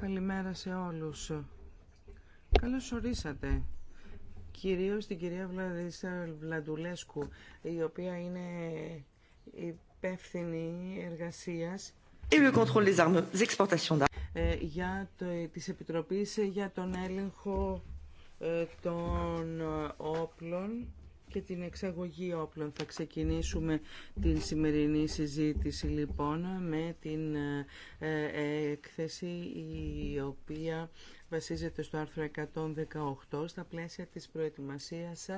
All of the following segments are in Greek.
Καλημέρα σε όλους. Καλώς ορίσατε. Κυρίως την κυρία Βλαδίσα Βλαντουλέσκου, η οποία είναι υπεύθυνη εργασίας ε, για το, της για τον έλεγχο ε, των όπλων και την εξαγωγή όπλων. Θα ξεκινήσουμε την σημερινή συζήτηση λοιπόν με την ε, ε, έκθεση η οποία βασίζεται στο άρθρο 118 στα πλαίσια της προετοιμασίας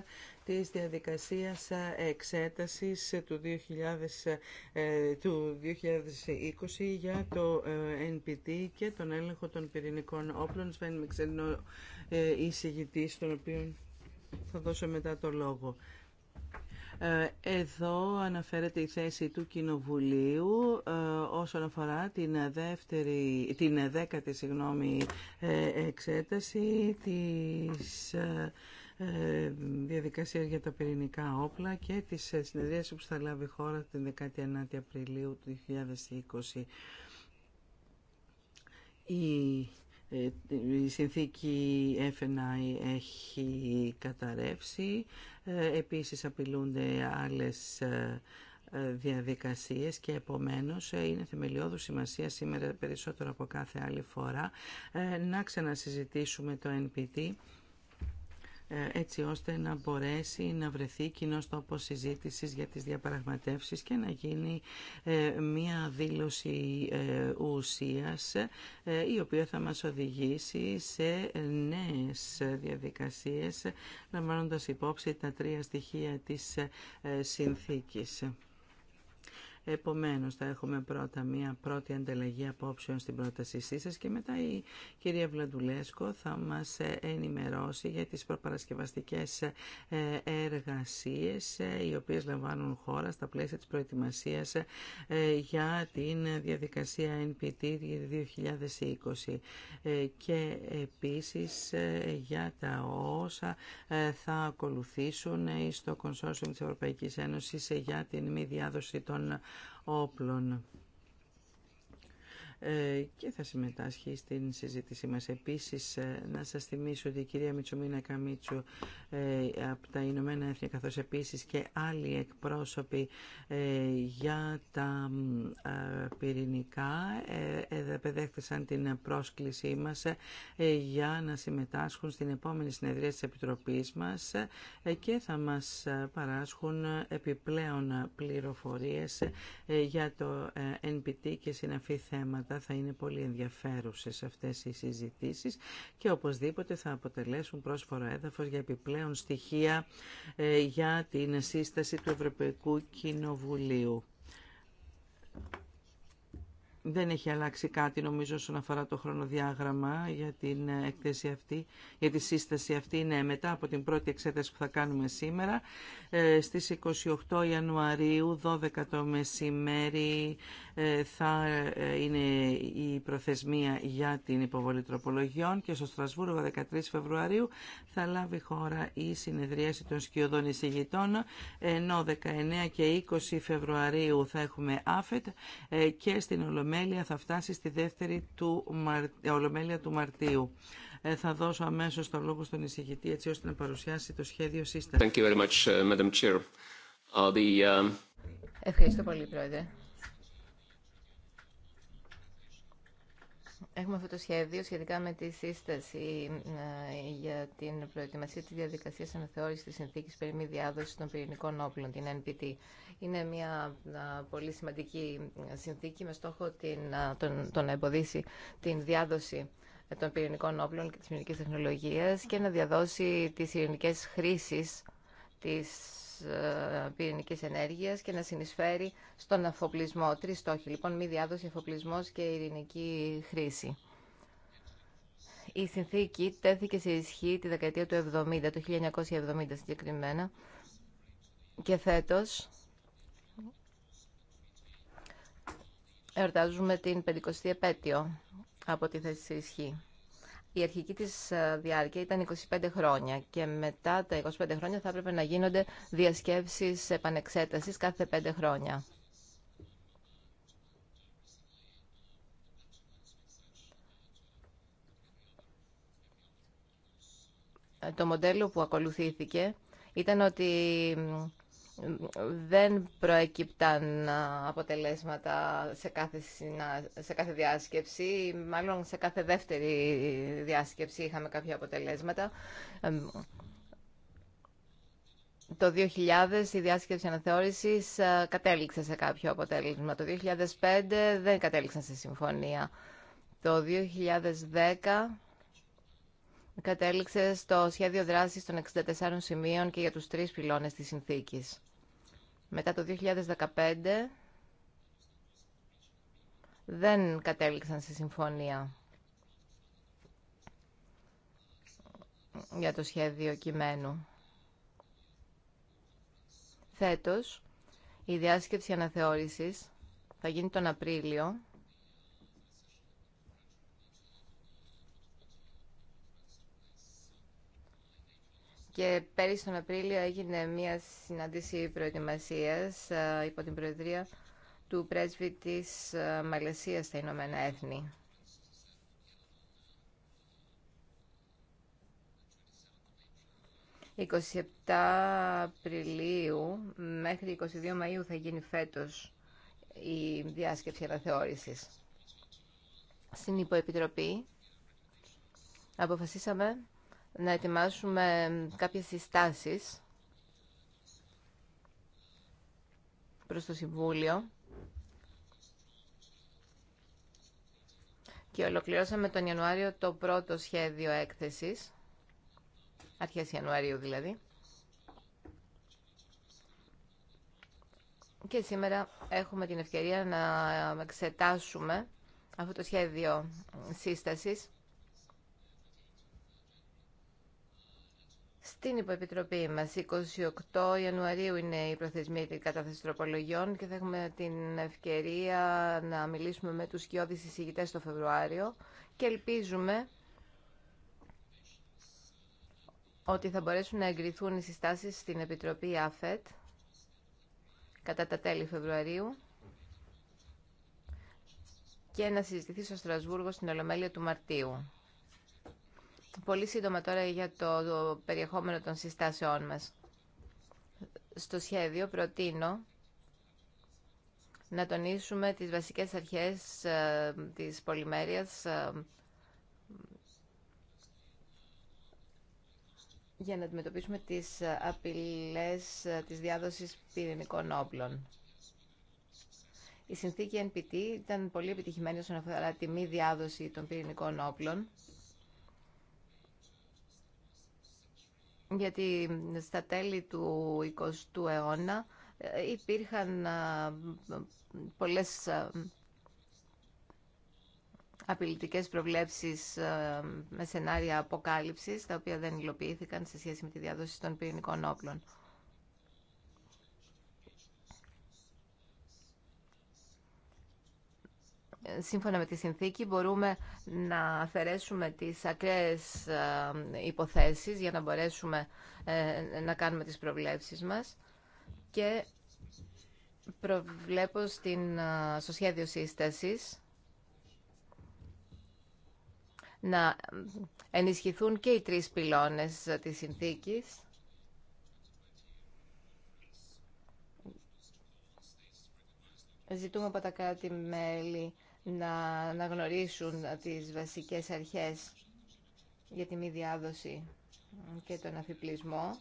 της διαδικασίας εξέτασης του 2000, ε, του 2020 για το NPT και τον έλεγχο των πυρηνικών όπλων. Σβέν ξένο εισηγητής, τον οποίων θα δώσω μετά το λόγο. Ε, εδώ αναφέρεται η θέση του Κοινοβουλίου ε, όσον αφορά την, δεύτερη, την δέκατη συγγνώμη, ε, εξέταση της διαδικασίας για τα πυρηνικά όπλα και της συνεδρίας που θα λάβει η χώρα την 19η Απριλίου του 2020. Η ε, η συνθήκη FNI έχει καταρρεύσει. Ε, επίσης απειλούνται άλλες ε, διαδικασίες και επομένως είναι θεμελιώδου σημασία σήμερα περισσότερο από κάθε άλλη φορά να ξανασυζητήσουμε το NPT ε, έτσι ώστε να μπορέσει να βρεθεί κοινό τόπο συζήτηση για τις διαπραγματεύσει και να γίνει ε, μία δήλωση ε, ουσίας η οποία θα μας οδηγήσει σε νέες διαδικασίες λαμβάνοντας υπόψη τα τρία στοιχεία της συνθήκης. Επομένως, θα έχουμε πρώτα μία πρώτη ανταλλαγή απόψεων στην πρότασή σα. και μετά η κυρία Βλαντουλέσκο θα μας ενημερώσει για τις προπαρασκευαστικές ε, εργασίες ε, οι οποίες λαμβάνουν χώρα στα πλαίσια της προετοιμασία ε, για την διαδικασία NPT 2020 και επίσης για τα όσα θα ακολουθήσουν στο Consortium της Ευρωπαϊκής Ένωσης για την μη διάδοση των όπλων. Ε, και θα συμμετάσχει στην συζήτησή μας. Επίσης, ε, να σας θυμίσω ότι η κυρία Μητσομίνα Καμίτσου ε, από τα Ηνωμένα Έθνη, καθώς επίσης και άλλοι εκπρόσωποι για τα πυρηνικά, επεδέχθησαν την πρόσκλησή μας για να συμμετάσχουν στην επόμενη συνεδρία της Επιτροπής μας και θα μας παράσχουν επιπλέον πληροφορίες για το NPT και συναφή θέματα θα είναι πολύ ενδιαφέρουσες αυτές οι συζητήσεις και οπωσδήποτε θα αποτελέσουν πρόσφορο έδαφος για επιπλέον στοιχεία ε, για την σύσταση του Ευρωπαϊκού Κοινοβουλίου. Δεν έχει αλλάξει κάτι νομίζω όσον αφορά το χρονοδιάγραμμα για την έκθεση αυτή, για τη σύσταση αυτή. Ναι, μετά από την πρώτη εξέταση που θα κάνουμε σήμερα, ε, στις 28 Ιανουαρίου, 12 το μεσημέρι, ε, θα ε, είναι η προθεσμία για την υποβολή τροπολογιών και στο Στρασβούργο 13 Φεβρουαρίου θα λάβει χώρα η συνεδρίαση των σκιωδών εισηγητών ενώ 19 και 20 Φεβρουαρίου θα έχουμε άφετ ε, και στην Ολομέλεια θα φτάσει στη δεύτερη του Ολομέλεια του Μαρτίου. Θα δώσω αμέσως το λόγο στον εισηγητή έτσι ώστε να παρουσιάσει το σχέδιο σύσταση. Uh, uh, uh, Ευχαριστώ πολύ, Πρόεδρε. Έχουμε αυτό το σχέδιο σχετικά με τη σύσταση ε, για την προετοιμασία της διαδικασίας αναθεώρησης της συνθήκης περί μη διάδοση των πυρηνικών όπλων, την NPT. Είναι μια ε, πολύ σημαντική συνθήκη με στόχο την, ε, τον, τον να εμποδίσει την διάδοση των πυρηνικών όπλων και της πυρηνικής τεχνολογίας και να διαδώσει τις ειρηνικές χρήσεις της ε, Πυρηνική ενέργεια και να συνεισφέρει στον αφοπλισμό. Τρει στόχοι, λοιπόν, μη διάδοση, αφοπλισμός και ειρηνική χρήση. Η συνθήκη τέθηκε σε ισχύ τη δεκαετία του 70, το 1970 συγκεκριμένα, και φέτος εορτάζουμε την 50η επέτειο από τη θέση σε ισχύ η αρχική της ε, διάρκεια ήταν 25 χρόνια και μετά τα 25 χρόνια θα έπρεπε να γίνονται διασκέψεις επανεξέτασης κάθε 5 χρόνια. Ε, το μοντέλο που ακολουθήθηκε ήταν ότι δεν προέκυπταν αποτελέσματα σε κάθε, συνα... σε κάθε διάσκεψη, μάλλον σε κάθε δεύτερη διάσκεψη είχαμε κάποια αποτελέσματα. Το 2000 η διάσκεψη αναθεώρησης κατέληξε σε κάποιο αποτέλεσμα. Το 2005 δεν κατέληξαν σε συμφωνία. Το 2010 κατέληξε στο σχέδιο δράσης των 64 σημείων και για τους τρεις πυλώνες της συνθήκης μετά το 2015 δεν κατέληξαν σε συμφωνία για το σχέδιο κειμένου. θέτος η διάσκεψη αναθεώρησης θα γίνει τον Απρίλιο Και πέρυσι τον Απρίλιο έγινε μια συνάντηση προετοιμασίας ε, υπό την Προεδρία του πρέσβη της ε, Μαλαισίας στα Ηνωμένα Έθνη. 27 Απριλίου μέχρι 22 Μαΐου θα γίνει φέτος η διάσκεψη αναθεώρησης. Στην Υποεπιτροπή αποφασίσαμε να ετοιμάσουμε κάποιες συστάσεις προς το Συμβούλιο και ολοκληρώσαμε τον Ιανουάριο το πρώτο σχέδιο έκθεσης, αρχές Ιανουαρίου δηλαδή. Και σήμερα έχουμε την ευκαιρία να εξετάσουμε αυτό το σχέδιο σύστασης Στην υποεπιτροπή μα, 28 Ιανουαρίου είναι η προθεσμία για την τροπολογιών και θα έχουμε την ευκαιρία να μιλήσουμε με τους σκιώδει εισηγητές το Φεβρουάριο και ελπίζουμε ότι θα μπορέσουν να εγκριθούν οι συστάσει στην Επιτροπή ΑΦΕΤ κατά τα τέλη Φεβρουαρίου και να συζητηθεί στο Στρασβούργο στην Ολομέλεια του Μαρτίου. Πολύ σύντομα τώρα για το, περιεχόμενο των συστάσεών μας. Στο σχέδιο προτείνω να τονίσουμε τις βασικές αρχές ε, της πολυμέρειας ε, για να αντιμετωπίσουμε τις απειλές ε, της διάδοσης πυρηνικών όπλων. Η συνθήκη NPT ήταν πολύ επιτυχημένη όσον αφορά τη μη διάδοση των πυρηνικών όπλων γιατί στα τέλη του 20ου αιώνα ε, υπήρχαν πολλές απειλητικές προβλέψεις με σενάρια αποκάλυψης, τα οποία δεν υλοποιήθηκαν σε σχέση με τη διάδοση των πυρηνικών όπλων. σύμφωνα με τη συνθήκη μπορούμε να αφαιρέσουμε τις ακραίες ε, υποθέσεις για να μπορέσουμε ε, να κάνουμε τις προβλέψεις μας και προβλέπω στην, ε, στο σχέδιο σύστασης να ενισχυθούν και οι τρεις πυλώνες της συνθήκης Ζητούμε από τα κράτη-μέλη να αναγνωρίσουν τις βασικές αρχές για τη μη διάδοση και τον αφιπλισμό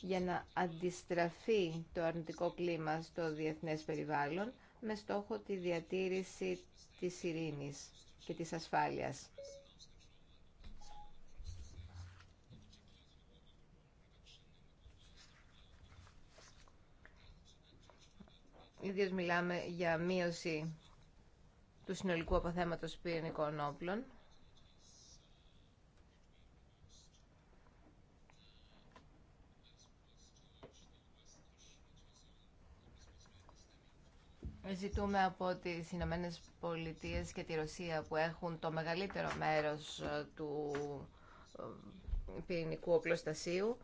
για να αντιστραφεί το αρνητικό κλίμα στο διεθνές περιβάλλον με στόχο τη διατήρηση της ειρήνης και της ασφάλειας. Ιδίως μιλάμε για μείωση του συνολικού αποθέματος πυρηνικών όπλων. Ζητούμε από τις Ηνωμένε Πολιτείε και τη Ρωσία που έχουν το μεγαλύτερο μέρος ε, του ε, πυρηνικού οπλοστασίου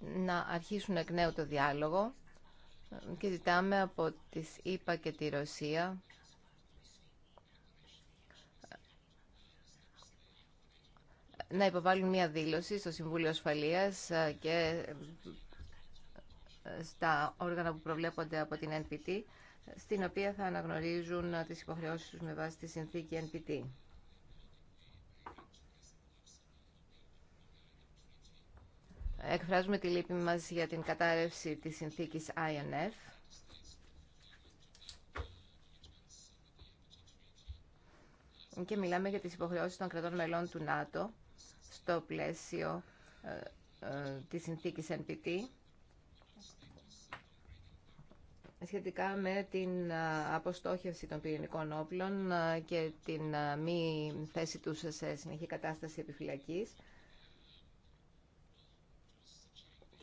να αρχίσουν εκ νέου το διάλογο και ζητάμε από τις ΗΠΑ και τη Ρωσία να υποβάλουν μια δήλωση στο Συμβούλιο Ασφαλείας ε, και ε, στα όργανα που προβλέπονται από την NPT, στην οποία θα αναγνωρίζουν ε, τις υποχρεώσεις τους με βάση τη συνθήκη NPT. Εκφράζουμε τη λύπη μας για την κατάρρευση της συνθήκης INF. Και μιλάμε για τις υποχρεώσεις των κρατών μελών του ΝΑΤΟ στο πλαίσιο τη ε, ε, της συνθήκης NPT σχετικά με την ε, αποστόχευση των πυρηνικών όπλων και την μη θέση τους σε συνεχή κατάσταση επιφυλακής.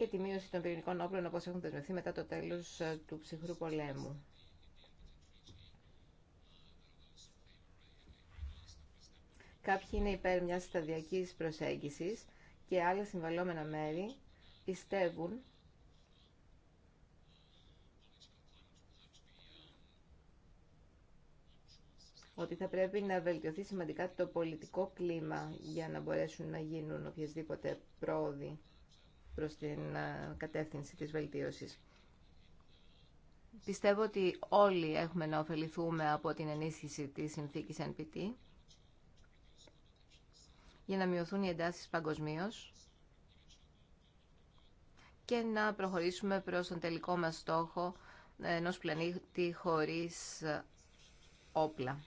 και τη μείωση των πυρηνικών όπλων όπως έχουν δεσμευθεί μετά το τέλος ε, του ψυχρού πολέμου. Κάποιοι είναι υπέρ μιας σταδιακής προσέγγισης και άλλα συμβαλόμενα μέρη πιστεύουν ότι θα πρέπει να βελτιωθεί σημαντικά το πολιτικό κλίμα για να μπορέσουν να γίνουν οποιασδήποτε πρόοδοι προς την κατεύθυνση της βελτίωσης. Πιστεύω ότι όλοι έχουμε να ωφεληθούμε από την ενίσχυση της συνθήκης NPT για να μειωθούν οι εντάσεις παγκοσμίω και να προχωρήσουμε προς τον τελικό μας στόχο ενός πλανήτη χωρίς όπλα.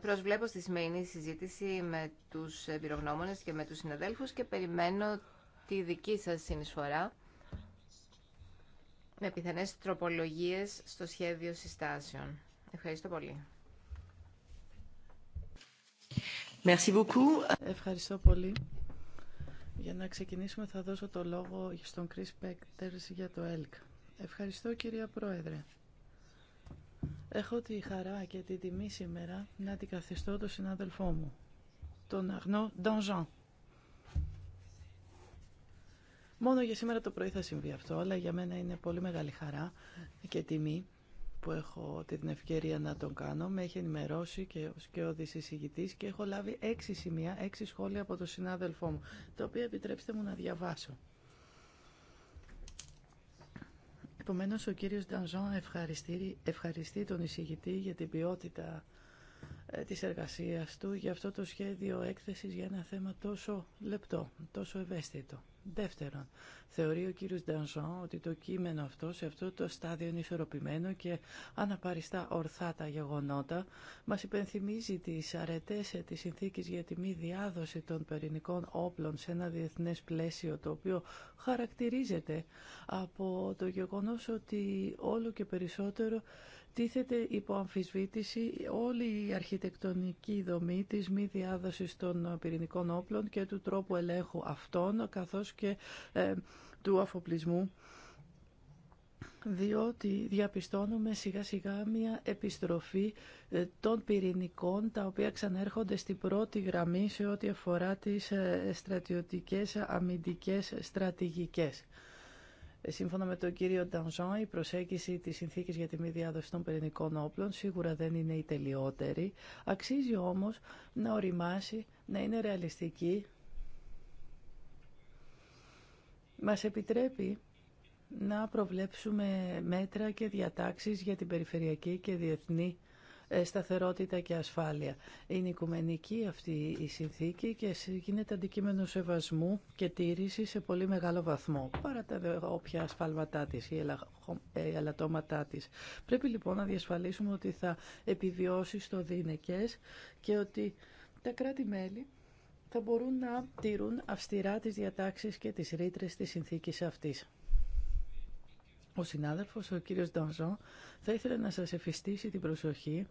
Προσβλέπω στη σημερινή συζήτηση με τους εμπειρογνώμονες και με τους συναδέλφους και περιμένω τη δική σας συνεισφορά με πιθανές τροπολογίες στο σχέδιο συστάσεων. Ευχαριστώ πολύ. Merci beaucoup. Ευχαριστώ πολύ. Για να ξεκινήσουμε θα δώσω το λόγο στον Chris Πέκτερς για το ΕΛΚ. Ευχαριστώ κυρία Πρόεδρε. Έχω τη χαρά και τη τιμή σήμερα να αντικαθιστώ τον συνάδελφό μου, τον Αγνό Ντανζάν. Μόνο για σήμερα το πρωί θα συμβεί αυτό, αλλά για μένα είναι πολύ μεγάλη χαρά και τιμή που έχω την ευκαιρία να τον κάνω. Με έχει ενημερώσει και ο σκιώδης και έχω λάβει έξι σημεία, έξι σχόλια από τον συνάδελφό μου, τα οποία επιτρέψτε μου να διαβάσω. Επομένως, ο κύριος Ντανζόν ευχαριστεί, τον εισηγητή για την ποιότητα ε, της εργασίας του για αυτό το σχέδιο έκθεσης για ένα θέμα τόσο λεπτό, τόσο ευαίσθητο. Δεύτερον, θεωρεί ο κύριος Ντανζόν ότι το κείμενο αυτό σε αυτό το στάδιο είναι ισορροπημένο και αναπαριστά ορθά τα γεγονότα. Μας υπενθυμίζει τις αρετές της συνθήκης για τη μη διάδοση των πυρηνικών όπλων σε ένα διεθνές πλαίσιο το οποίο χαρακτηρίζεται από το γεγονός ότι όλο και περισσότερο τίθεται υπό αμφισβήτηση όλη η αρχιτεκτονική δομή της μη διάδοσης των πυρηνικών όπλων και του τρόπου ελέγχου αυτών, καθώς και ε, του αφοπλισμού διότι διαπιστώνουμε σιγά σιγά μια επιστροφή ε, των πυρηνικών τα οποία ξανέρχονται στην πρώτη γραμμή σε ό,τι αφορά τις ε, στρατιωτικές αμυντικές στρατηγικές. Σύμφωνα με τον κύριο Ντανζόν, η προσέγγιση της συνθήκης για τη μη διάδοση των πυρηνικών όπλων σίγουρα δεν είναι η τελειότερη. Αξίζει όμως να οριμάσει, να είναι ρεαλιστική. Μας επιτρέπει να προβλέψουμε μέτρα και διατάξεις για την περιφερειακή και διεθνή ε, σταθερότητα και ασφάλεια. Είναι οικουμενική αυτή η συνθήκη και γίνεται αντικείμενο σεβασμού και τήρηση σε πολύ μεγάλο βαθμό, παρά τα όποια ασφάλματά της ή ε, ελαττώματά της. Πρέπει λοιπόν να διασφαλίσουμε ότι θα επιβιώσει στο δίνεκες και ότι τα κράτη-μέλη θα μπορούν να τηρούν αυστηρά τις διατάξεις και τις ρήτρες της συνθήκης αυτής. Ο συνάδελφος, ο κύριος Ντόνζο, θα ήθελε να σας εφιστήσει την προσοχή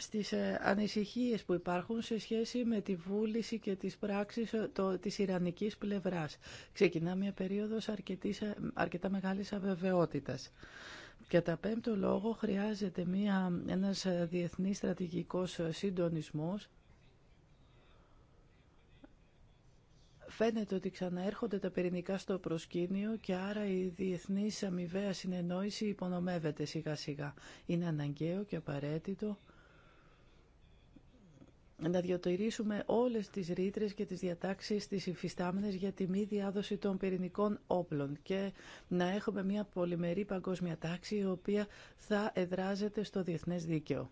στις ε, ανησυχίες που υπάρχουν σε σχέση με τη βούληση και τις πράξεις ε, το, της Ιρανικής πλευράς. Ξεκινά μια περίοδος αρκετής, ε, αρκετά μεγάλης αβεβαιότητας. Κατά πέμπτο λόγο χρειάζεται μια, ένας διεθνής στρατηγικός συντονισμός Φαίνεται ότι ξαναέρχονται τα πυρηνικά στο προσκήνιο και άρα η διεθνής αμοιβαία συνεννόηση υπονομεύεται σιγά σιγά. Είναι αναγκαίο και απαραίτητο να διατηρήσουμε όλες τις ρήτρε και τις διατάξεις τις υφιστάμενες για τη μη διάδοση των πυρηνικών όπλων και να έχουμε μια πολυμερή παγκόσμια τάξη η οποία θα εδράζεται στο διεθνές δίκαιο.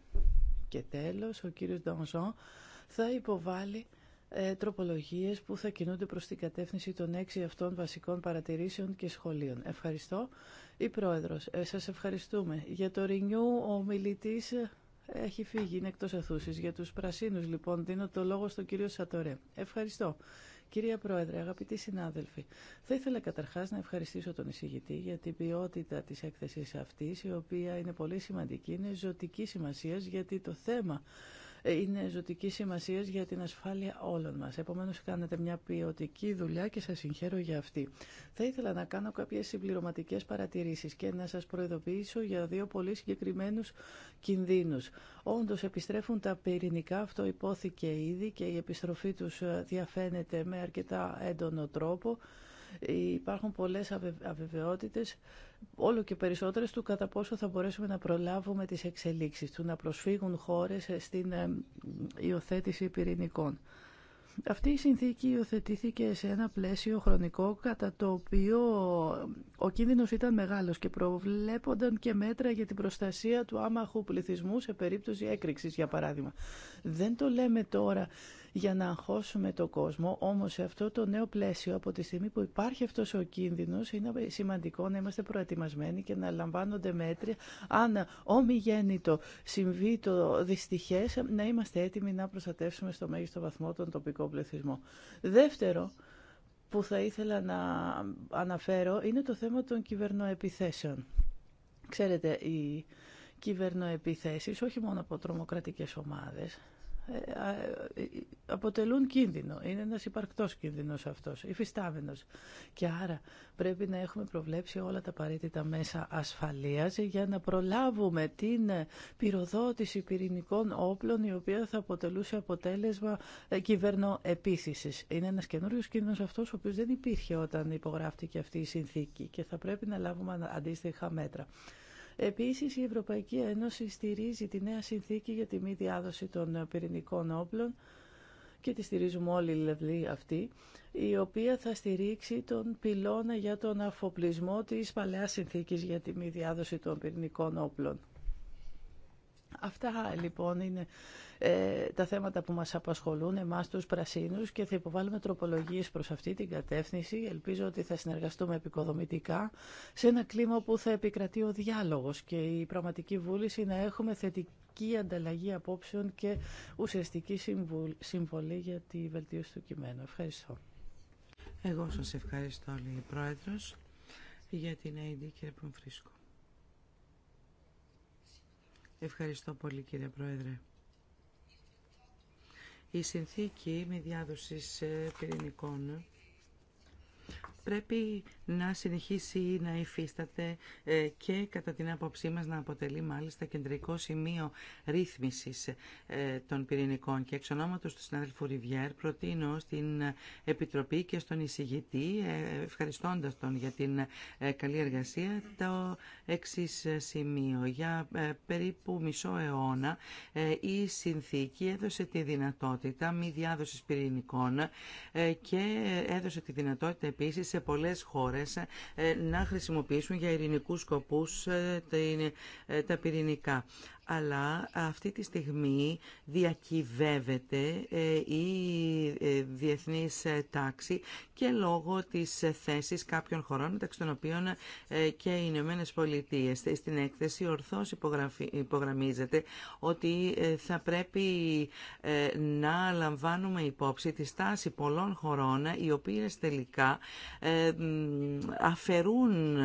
Και τέλος, ο κύριος Ντονζό θα υποβάλει ε, τροπολογίες που θα κινούνται προς την κατεύθυνση των έξι αυτών βασικών παρατηρήσεων και σχολείων. Ευχαριστώ. Η Πρόεδρος, ε, σας ευχαριστούμε. Για το ΡΙΝΙΟΥ, ο μιλητής έχει φύγει, είναι εκτός αθούσης. Για τους πρασίνους λοιπόν δίνω το λόγο στον κύριο Σατορέ. Ευχαριστώ. Κυρία Πρόεδρε, αγαπητοί συνάδελφοι, θα ήθελα καταρχάς να ευχαριστήσω τον εισηγητή για την ποιότητα της έκθεσης αυτής, η οποία είναι πολύ σημαντική, είναι ζωτική σημασία γιατί το θέμα είναι ζωτική σημασία για την ασφάλεια όλων μας. Επομένως κάνετε μια ποιοτική δουλειά και σας συγχαίρω για αυτή. Θα ήθελα να κάνω κάποιες συμπληρωματικέ παρατηρήσεις και να σας προειδοποιήσω για δύο πολύ συγκεκριμένου κινδύνους. Όντω επιστρέφουν τα πυρηνικά, αυτό υπόθηκε ήδη και η επιστροφή του ε, διαφαίνεται με αρκετά έντονο τρόπο. Υπάρχουν πολλές αβεβαιότητες, όλο και περισσότερες του κατά πόσο θα μπορέσουμε να προλάβουμε τις εξελίξεις του, να προσφύγουν χώρες ε, στην ε, υιοθέτηση πυρηνικών. Αυτή η συνθήκη υιοθετήθηκε σε ένα πλαίσιο χρονικό κατά το οποίο ο κίνδυνος ήταν μεγάλος και προβλέπονταν και μέτρα για την προστασία του άμαχου πληθυσμού σε περίπτωση έκρηξης για παράδειγμα. Δεν το λέμε τώρα για να αγχώσουμε τον κόσμο, όμως σε αυτό το νέο πλαίσιο από τη στιγμή που υπάρχει αυτός ο κίνδυνος είναι σημαντικό να είμαστε προετοιμασμένοι και να λαμβάνονται μέτρια αν ομιγέννητο συμβεί το δυστυχές να είμαστε έτοιμοι να προστατεύσουμε στο μέγιστο βαθμό τον τοπικό πληθυσμό. Δεύτερο, που θα ήθελα να αναφέρω είναι το θέμα των κυβερνοεπιθέσεων. Ξέρετε, οι κυβερνοεπιθέσεις όχι μόνο από τρομοκρατικές ομάδες, ε, ε, ε, αποτελούν κίνδυνο. Είναι ένας υπαρκτός κίνδυνος αυτός, υφιστάμενος. Και άρα πρέπει να έχουμε προβλέψει όλα τα απαραίτητα μέσα ασφαλείας για να προλάβουμε την πυροδότηση πυρηνικών όπλων η οποία θα αποτελούσε αποτέλεσμα κυβερνοεπίθεσης. Είναι ένας καινούριο κίνδυνος αυτός ο οποίος δεν υπήρχε όταν υπογράφτηκε αυτή η συνθήκη και θα πρέπει να λάβουμε αντίστοιχα μέτρα. Επίσης, η Ευρωπαϊκή Ένωση στηρίζει τη νέα συνθήκη για τη μη διάδοση των πυρηνικών όπλων και τη στηρίζουμε όλοι δηλαδή αυτή, η οποία θα στηρίξει τον πυλώνα για τον αφοπλισμό της παλαιάς συνθήκης για τη μη διάδοση των πυρηνικών όπλων. Αυτά λοιπόν είναι ε, τα θέματα που μας απασχολούν εμάς τους πρασίνους και θα υποβάλουμε τροπολογίες προς αυτή την κατεύθυνση. Ελπίζω ότι θα συνεργαστούμε επικοδομητικά σε ένα κλίμα που θα επικρατεί ο διάλογος και η πραγματική βούληση να έχουμε θετική ανταλλαγή απόψεων και ουσιαστική συμβολή για τη βελτίωση του κειμένου. Ευχαριστώ. Εγώ σας ευχαριστώ, λέει Πρόεδρος, για την ΑΕΔ, τον Πομφρίσκο. Ευχαριστώ πολύ κύριε Πρόεδρε. Η συνθήκη με διάδοσης ε, πυρηνικών πρέπει να συνεχίσει να υφίσταται ε, και κατά την άποψή μας να αποτελεί μάλιστα κεντρικό σημείο ρύθμισης ε, των πυρηνικών. Και εξ του συνάδελφου Ριβιέρ προτείνω στην Επιτροπή και στον εισηγητή, ε, ευχαριστώντας τον για την καλή εργασία, το εξή σημείο. Για περίπου μισό αιώνα η συνθήκη έδωσε τη δυνατότητα μη διάδοσης πυρηνικών και έδωσε τη δυνατότητα επίσης σε πολλές χώρες ε, να χρησιμοποιήσουν για ειρηνικούς σκοπούς ε, ε, τα πυρηνικά αλλά αυτή τη στιγμή διακυβεύεται ε, η ε, διεθνής ε, τάξη και λόγω της θέσης κάποιων χωρών, μεταξύ των οποίων και οι Ηνωμένε Πολιτείε. Στην έκθεση ορθώς υπογραμμίζεται ότι θα πρέπει να λαμβάνουμε υπόψη τη στάση πολλών χωρών, οι οποίες τελικά αφαιρούν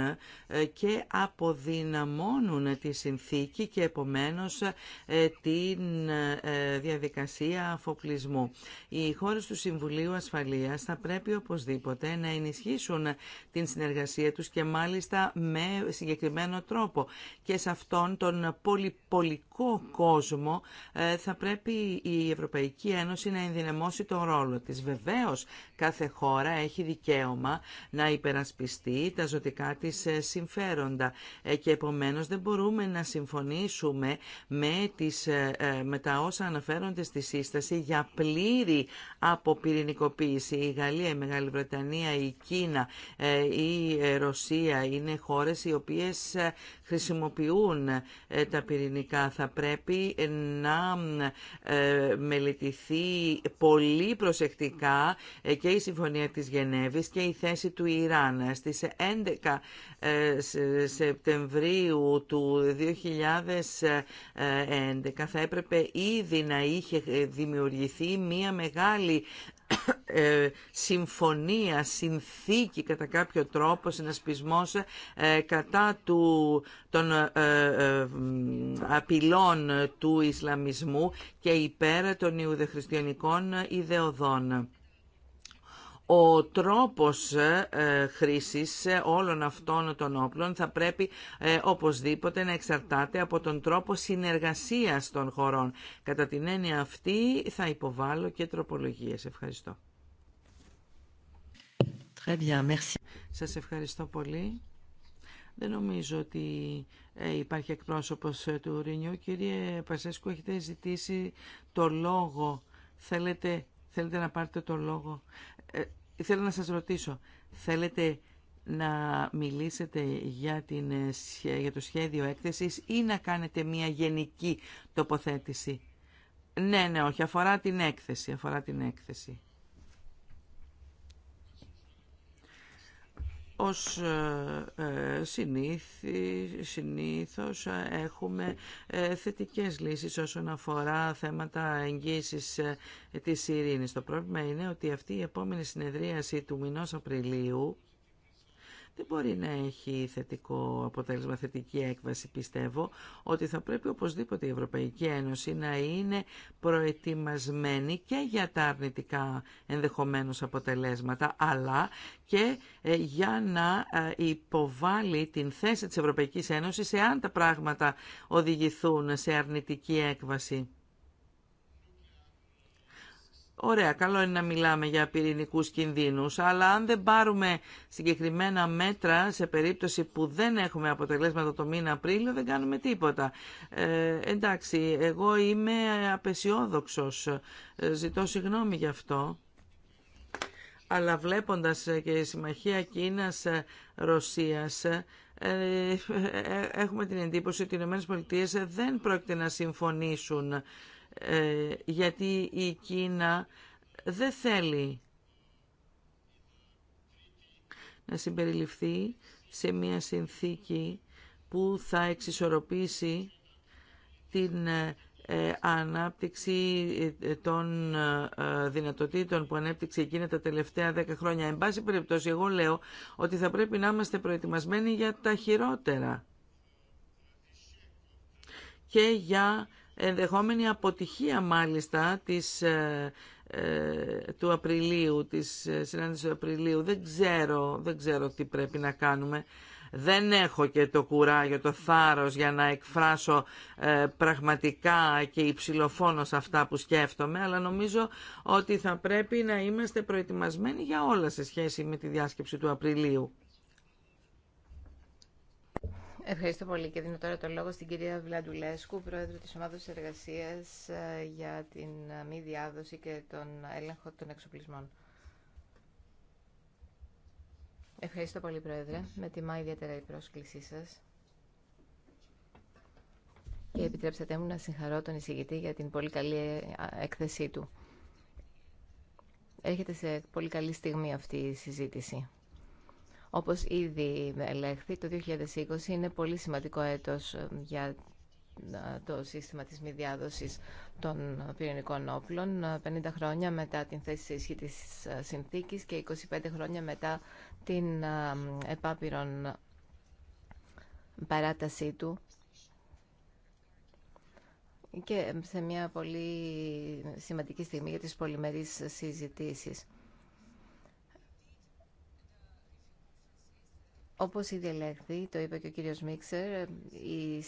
και αποδυναμώνουν τη συνθήκη και επομένως ενδεχομένως ε, την ε, διαδικασία αφοπλισμού. Οι χώρες του Συμβουλίου Ασφαλείας θα πρέπει οπωσδήποτε να ενισχύσουν την συνεργασία τους και μάλιστα με συγκεκριμένο τρόπο. Και σε αυτόν τον πολυπολικό κόσμο ε, θα πρέπει η Ευρωπαϊκή Ένωση να ενδυναμώσει τον ρόλο της. Βεβαίως κάθε χώρα έχει δικαίωμα να υπερασπιστεί τα ζωτικά της συμφέροντα και επομένως δεν μπορούμε να συμφωνήσουμε με, τις, ε, ε, με τα όσα αναφέρονται στη σύσταση για πλήρη αποπυρηνικοποίηση. Η Γαλλία, η Μεγάλη Βρετανία, η Κίνα, ε, η Ρωσία είναι χώρες οι οποίες χρησιμοποιούν τα πυρηνικά. Θα πρέπει να μελετηθεί πολύ προσεκτικά και η Συμφωνία της Γενέβης και η θέση του Ιράν. Στις 11 Σεπτεμβρίου του 2000 2011 ε, θα έπρεπε ήδη να είχε δημιουργηθεί μία μεγάλη ε, συμφωνία, συνθήκη κατά κάποιο τρόπο, συνασπισμός ε, κατά του, των απειλών του Ισλαμισμού και υπέρ των Ιουδεχριστιανικών ιδεοδών ο τρόπος ε, ε, χρήσης ε, όλων αυτών των όπλων θα πρέπει οπωσδήποτε να εξαρτάται από τον τρόπο συνεργασίας των χωρών. Κατά την έννοια αυτή θα υποβάλω και τροπολογίες. Ευχαριστώ. Très bien, merci. Σας ευχαριστώ πολύ. Δεν νομίζω ότι υπάρχει εκπρόσωπος του Ρινιού. Κύριε Πασέσκου, έχετε ζητήσει το λόγο. Θέλετε Θέλετε να πάρετε το λόγο. Ε, θέλω να σας ρωτήσω. Θέλετε να μιλήσετε για, την, ε, για το σχέδιο έκθεσης ή να κάνετε μια γενική τοποθέτηση. Ναι, ναι, όχι. Αφορά την έκθεση. Αφορά την έκθεση. Ως ε, ε, συνήθι, συνήθως ε, έχουμε θετικές λύσεις όσον αφορά θέματα εγγύησης της ειρήνης. Το πρόβλημα είναι ότι αυτή η επόμενη συνεδρίαση του μηνός Απριλίου δεν μπορεί να έχει θετικό αποτέλεσμα, θετική έκβαση. Πιστεύω ότι θα πρέπει οπωσδήποτε η Ευρωπαϊκή Ένωση να είναι προετοιμασμένη και για τα αρνητικά ενδεχομένως αποτελέσματα, αλλά και ε, για να ε, υποβάλει την θέση της Ευρωπαϊκής Ένωσης εάν τα πράγματα οδηγηθούν σε αρνητική έκβαση. Ωραία, καλό είναι να μιλάμε για πυρηνικούς κινδύνους, αλλά αν δεν πάρουμε συγκεκριμένα μέτρα σε περίπτωση που δεν έχουμε αποτελέσματα το μήνα Απρίλιο, δεν κάνουμε τίποτα. Ε, εντάξει, εγώ είμαι απεσιόδοξος, ε, ζητώ συγγνώμη γι' αυτό. Αλλά βλέποντας ε, και η συμμαχία Κίνας-Ρωσίας, ε, έχουμε την εντύπωση ότι οι Ηνωμένες δεν πρόκειται να συμφωνήσουν ε, γιατί η Κίνα δεν θέλει να συμπεριληφθεί σε μια συνθήκη που θα εξισορροπήσει την ε, ε, ανάπτυξη των δυνατοτήτων που ανέπτυξε εκείνα τα τελευταία δέκα χρόνια. Εν πάση περιπτώσει, εγώ λέω ότι θα πρέπει να είμαστε προετοιμασμένοι για τα χειρότερα και για ενδεχόμενη αποτυχία μάλιστα της, ε, ε, του Απριλίου, της ε, συνάντησης του Απριλίου. Δεν ξέρω, δεν ξέρω τι πρέπει να κάνουμε. Δεν έχω και το κουράγιο, το θάρρος για να εκφράσω πραγματικά και υψηλοφόνο σε αυτά που σκέφτομαι, αλλά νομίζω ότι θα πρέπει να είμαστε προετοιμασμένοι για όλα σε σχέση με τη διάσκεψη του Απριλίου. Ευχαριστώ πολύ και δίνω τώρα το λόγο στην κυρία Βλαντουλέσκου, πρόεδρο της Ομάδας Εργασίας ε, για την ε, μη διάδοση και τον έλεγχο των εξοπλισμών. Ευχαριστώ πολύ, Πρόεδρε. Με τιμά ιδιαίτερα η πρόσκλησή σας. Και επιτρέψατε μου να συγχαρώ τον εισηγητή για την πολύ καλή ε, έκθεσή του. Έρχεται σε πολύ καλή στιγμή αυτή η συζήτηση. Όπως ήδη ελέγχθη, το 2020 είναι πολύ σημαντικό έτος ε, για ε, το σύστημα της μη διάδοσης των πυρηνικών όπλων 50 ε, χρόνια μετά την θέση σε ισχύ της συνθήκης και 25 χρόνια μετά την επάπειρον παράτασή του και σε μια πολύ σημαντική στιγμή για τις πολυμερείς συζητήσεις. Όπως ήδη ελέγχθη, το είπε και ο κύριος Μίξερ, οι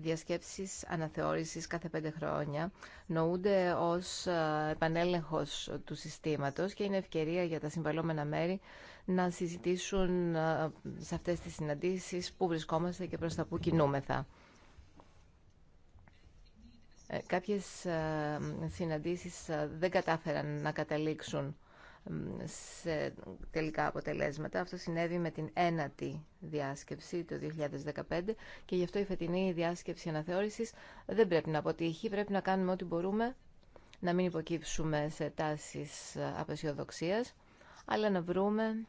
διασκέψεις αναθεώρησης κάθε πέντε χρόνια νοούνται ως ε, επανέλεγχος του συστήματος και είναι ευκαιρία για τα συμβαλόμενα μέρη να συζητήσουν ε, σε αυτές τις συναντήσεις που βρισκόμαστε και προς τα που κινούμεθα. Ε, κάποιες συναντήσεις δεν κατάφεραν να καταλήξουν σε τελικά αποτελέσματα. Αυτό συνέβη με την ένατη διάσκεψη το 2015 και γι' αυτό η φετινή διάσκεψη αναθεώρησης δεν πρέπει να αποτύχει. Πρέπει να κάνουμε ό,τι μπορούμε, να μην υποκύψουμε σε τάσεις απεσιοδοξίας, αλλά να βρούμε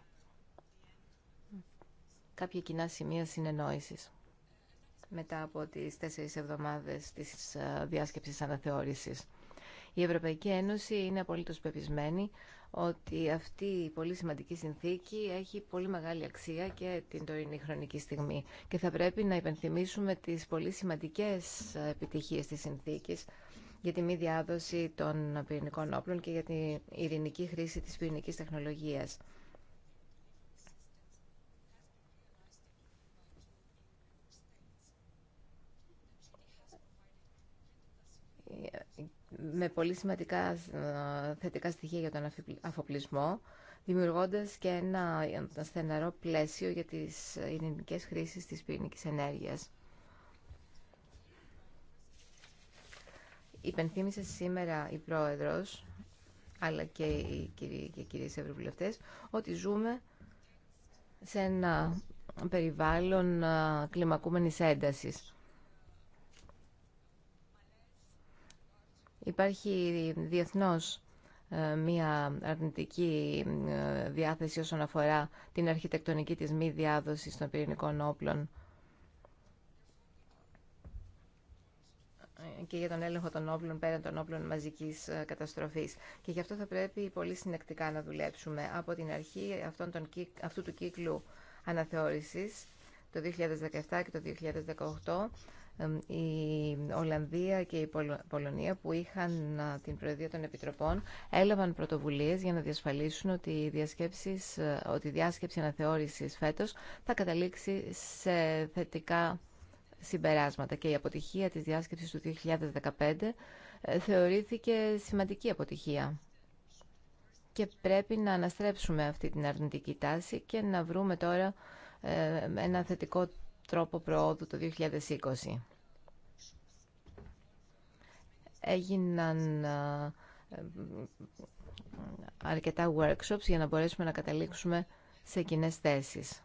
κάποια κοινά σημεία συνεννόησης μετά από τις τέσσερις εβδομάδες της ε, διάσκεψης αναθεώρησης. Η Ευρωπαϊκή Ένωση είναι απολύτως πεπισμένη ότι αυτή η πολύ σημαντική συνθήκη έχει πολύ μεγάλη αξία και την τωρινή χρονική στιγμή. Και θα πρέπει να υπενθυμίσουμε τις πολύ σημαντικές επιτυχίες της συνθήκης για τη μη διάδοση των πυρηνικών όπλων και για την ειρηνική χρήση της πυρηνικής τεχνολογίας. με πολύ σημαντικά ε, θετικά στοιχεία για τον αφοπλισμό, δημιουργώντας και ένα στεναρό πλαίσιο για τις ειρηνικές χρήσεις της πυρηνικής ενέργειας. Υπενθύμησε σήμερα η Πρόεδρος, αλλά και οι κυρίες και κυρίες Ευρωβουλευτές, ότι ζούμε σε ένα περιβάλλον ε, κλιμακούμενης έντασης. Υπάρχει διεθνώς ε, μία αρνητική ε, διάθεση όσον αφορά την αρχιτεκτονική της μη διάδοσης των πυρηνικών όπλων και για τον έλεγχο των όπλων πέραν των όπλων μαζικής ε, καταστροφής. Και γι' αυτό θα πρέπει πολύ συνεκτικά να δουλέψουμε από την αρχή αυτών των, αυτού του κύκλου αναθεώρησης το 2017 και το 2018 η Ολλανδία και η Πολωνία που είχαν την Προεδρία των Επιτροπών έλαβαν πρωτοβουλίες για να διασφαλίσουν ότι η, ε, ότι η διάσκεψη αναθεώρησης φέτος θα καταλήξει σε θετικά συμπεράσματα και η αποτυχία της διάσκεψης του 2015 ε, θεωρήθηκε σημαντική αποτυχία. Και πρέπει να αναστρέψουμε αυτή την αρνητική τάση και να βρούμε τώρα ε, ένα θετικό τρόπο προόδου το 2020. Έγιναν αρκετά workshops για να μπορέσουμε να καταλήξουμε σε κοινέ θέσεις.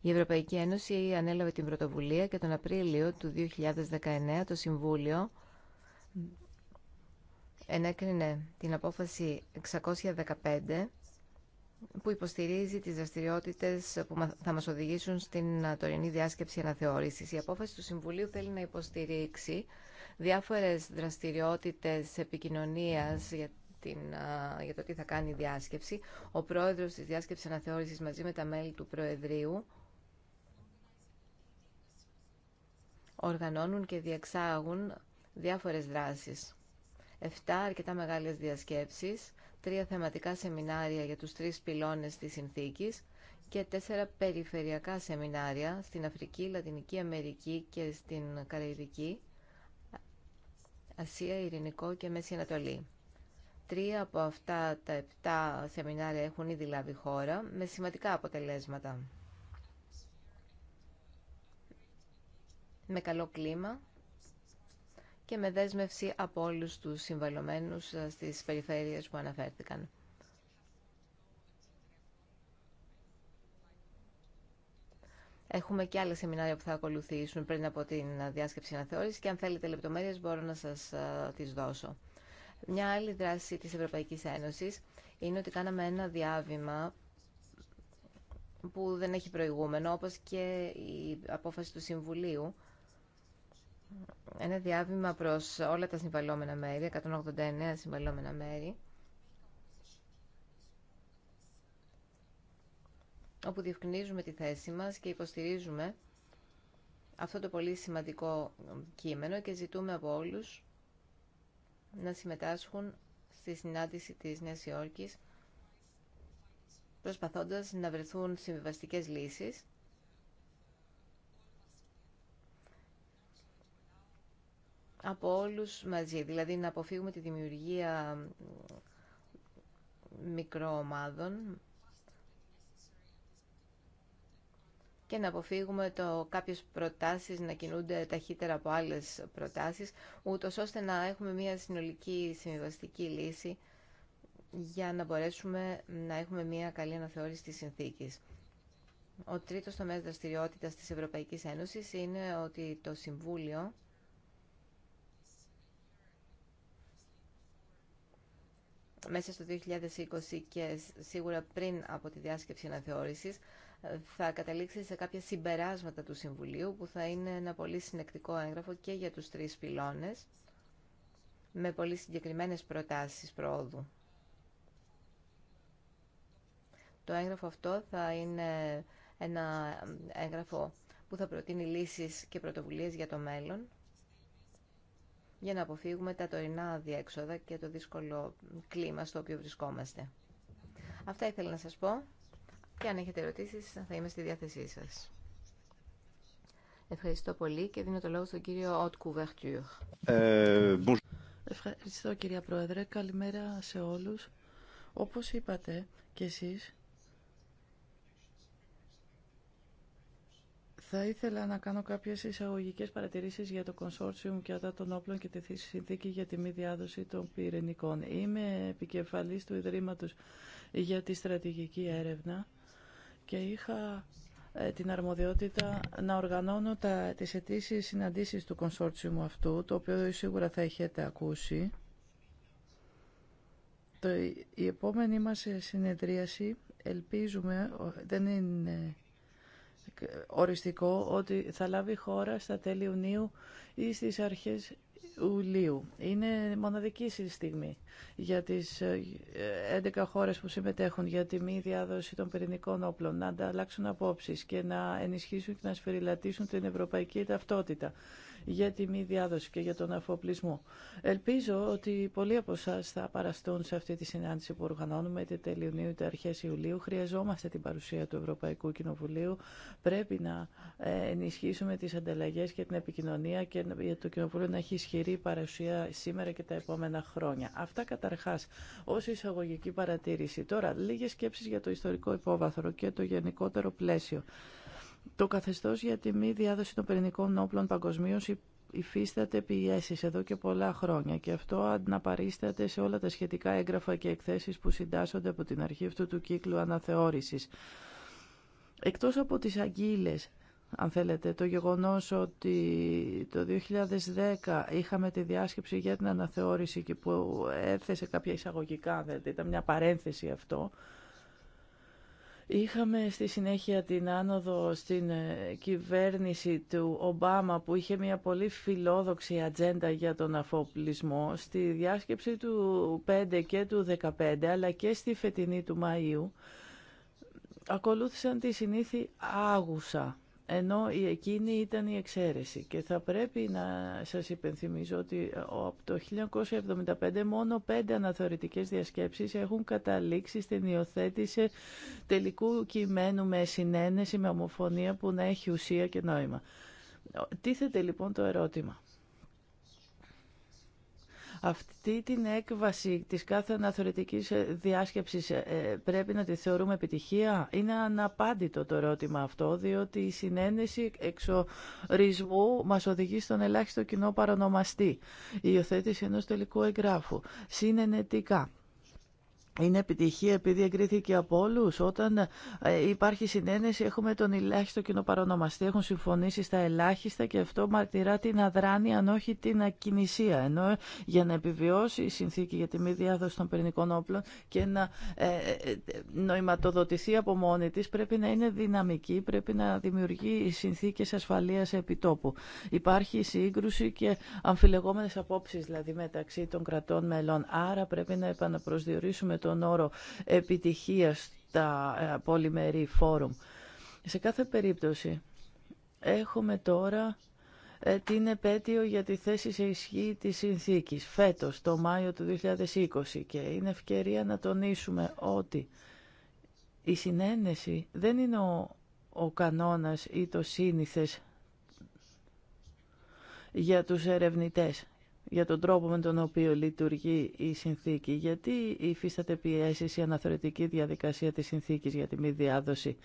Η Ευρωπαϊκή Ένωση ανέλαβε την πρωτοβουλία και τον Απρίλιο του 2019 το Συμβούλιο ενέκρινε την απόφαση 615 που υποστηρίζει τις δραστηριότητες που θα μας οδηγήσουν στην ε, τωρινή διάσκεψη αναθεώρησης. Η απόφαση του Συμβουλίου θέλει να υποστηρίξει διάφορες δραστηριότητες επικοινωνίας για την, ε, για το τι θα κάνει η διάσκεψη. Ο πρόεδρος της διάσκεψης αναθεώρησης μαζί με τα μέλη του Προεδρείου οργανώνουν και διεξάγουν διάφορες δράσεις. Εφτά αρκετά μεγάλες διασκέψεις τρία θεματικά σεμινάρια για τους τρεις πυλώνες της συνθήκης και τέσσερα περιφερειακά σεμινάρια στην Αφρική, Λατινική Αμερική και στην Καραϊβική, Ασία, Ειρηνικό και Μέση Ανατολή. Τρία από αυτά τα επτά σεμινάρια έχουν ήδη λάβει χώρα με σημαντικά αποτελέσματα. Με καλό κλίμα και με δέσμευση από όλου του συμβαλωμένου ε, στι περιφέρειε που αναφέρθηκαν. Έχουμε και άλλα σεμινάρια που θα ακολουθήσουν πριν από την διάσκεψη αναθεώρηση και αν θέλετε λεπτομέρειες μπορώ να σας ε, τις δώσω. Μια άλλη δράση της Ευρωπαϊκής Ένωσης είναι ότι κάναμε ένα διάβημα που δεν έχει προηγούμενο, όπως και η απόφαση του Συμβουλίου ένα διάβημα προς όλα τα συμβαλόμενα μέρη, 189 συμβαλόμενα μέρη, όπου διευκρινίζουμε τη θέση μας και υποστηρίζουμε αυτό το πολύ σημαντικό κείμενο και ζητούμε από όλους να συμμετάσχουν στη συνάντηση της Νέας Υόρκης προσπαθώντας να βρεθούν συμβιβαστικές λύσεις από όλους μαζί. Δηλαδή να αποφύγουμε τη δημιουργία μικροομάδων και να αποφύγουμε το κάποιες προτάσεις να κινούνται ταχύτερα από άλλες προτάσεις, ούτως ώστε να έχουμε μια συνολική συμβιβαστική λύση για να μπορέσουμε να έχουμε μια καλή αναθεώρηση της συνθήκης. Ο τρίτος τομέας δραστηριότητας της Ευρωπαϊκής Ένωσης είναι ότι το Συμβούλιο μέσα στο 2020 και σίγουρα πριν από τη διάσκεψη αναθεώρησης θα καταλήξει σε κάποια συμπεράσματα του Συμβουλίου που θα είναι ένα πολύ συνεκτικό έγγραφο και για τους τρεις πυλώνες με πολύ συγκεκριμένες προτάσεις προόδου. Το έγγραφο αυτό θα είναι ένα έγγραφο που θα προτείνει λύσεις και πρωτοβουλίες για το μέλλον για να αποφύγουμε τα τωρινά διέξοδα και το δύσκολο κλίμα στο οποίο βρισκόμαστε. Αυτά ήθελα να σας πω και αν έχετε ερωτήσεις θα είμαι στη διάθεσή σας. Ευχαριστώ πολύ και δίνω το λόγο στον κύριο Ότ Κουβερτούρ. Ε, Ευχαριστώ κύριε Πρόεδρε. Καλημέρα σε όλους. Όπως είπατε και εσείς, Θα ήθελα να κάνω κάποιες εισαγωγικές παρατηρήσεις για το Consortium και όταν των όπλων και τη συνθήκη για τη μη διάδοση των πυρηνικών. Είμαι επικεφαλής του Ιδρύματος για τη στρατηγική έρευνα και είχα ε, την αρμοδιότητα να οργανώνω τα, τις αιτήσει συναντήσεις του Consortium αυτού, το οποίο σίγουρα θα έχετε ακούσει. Το, η επόμενη μας συνεδρίαση ελπίζουμε, δεν είναι ε, οριστικό ότι θα λάβει χώρα στα τέλη Ιουνίου ή στις αρχές Ιουλίου. Είναι μοναδική η στις αρχες ιουλιου ειναι μοναδικη στιγμη για τις 11 ε, χώρες που συμμετέχουν για τη μη διάδοση των πυρηνικών όπλων να ανταλλάξουν απόψεις και να ενισχύσουν και να σφυριλατήσουν την ευρωπαϊκή ταυτότητα για τη μη διάδοση και για τον αφοπλισμό. Ελπίζω ότι πολλοί από εσά θα παραστούν σε αυτή τη συνάντηση που οργανώνουμε είτε τελειωνίου Ιουνίου είτε αρχέ Ιουλίου. Χρειαζόμαστε την παρουσία του Ευρωπαϊκού Κοινοβουλίου. Πρέπει να ε, ενισχύσουμε τι ανταλλαγέ και την επικοινωνία και για το Κοινοβούλιο να έχει ισχυρή παρουσία σήμερα και τα επόμενα χρόνια. Αυτά καταρχά ω εισαγωγική παρατήρηση. Τώρα, λίγε σκέψει για το ιστορικό υπόβαθρο και το γενικότερο πλαίσιο. Το καθεστώ για τη μη διάδοση των πυρηνικών όπλων παγκοσμίω υφίσταται πιέσεις εδώ και πολλά χρόνια και αυτό αναπαρίσταται σε όλα τα σχετικά έγγραφα και εκθέσει που συντάσσονται από την αρχή αυτού του κύκλου αναθεώρησης. Εκτός από τις αγγείλε, αν θέλετε, το γεγονός ότι το 2010 είχαμε τη διάσκεψη για την αναθεώρηση και που έθεσε κάποια εισαγωγικά, δηλαδή ήταν μια παρένθεση αυτό, Είχαμε στη συνέχεια την άνοδο στην ε, κυβέρνηση του Ομπάμα που είχε μια πολύ φιλόδοξη ατζέντα για τον αφοπλισμό στη διάσκεψη του 5 και του 15 αλλά και στη φετινή του Μαΐου ακολούθησαν τη συνήθη άγουσα ενώ η εκείνη ήταν η εξαίρεση. Και θα πρέπει να σας υπενθυμίζω ότι ε, από το 1975 μόνο πέντε αναθεωρητικές διασκέψεις έχουν καταλήξει στην υιοθέτηση τελικού κειμένου με συνένεση, με ομοφωνία που να έχει ουσία και νόημα. Τίθεται λοιπόν το ερώτημα. Αυτή την έκβαση της κάθε αναθεωρητικής ε, διάσκεψης ε, ε, πρέπει να τη θεωρούμε επιτυχία. Είναι αναπάντητο το ερώτημα αυτό, διότι η συνένεση εξορισμού μας οδηγεί στον ελάχιστο κοινό παρονομαστή. Η υιοθέτηση ενός τελικού εγγράφου. Συνενετικά είναι επιτυχία επειδή εγκρίθηκε από όλου. Όταν ε, υπάρχει συνένεση, έχουμε τον ελάχιστο κοινό παρονομαστή. Έχουν συμφωνήσει στα ελάχιστα και αυτό μαρτυρά την αδράνεια, αν όχι την ακινησία. Ενώ για να επιβιώσει η συνθήκη για τη μη διάδοση των πυρηνικών όπλων και να ε, ε, ε νοηματοδοτηθεί από μόνη τη, πρέπει να είναι δυναμική, πρέπει να δημιουργεί συνθήκε ασφαλεία επιτόπου. Υπάρχει σύγκρουση και αμφιλεγόμενε απόψει δηλαδή μεταξύ των κρατών μελών. Άρα πρέπει να επαναπροσδιορίσουμε τον όρο επιτυχία στα ε, πολυμερή φόρουμ. Σε κάθε περίπτωση έχουμε τώρα ε, την επέτειο για τη θέση σε ισχύ της συνθήκης φέτος, το Μάιο του 2020 και είναι ευκαιρία να τονίσουμε ότι η συνένεση δεν είναι ο, ο κανόνας ή το σύνηθες για τους ερευνητές για τον τρόπο με τον οποίο λειτουργεί η συνθήκη. Γιατί υφίσταται πιέσει η αναθεωρητική διαδικασία τη συνθήκη για τη μη διάδοση.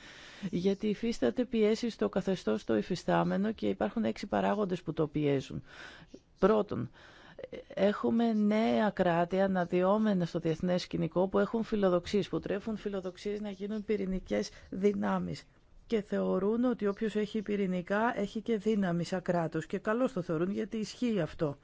Γιατί υφίσταται πιέσει στο καθεστώ το υφιστάμενο και υπάρχουν έξι παράγοντε που το πιέζουν. Πρώτον, έχουμε νέα κράτη αναδυόμενα στο διεθνέ σκηνικό που έχουν φιλοδοξίε, που τρέφουν φιλοδοξίε να γίνουν πυρηνικέ δυνάμει. και θεωρούν ότι όποιος έχει πυρηνικά έχει και δύναμη σαν κράτος και καλώς το θεωρούν γιατί ισχύει αυτό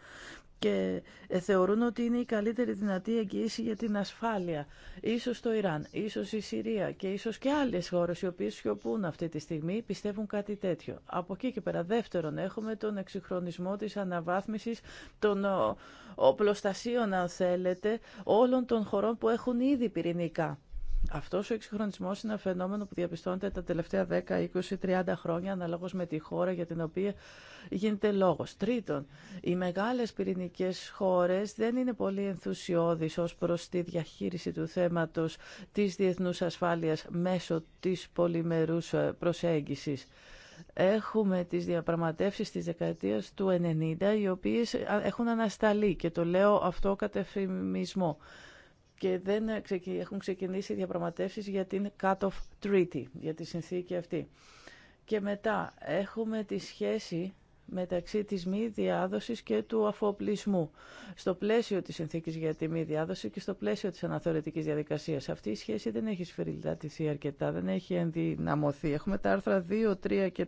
και ε, θεωρούν ότι είναι η καλύτερη δυνατή εγγύηση για την ασφάλεια. Ίσως το Ιράν, ίσως η Συρία και ίσως και άλλες χώρες οι οποίες σιωπούν αυτή τη στιγμή πιστεύουν κάτι τέτοιο. Από εκεί και πέρα δεύτερον έχουμε τον εξυγχρονισμό της αναβάθμισης των οπλοστασίων αν θέλετε όλων των χωρών που έχουν ήδη πυρηνικά αυτός ο εξυγχρονισμός είναι ένα φαινόμενο που διαπιστώνεται τα τελευταία 10, 20, 30 χρόνια αναλόγως με τη χώρα για την οποία γίνεται λόγος. Τρίτον, οι μεγάλες πυρηνικέ χώρες δεν είναι πολύ ενθουσιώδεις ως προς τη διαχείριση του θέματος της διεθνούς ασφάλειας μέσω της πολυμερούς ε, προσέγγισης. Έχουμε τις διαπραγματεύσεις της δεκαετίας του 90, οι οποίες έχουν ανασταλεί και το λέω αυτό κατεφημισμό και δεν έχουν ξεκινήσει διαπραγματεύσεις για την Cut-Off Treaty, για τη συνθήκη αυτή. Και μετά έχουμε τη σχέση μεταξύ της μη διάδοσης και του αφοπλισμού στο πλαίσιο της συνθήκης για τη μη διάδοση και στο πλαίσιο της αναθεωρητικής διαδικασίας. Αυτή η σχέση δεν έχει σφυριλτατηθεί αρκετά, δεν έχει ενδυναμωθεί. Έχουμε τα άρθρα 2, 3 και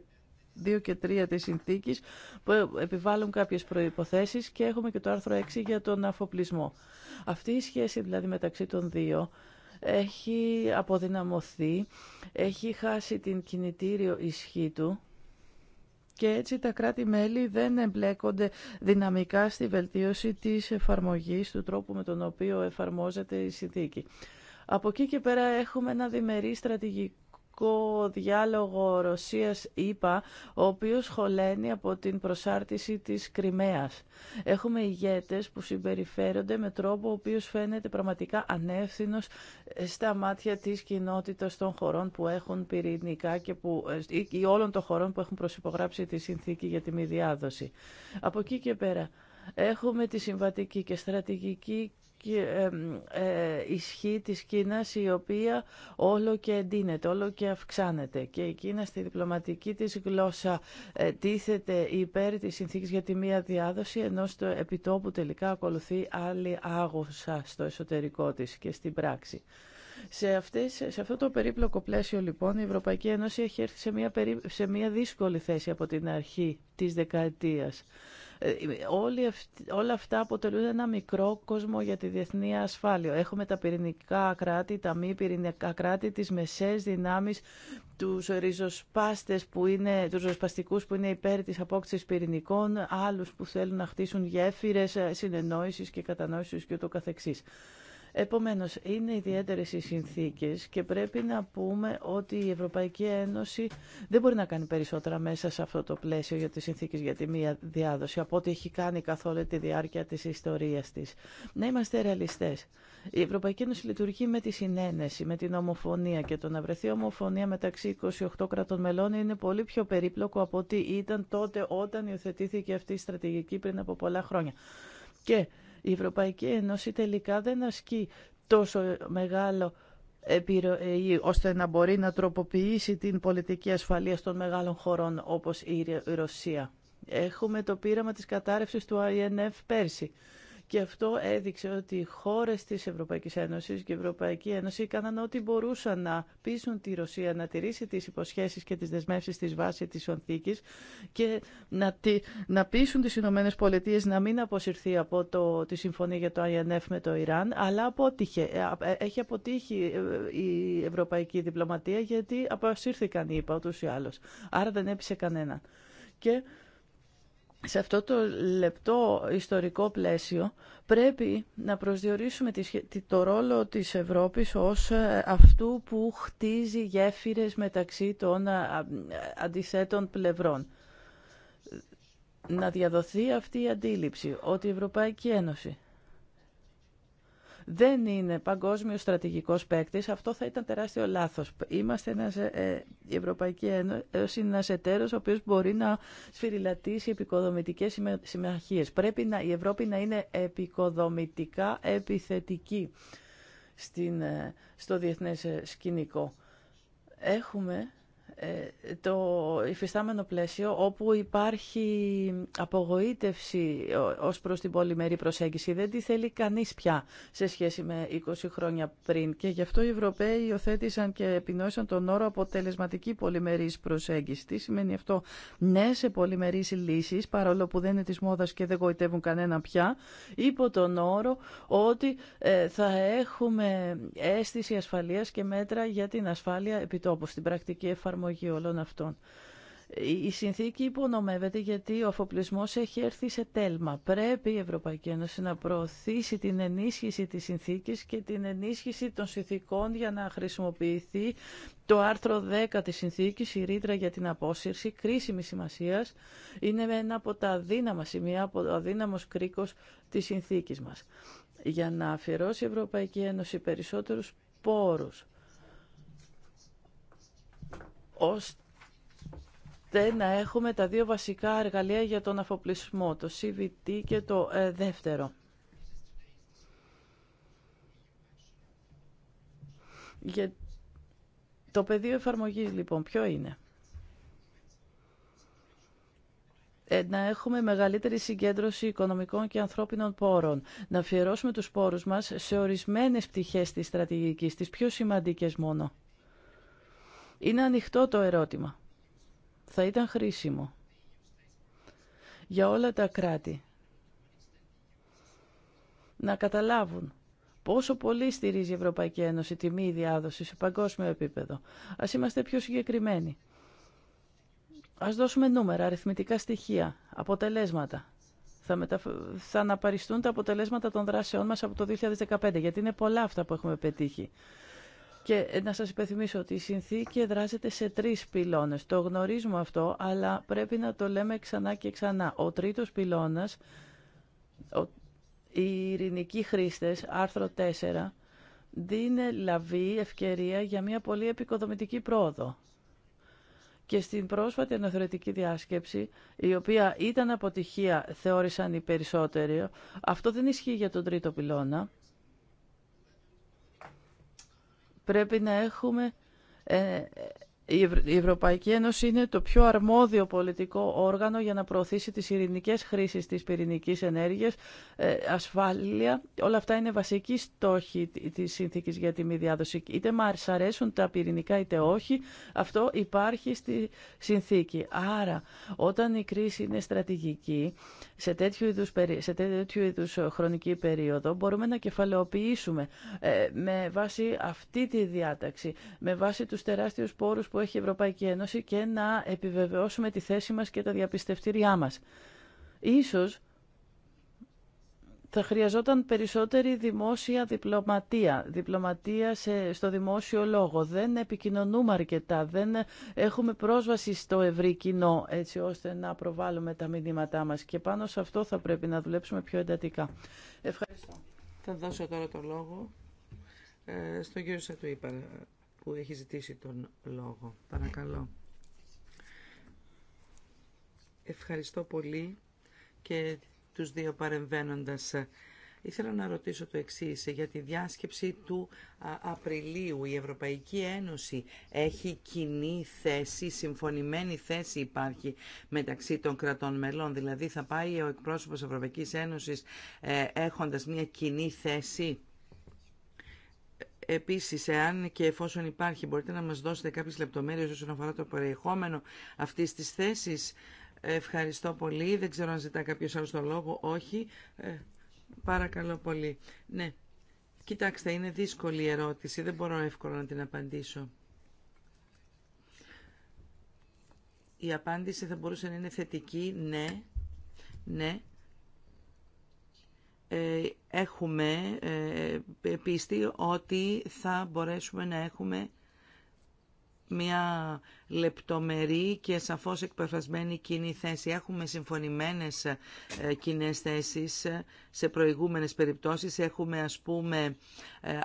2 και 3 της συνθήκης που επιβάλλουν κάποιες προϋποθέσεις και έχουμε και το άρθρο 6 για τον αφοπλισμό. Αυτή η σχέση δηλαδή μεταξύ των δύο έχει αποδυναμωθεί, έχει χάσει την κινητήριο ισχύ του και έτσι τα κράτη-μέλη δεν εμπλέκονται δυναμικά στη βελτίωση της εφαρμογής του τρόπου με τον οποίο εφαρμόζεται η συνθήκη. Από εκεί και πέρα έχουμε ένα διμερή στρατηγικό εμπορικό διάλογο Ρωσίας-ΗΠΑ, ο οποίος χωλαίνει από την προσάρτηση της Κρυμαίας. Έχουμε ηγέτες που συμπεριφέρονται με τρόπο ο οποίος φαίνεται πραγματικά ανεύθυνος ε, στα μάτια της κοινότητας των χωρών που έχουν πυρηνικά και που, ε, ή όλων των χωρών που έχουν προσυπογράψει τη συνθήκη για τη μη διάδοση. Από εκεί και πέρα. Έχουμε τη συμβατική και στρατηγική ε, ισχύ της Κίνας η οποία όλο και εντείνεται, όλο και αυξάνεται και η Κίνα στη διπλωματική της γλώσσα ε, τίθεται υπέρ της συνθήκης για τη μία διάδοση ενώ στο επιτόπου τελικά ακολουθεί άλλη άγουσα στο εσωτερικό της και στην πράξη. Σε, αυτές, σε αυτό το περίπλοκο πλαίσιο λοιπόν η Ευρωπαϊκή Ένωση έχει έρθει σε μια, σε μια δύσκολη θέση από την αρχή της δεκαετίας. Όλοι όλα αυτά αποτελούν ένα μικρό κόσμο για τη διεθνή ασφάλεια. Έχουμε τα πυρηνικά κράτη, τα μη πυρηνικά κράτη, τις μεσές δυνάμεις, τους ριζοσπάστες που είναι, τους ριζοσπαστικούς που είναι υπέρ της απόκτησης πυρηνικών, άλλους που θέλουν να χτίσουν γέφυρες ε, συνεννόησης και κατανόησης και ούτω καθεξής. Επομένως, είναι ιδιαίτερες οι συνθήκες και πρέπει να πούμε ότι η Ευρωπαϊκή Ένωση δεν μπορεί να κάνει περισσότερα μέσα σε αυτό το πλαίσιο για τις συνθήκες για τη μία διάδοση από ό,τι έχει κάνει καθ' όλη τη διάρκεια της ιστορίας της. Να είμαστε ρεαλιστές. Η Ευρωπαϊκή Ένωση λειτουργεί με τη συνένεση, με την ομοφωνία και το να βρεθεί ομοφωνία μεταξύ 28 κρατών μελών είναι πολύ πιο περίπλοκο από ό,τι ήταν τότε όταν υιοθετήθηκε αυτή η στρατηγική πριν από πολλά χρόνια. Και η Ευρωπαϊκή Ένωση τελικά δεν ασκεί τόσο μεγάλο επιρροή ε, ώστε να μπορεί να τροποποιήσει την πολιτική ασφαλείας των μεγάλων χωρών όπως η Ρωσία. Έχουμε το πείραμα της κατάρρευσης του INF πέρσι. Και αυτό έδειξε ότι οι χώρες της Ευρωπαϊκής Ένωσης και η Ευρωπαϊκή Ένωση έκαναν ό,τι μπορούσαν να πείσουν τη Ρωσία να τηρήσει τις υποσχέσεις και τις δεσμεύσεις της βάση της Ονθήκης και να, να πείσουν τις Ηνωμένες Πολιτείες να μην αποσυρθεί από το, τη συμφωνία για το INF με το Ιράν, αλλά αποτύχε, ε, ε, έχει αποτύχει ε, η ευρωπαϊκή διπλωματία γιατί αποσύρθηκαν οι ή άλλως. Άρα δεν έπεισε κανέναν. Και σε αυτό το λεπτό ιστορικό πλαίσιο πρέπει να προσδιορίσουμε το ρόλο της Ευρώπης ως ε, αυτού που χτίζει γέφυρες μεταξύ των ε, ε, αντιθέτων πλευρών. Να διαδοθεί αυτή η αντίληψη ότι η Ευρωπαϊκή Ένωση δεν είναι παγκόσμιο στρατηγικό παίκτη, αυτό θα ήταν τεράστιο λάθος. Είμαστε ε, ε, η Ευρωπαϊκή Ένωση είναι ένα εταίρο ο οποίος μπορεί να σφυριλατήσει επικοδομητικές συμμαχίε. Πρέπει να, η Ευρώπη να είναι επικοδομητικά επιθετική στην, ε, στο διεθνές ε, σκηνικό. Έχουμε ε, το υφιστάμενο πλαίσιο όπου υπάρχει απογοήτευση ε, ως προς την πολυμερή προσέγγιση. Δεν τη θέλει κανείς πια σε σχέση με 20 χρόνια πριν και γι' αυτό οι Ευρωπαίοι υιοθέτησαν και επινόησαν τον όρο αποτελεσματική πολυμερής προσέγγιση. Τι σημαίνει αυτό ναι σε πολυμερείς λύσεις παρόλο που δεν είναι της μόδας και δεν γοητεύουν κανένα πια υπό τον όρο ότι ε, θα έχουμε αίσθηση ασφαλείας και μέτρα για την ασφάλεια επιτόπου στην πρακτική εφαρμογή εφαρμογή όλων αυτών. Η συνθήκη υπονομεύεται γιατί ο αφοπλισμός έχει έρθει σε τέλμα. Πρέπει η Ευρωπαϊκή Ένωση να προωθήσει την ενίσχυση της συνθήκης και την ενίσχυση των συνθήκων για να χρησιμοποιηθεί το άρθρο 10 της συνθήκης, η ρήτρα για την απόσυρση, κρίσιμη σημασίας, είναι ένα από τα αδύναμα σημεία, από το αδύναμος κρίκος της συνθήκης μας. Για να αφιερώσει η Ευρωπαϊκή Ένωση περισσότερους πόρους ώστε να έχουμε τα δύο βασικά εργαλεία για τον αφοπλισμό, το CVT και το ε, δεύτερο. Για το πεδίο εφαρμογής λοιπόν ποιο είναι. Ε, να έχουμε μεγαλύτερη συγκέντρωση οικονομικών και ανθρώπινων πόρων, να αφιερώσουμε τους πόρους μας σε ορισμένες πτυχές της στρατηγικής, τις πιο σημαντικές μόνο. Είναι ανοιχτό το ερώτημα. Θα ήταν χρήσιμο για όλα τα κράτη να καταλάβουν πόσο πολύ στηρίζει η Ευρωπαϊκή Ένωση τη μη διάδοση σε παγκόσμιο επίπεδο. Ας είμαστε πιο συγκεκριμένοι. Ας δώσουμε νούμερα, αριθμητικά στοιχεία, αποτελέσματα. Θα, θα αναπαριστούν τα αποτελέσματα των δράσεών μας από το 2015, γιατί είναι πολλά αυτά που έχουμε πετύχει. Και να σας υπενθυμίσω ότι η συνθήκη δράζεται σε τρεις πυλώνες. Το γνωρίζουμε αυτό, αλλά πρέπει να το λέμε ξανά και ξανά. Ο τρίτος πυλώνας, οι ειρηνικοί χρήστες, άρθρο 4, δίνει λαβή ευκαιρία για μια πολύ επικοδομητική πρόοδο. Και στην πρόσφατη αναθεωρητική διάσκεψη, η οποία ήταν αποτυχία, θεώρησαν οι περισσότεροι, αυτό δεν ισχύει για τον τρίτο πυλώνα. Πρέπει να έχουμε ε, η Ευρωπαϊκή Ένωση είναι το πιο αρμόδιο πολιτικό όργανο για να προωθήσει τις ειρηνικές χρήσεις της πυρηνικής ενέργειας, ε, ασφάλεια. Όλα αυτά είναι βασικοί στόχοι της Σύνθηκης για τη μη διάδοση. Είτε μας αρέσουν τα πυρηνικά είτε όχι, αυτό υπάρχει στη Συνθήκη. Άρα, όταν η κρίση είναι στρατηγική, σε τέτοιου είδους, σε είδους ε, χρονική περίοδο, μπορούμε να κεφαλαιοποιήσουμε ε, με βάση αυτή τη διάταξη, με βάση τους τεράστιους πόρους που έχει η Ευρωπαϊκή Ένωση και να επιβεβαιώσουμε τη θέση μας και τα διαπιστευτήριά μας. Ίσως θα χρειαζόταν περισσότερη δημόσια διπλωματία, διπλωματία σε, στο δημόσιο λόγο. Δεν επικοινωνούμε αρκετά, δεν έχουμε πρόσβαση στο ευρύ κοινό έτσι ώστε να προβάλλουμε τα μηνύματά μας και πάνω σε αυτό θα πρέπει να δουλέψουμε πιο εντατικά. Ευχαριστώ. Θα δώσω τώρα το λόγο ε, στον κύριο Σατουίπα που έχει ζητήσει τον λόγο. Παρακαλώ. Ευχαριστώ πολύ και τους δύο παρεμβαίνοντας. Ήθελα να ρωτήσω το εξή για τη διάσκεψη του Απριλίου. Η Ευρωπαϊκή Ένωση έχει κοινή θέση, συμφωνημένη θέση υπάρχει μεταξύ των κρατών μελών. Δηλαδή θα πάει ο εκπρόσωπος Ευρωπαϊκής Ένωσης ε, έχοντας μια κοινή θέση. Επίσης, εάν και εφόσον υπάρχει, μπορείτε να μας δώσετε κάποιε λεπτομέρειες όσον αφορά το περιεχόμενο αυτή τη θέση. Ευχαριστώ πολύ. Δεν ξέρω αν ζητά κάποιο άλλο το λόγο. Όχι. Ε, παρακαλώ πολύ. Ναι. Κοιτάξτε, είναι δύσκολη η ερώτηση. Δεν μπορώ εύκολα να την απαντήσω. Η απάντηση θα μπορούσε να είναι θετική, ναι, ναι, ε, έχουμε ε, πίστη ότι θα μπορέσουμε να έχουμε μια λεπτομερή και σαφώς εκπεφασμένη κοινή θέση. Έχουμε συμφωνημένες ε, κοινέ θέσεις σε προηγούμενες περιπτώσεις. Έχουμε ας πούμε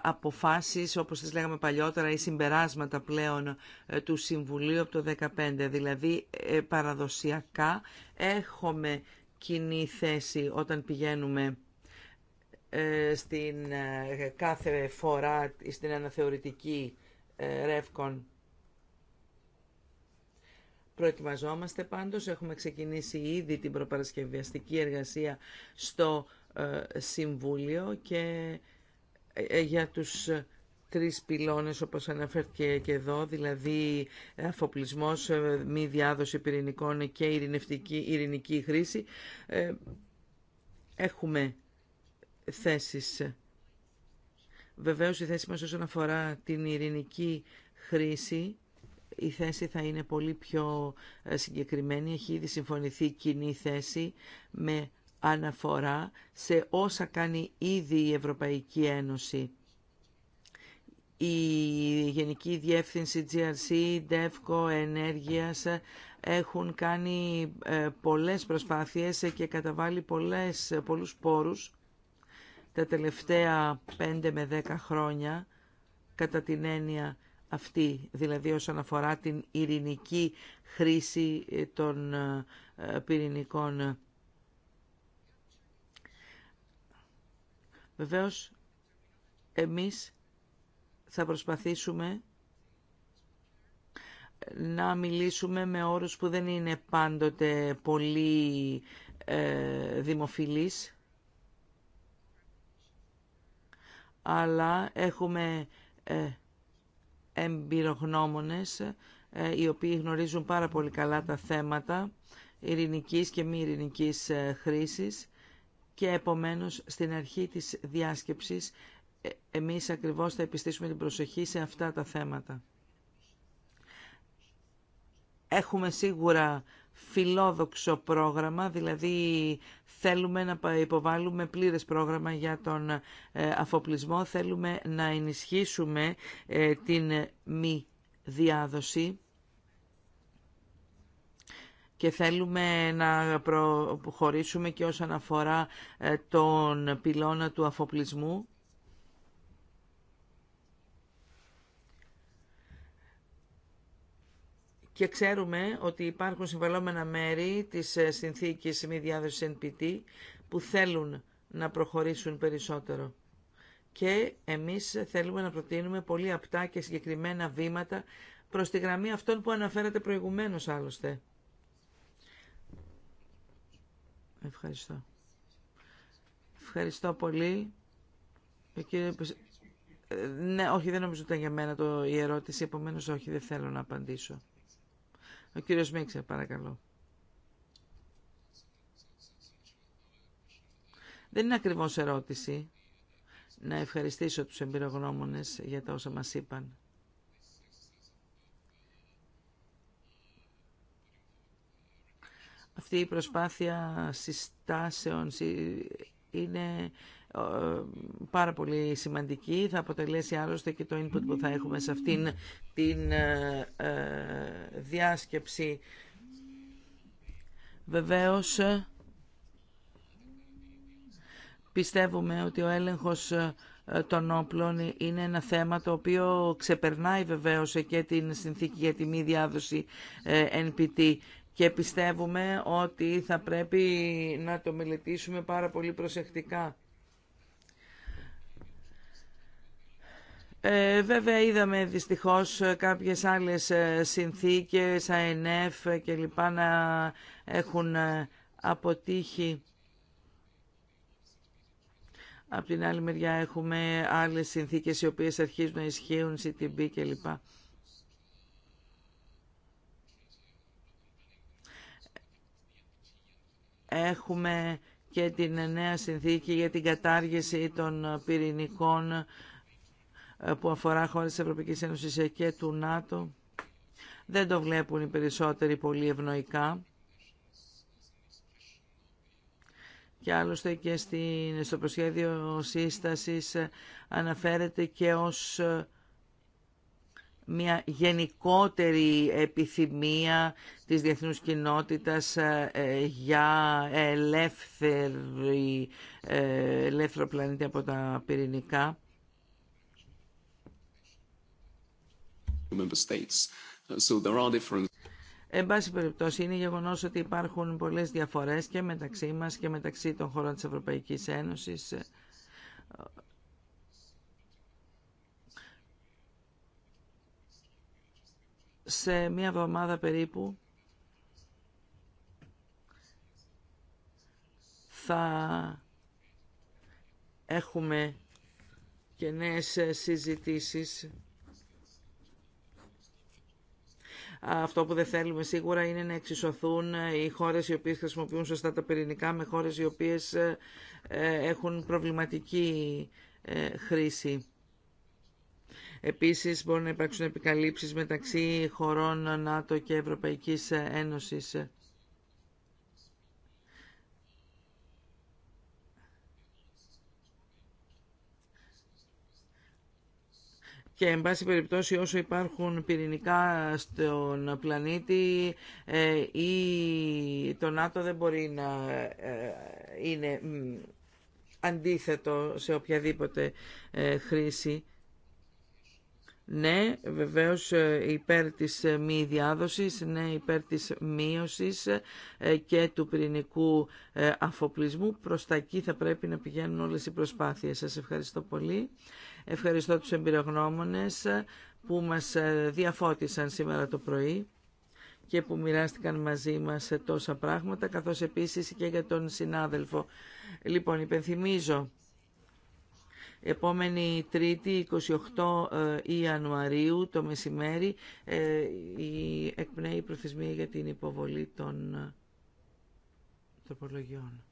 αποφάσεις όπως τις λέγαμε παλιότερα ή συμπεράσματα πλέον του Συμβουλίου από το 2015. Δηλαδή παραδοσιακά έχουμε κοινή θέση όταν πηγαίνουμε ε, στην ε, κάθε φορά στην αναθεωρητική ε, ρεύκον. Προετοιμαζόμαστε πάντως, έχουμε ξεκινήσει ήδη την προπαρασκευαστική εργασία στο Συμβούλιο και για τους τρεις πυλώνες όπως αναφέρθηκε και εδώ, δηλαδή αφοπλισμός, μη διάδοση πυρηνικών και ειρηνική χρήση. Έχουμε θέσεις. Βεβαίως η θέση μας όσον αφορά την ειρηνική χρήση η θέση θα είναι πολύ πιο ε, συγκεκριμένη. Έχει ήδη συμφωνηθεί κοινή θέση με αναφορά σε όσα κάνει ήδη η Ευρωπαϊκή Ένωση. Η Γενική Διεύθυνση GRC, DEVCO, Ενέργειας έχουν κάνει ε, πολλές προσπάθειες και καταβάλει πολλές, πολλούς πόρους τα τελευταία 5 με 10 χρόνια κατά την έννοια αυτή, δηλαδή όσον αφορά την ειρηνική χρήση ε, των ε, πυρηνικών. Βεβαίως, εμείς θα προσπαθήσουμε να μιλήσουμε με όρους που δεν είναι πάντοτε πολύ ε, δημοφιλείς αλλά έχουμε ε, εμπειρογνώμονες ε, οι οποίοι γνωρίζουν πάρα πολύ καλά τα θέματα ειρηνικής και μη ειρηνικής ε, χρήσης και επομένως στην αρχή της διάσκεψης εμείς ακριβώς θα επιστήσουμε την προσοχή σε αυτά τα θέματα. Έχουμε σίγουρα φιλόδοξο πρόγραμμα, δηλαδή θέλουμε να υποβάλουμε πλήρες πρόγραμμα για τον ε, αφοπλισμό, θέλουμε να ενισχύσουμε ε, την μη διάδοση και θέλουμε να προχωρήσουμε και όσον αφορά ε, τον πυλώνα του αφοπλισμού και ξέρουμε ότι υπάρχουν συμβαλόμενα μέρη της ε, συνθήκης μη διάδοση NPT που θέλουν να προχωρήσουν περισσότερο. Και εμείς θέλουμε να προτείνουμε πολύ απτά και συγκεκριμένα βήματα προς τη γραμμή αυτών που αναφέρατε προηγουμένως άλλωστε. Ευχαριστώ. Ευχαριστώ πολύ. Ε, κύριε... Ε, ναι, όχι, δεν νομίζω ήταν για μένα το, η ερώτηση, επομένως όχι, δεν θέλω να απαντήσω. Ο κύριος Μίξερ, παρακαλώ. Δεν είναι ακριβώς ερώτηση να ευχαριστήσω τους εμπειρογνώμονες για τα όσα μας είπαν. Αυτή η προσπάθεια συστάσεων είναι ε, πάρα πολύ σημαντική. Θα αποτελέσει άλλωστε και το input που θα έχουμε σε αυτήν την ε, ε, διάσκεψη. Βεβαίως, πιστεύουμε ότι ο έλεγχος των όπλων είναι ένα θέμα το οποίο ξεπερνάει βεβαίως και την συνθήκη για τη μη διάδοση NPT και πιστεύουμε ότι θα πρέπει να το μελετήσουμε πάρα πολύ προσεκτικά. Ε, βέβαια είδαμε δυστυχώς ε, κάποιες άλλες ε, συνθήκες, ΑΕΝΕΦ και λοιπά να έχουν ε, αποτύχει. Απ' την άλλη μεριά έχουμε άλλες συνθήκες οι οποίες αρχίζουν να ισχύουν, CTB και λοιπά. Έχουμε και την νέα συνθήκη για την κατάργηση των πυρηνικών που αφορά χώρες της Ευρωπαϊκής Ένωσης και του ΝΑΤΟ δεν το βλέπουν οι περισσότεροι πολύ ευνοϊκά. και άλλωστε και στην, στο προσχέδιο σύστασης αναφέρεται και ως μια γενικότερη επιθυμία της διεθνούς κοινότητας ε, για ελεύθερη, ε, ελεύθερο πλανήτη από τα πυρηνικά. member states. Uh, so there are Εν πάση περιπτώσει, είναι γεγονός ότι υπάρχουν πολλές διαφορές και μεταξύ μας και μεταξύ των χωρών της Ευρωπαϊκής Ένωσης. Ε, σε μία εβδομάδα περίπου θα έχουμε και νέες συζητήσεις Αυτό που δεν θέλουμε σίγουρα είναι να εξισωθούν οι χώρες οι οποίες χρησιμοποιούν σωστά τα πυρηνικά με χώρες οι οποίες ε, ε, έχουν προβληματική ε, χρήση. Επίσης μπορούν να υπάρξουν επικαλύψεις μεταξύ χωρών ΝΑΤΟ και Ευρωπαϊκής Ένωσης. και εν πάση περιπτώσει όσο υπάρχουν πυρηνικά στον πλανήτη ή ε, το ΝΑΤΟ δεν μπορεί να ε, είναι αντίθετο σε οποιαδήποτε ε, χρήση. Ναι, βεβαίως υπέρ της μη διάδοσης, ναι υπέρ της μείωσης και του πυρηνικού αφοπλισμού. Προς τα εκεί θα πρέπει να πηγαίνουν όλες οι προσπάθειες. Σας ευχαριστώ πολύ. Ευχαριστώ τους εμπειρογνώμονες που μας διαφώτισαν σήμερα το πρωί και που μοιράστηκαν μαζί μας τόσα πράγματα, καθώς επίσης και για τον συνάδελφο. Λοιπόν, υπενθυμίζω, επόμενη Τρίτη, 28 ε, Ιανουαρίου, το μεσημέρι, ε, η εκπνέει η προθεσμία για την υποβολή των τροπολογιών.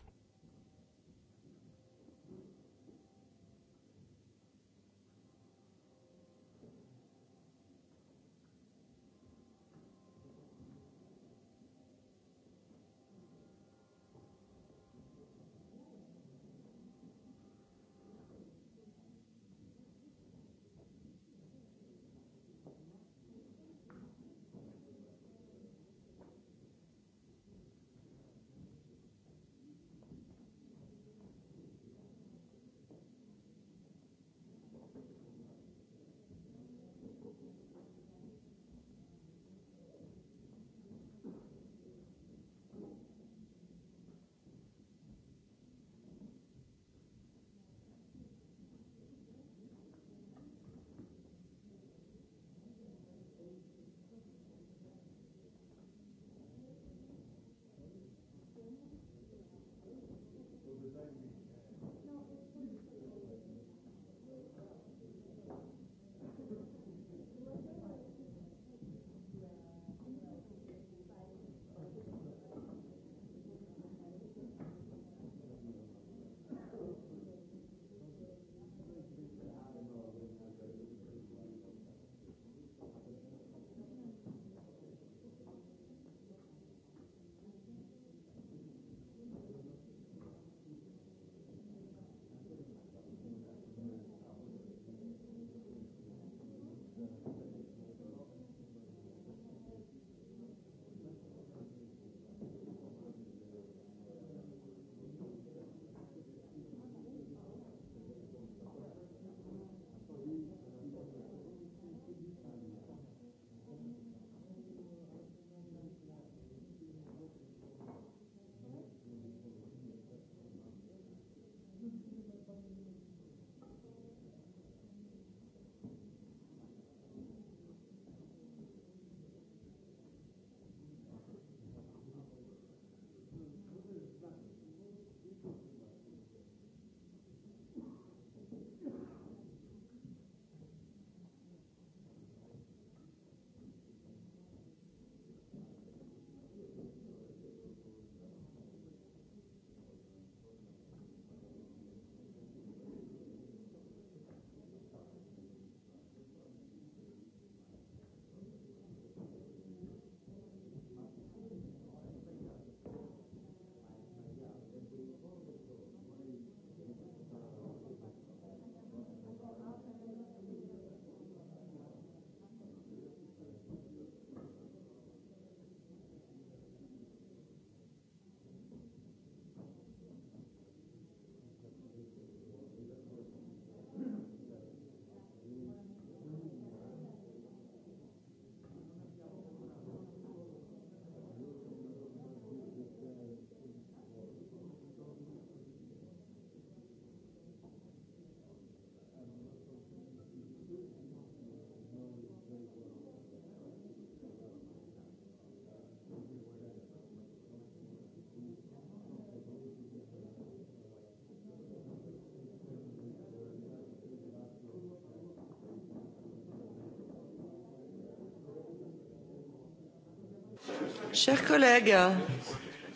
Chers collègues,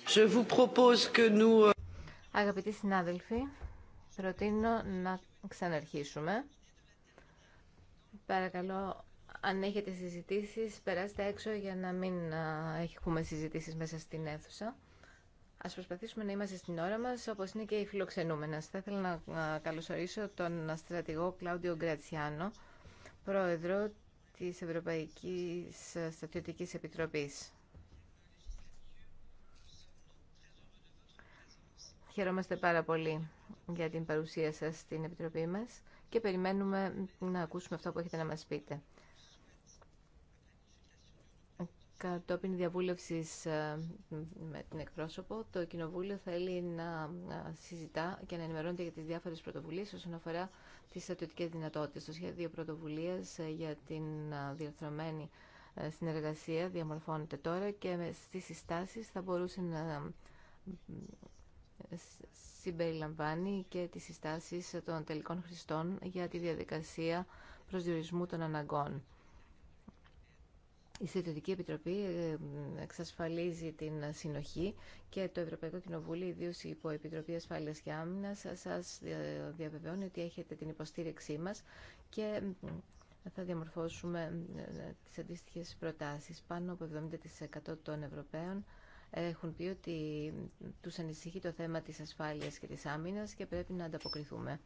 euh, Αγαπητοί συνάδελφοι, προτείνω να ξαναρχίσουμε. Παρακαλώ, αν έχετε συζητήσεις, περάστε έξω για να μην έχουμε συζητήσεις μέσα στην αίθουσα. Ας προσπαθήσουμε να είμαστε στην ώρα μας, όπως είναι και οι φιλοξενούμενες. Θα ήθελα να καλωσορίσω τον στρατηγό Κλάουντιο Γκρατσιάνο, πρόεδρο της Ευρωπαϊκή Στατιωτικής Επιτροπής. Χαιρόμαστε πάρα πολύ για την παρουσία σας στην Επιτροπή μας και περιμένουμε να ακούσουμε αυτό που έχετε να μας πείτε. Κατόπιν διαβούλευσης ε, με την εκπρόσωπο, το Κοινοβούλιο θέλει να ε, συζητά και να ενημερώνεται για τις διάφορες πρωτοβουλίες όσον αφορά τις στρατιωτικές δυνατότητες. Το σχέδιο πρωτοβουλίας ε, για την διαρθρωμένη συνεργασία διαμορφώνεται τώρα και στις συστάσεις θα μπορούσε να συμπεριλαμβάνει και τις συστάσεις των τελικών χρηστών για τη διαδικασία προσδιορισμού των αναγκών. Η Συντηρητική Επιτροπή ε, εξασφαλίζει την συνοχή και το Ευρωπαϊκό Κοινοβούλιο, ιδίω η Υποεπιτροπή Ασφάλεια και Άμυνα, σα διαβεβαιώνει ότι έχετε την υποστήριξή μας και θα διαμορφώσουμε ε, ε, τις αντίστοιχες προτάσεις. Πάνω από 70% των Ευρωπαίων έχουν πει ότι τους ανησυχεί το θέμα της ασφάλειας και της άμυνας και πρέπει να ανταποκριθούμε.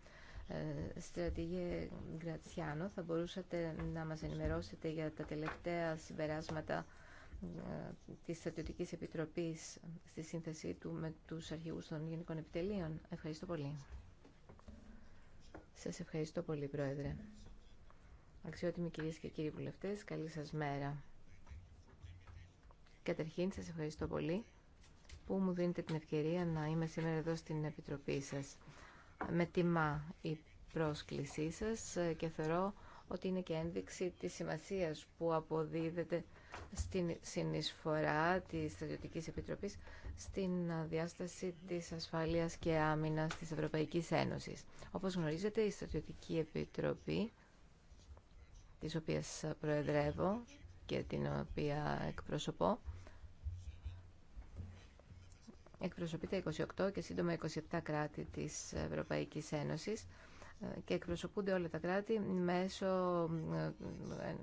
Ε, στρατηγέ Γκρατσιάνο, θα μπορούσατε να μας ενημερώσετε για τα τελευταία συμπεράσματα ε, της Στρατιωτικής Επιτροπής στη σύνθεσή του με τους αρχηγούς των Γενικών Επιτελείων. Ευχαριστώ πολύ. Σας ευχαριστώ πολύ, Πρόεδρε. Αξιότιμοι κυρίες και κύριοι βουλευτές, καλή σας μέρα. Καταρχήν, σας ευχαριστώ πολύ που μου δίνετε την ευκαιρία να είμαι σήμερα εδώ στην Επιτροπή σας. Με τιμά η πρόσκλησή σας και θεωρώ ότι είναι και ένδειξη της σημασίας που αποδίδεται στην συνεισφορά της Στρατιωτικής Επιτροπής στην διάσταση της ασφάλειας και άμυνας της Ευρωπαϊκής Ένωσης. Όπως γνωρίζετε, η Στρατιωτική Επιτροπή, της οποίας προεδρεύω και την οποία εκπροσωπώ, Εκπροσωπείται 28 και σύντομα 27 κράτη της Ευρωπαϊκής Ένωσης ε, και εκπροσωπούνται όλα τα κράτη μέσω ε,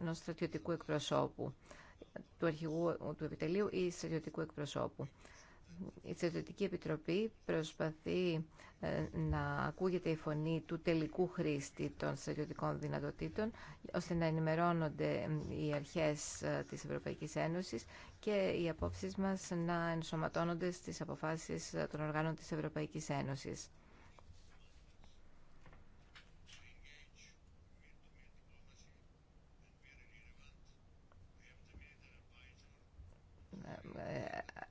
ενό στρατιωτικού εκπροσώπου, του αρχηγού του επιτελείου ή στρατιωτικού εκπροσώπου η Στρατιωτική Επιτροπή προσπαθεί ε, να ακούγεται η φωνή του τελικού χρήστη των στρατιωτικών δυνατοτήτων, ώστε να ενημερώνονται ε, οι αρχές ε, της Ευρωπαϊκής Ένωσης και οι απόψεις μας να ενσωματώνονται στις αποφάσεις των οργάνων της Ευρωπαϊκής Ένωσης.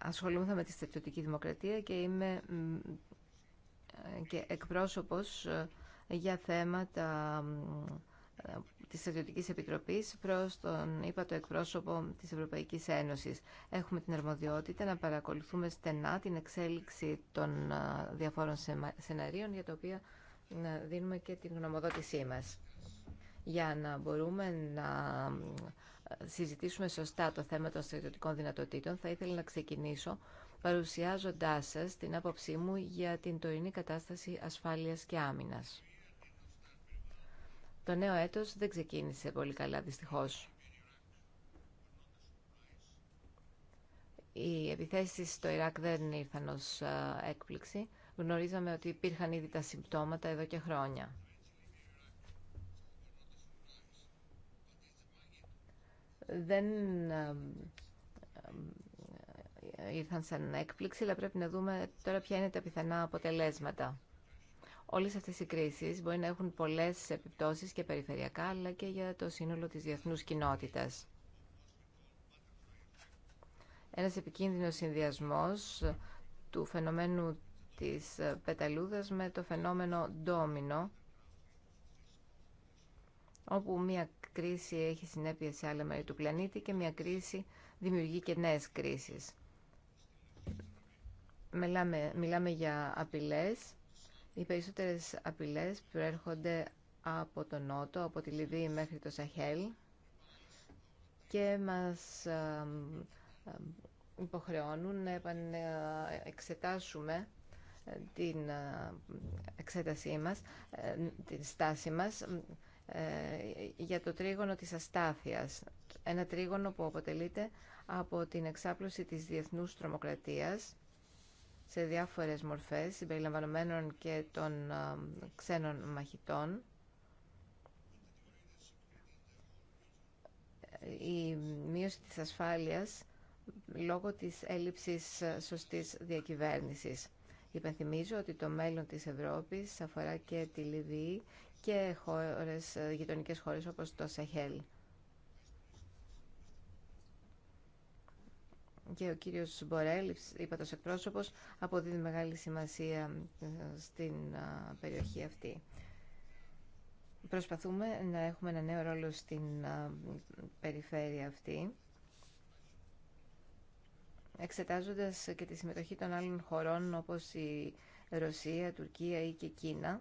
ασχολούμαι με τη στρατιωτική δημοκρατία και είμαι και εκπρόσωπος ε, για θέματα ε, της Στρατιωτικής Επιτροπής προς τον, είπα, το εκπρόσωπο της Ευρωπαϊκής Ένωσης. Έχουμε την αρμοδιότητα να παρακολουθούμε στενά την εξέλιξη των ε, διαφόρων σεναρίων για τα οποία δίνουμε και την γνωμοδότησή μας. Για να μπορούμε να συζητήσουμε σωστά το θέμα των στρατιωτικών δυνατοτήτων, θα ήθελα να ξεκινήσω παρουσιάζοντάς σας την άποψή μου για την τωρινή κατάσταση ασφάλειας και άμυνας. Το νέο έτος δεν ξεκίνησε πολύ καλά, δυστυχώς. Οι επιθέσεις στο Ιράκ δεν ήρθαν ως έκπληξη. Γνωρίζαμε ότι υπήρχαν ήδη τα συμπτώματα εδώ και χρόνια. δεν ήρθαν σαν έκπληξη, αλλά πρέπει να δούμε τώρα ποια είναι τα πιθανά αποτελέσματα. Όλες αυτές οι κρίσεις μπορεί να έχουν πολλές επιπτώσεις και περιφερειακά, αλλά και για το σύνολο της διεθνούς κοινότητας. Ένας επικίνδυνος συνδυασμός του φαινομένου της πεταλούδας με το φαινόμενο ντόμινο, όπου μια κρίση έχει συνέπειε σε άλλα μέρη του πλανήτη και μια κρίση δημιουργεί και νέες κρίσεις. Μιλάμε, μιλάμε για απειλές. Οι περισσότερες απειλές προέρχονται από τον Νότο, από τη Λιβύη μέχρι το Σαχέλ και μας υποχρεώνουν να εξετάσουμε ε, την ε, εξέτασή μας, ε, την στάση μας ε, για το τρίγωνο της αστάθειας. Ένα τρίγωνο που αποτελείται από την εξάπλωση της διεθνούς τρομοκρατίας σε διάφορες μορφές, συμπεριλαμβανομένων και των ε, ξένων μαχητών. Η μείωση της ασφάλειας λόγω της έλλειψης σωστής διακυβέρνησης. Υπενθυμίζω ότι το μέλλον της Ευρώπης αφορά και τη Λιβύη και χώρες, ε, γειτονικές χώρες όπως το Σαχέλ. Και ο κύριος Μπορέλ, είπα εκπρόσωπος, αποδίδει μεγάλη σημασία ε, στην ε, περιοχή αυτή. Προσπαθούμε να έχουμε ένα νέο ρόλο στην περιφέρεια αυτή εξετάζοντας και τη συμμετοχή των άλλων χωρών όπως η Ρωσία, Τουρκία ή και Κίνα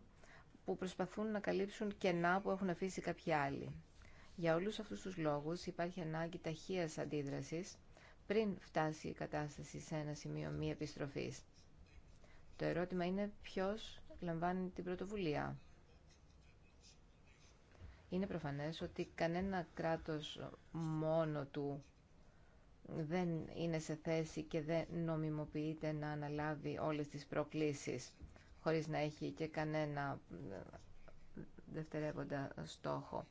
που προσπαθούν να καλύψουν κενά που έχουν αφήσει κάποιοι άλλοι. Για όλους αυτούς τους λόγους υπάρχει ανάγκη ταχείας αντίδρασης πριν φτάσει η κατάσταση σε ένα σημείο μη επιστροφής. Το ερώτημα είναι ποιος λαμβάνει την πρωτοβουλία. Είναι προφανές ότι κανένα κράτος μόνο του δεν είναι σε θέση και δεν νομιμοποιείται να αναλάβει όλες τις προκλήσεις χωρίς να έχει και κανένα δευτερεύοντα στόχο.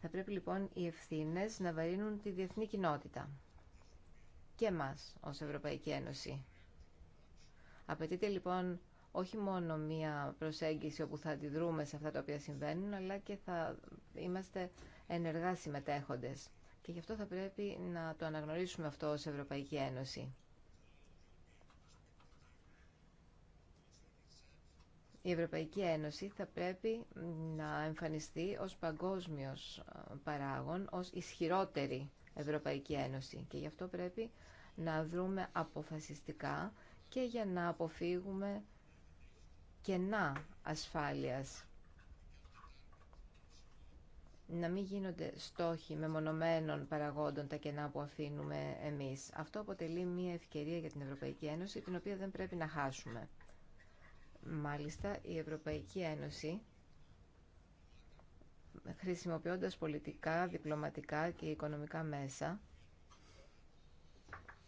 Θα πρέπει λοιπόν οι ευθύνε να βαρύνουν τη διεθνή κοινότητα και μας ως Ευρωπαϊκή Ένωση. Απαιτείται λοιπόν όχι μόνο μία προσέγγιση όπου θα αντιδρούμε σε αυτά τα οποία συμβαίνουν, αλλά και θα είμαστε ενεργά συμμετέχοντες. Και γι' αυτό θα πρέπει να το αναγνωρίσουμε αυτό ως Ευρωπαϊκή Ένωση. η Ευρωπαϊκή Ένωση θα πρέπει να εμφανιστεί ως παγκόσμιος ε, παράγων, ως ισχυρότερη Ευρωπαϊκή Ένωση και γι' αυτό πρέπει να δρούμε αποφασιστικά και για να αποφύγουμε κενά ασφάλειας. Να μην γίνονται στόχοι μεμονωμένων παραγόντων τα κενά που αφήνουμε εμείς. Αυτό αποτελεί μια ευκαιρία για την Ευρωπαϊκή Ένωση, την οποία δεν πρέπει να χάσουμε. Μάλιστα, η Ευρωπαϊκή Ένωση χρησιμοποιώντας πολιτικά, διπλωματικά και οικονομικά μέσα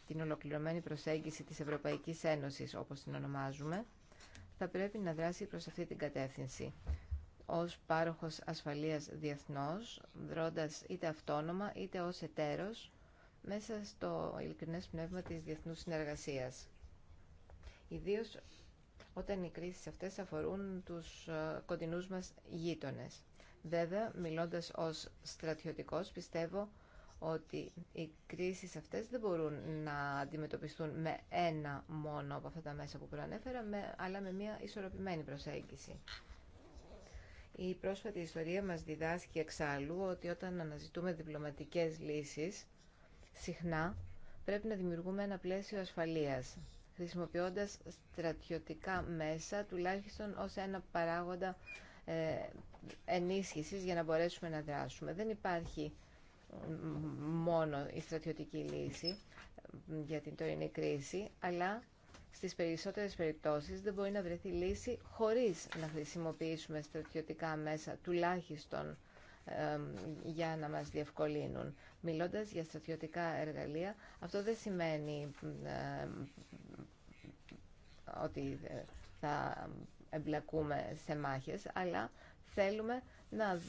την ολοκληρωμένη προσέγγιση της Ευρωπαϊκής Ένωσης, όπως την ονομάζουμε, θα πρέπει να δράσει προς αυτή την κατεύθυνση. Ως πάροχος ασφαλείας διεθνώς, δρώντας είτε αυτόνομα είτε ως εταίρος μέσα στο ειλικρινές πνεύμα της διεθνούς συνεργασίας. Ιδίως όταν οι κρίσεις αυτές αφορούν τους ε, κοντινούς μας γείτονες. Βέβαια, μιλώντας ως στρατιωτικός, πιστεύω ότι οι κρίσεις αυτές δεν μπορούν να αντιμετωπιστούν με ένα μόνο από αυτά τα μέσα που προανέφερα, αλλά με μια ισορροπημένη προσέγγιση. Η πρόσφατη ιστορία μας διδάσκει εξάλλου ότι όταν αναζητούμε διπλωματικές λύσεις, συχνά πρέπει να δημιουργούμε ένα πλαίσιο ασφαλείας χρησιμοποιώντας στρατιωτικά μέσα, τουλάχιστον ως ένα παράγοντα ε, ενίσχυσης για να μπορέσουμε να δράσουμε. Δεν υπάρχει μόνο η στρατιωτική λύση για την τωρινή κρίση, αλλά στις περισσότερες περιπτώσεις δεν μπορεί να βρεθεί λύση χωρίς να χρησιμοποιήσουμε στρατιωτικά μέσα, τουλάχιστον για να μας διευκολύνουν. Μιλώντας για στρατιωτικά εργαλεία, αυτό δεν σημαίνει ε, ότι ε, θα εμπλακούμε σε μάχες, αλλά θέλουμε να,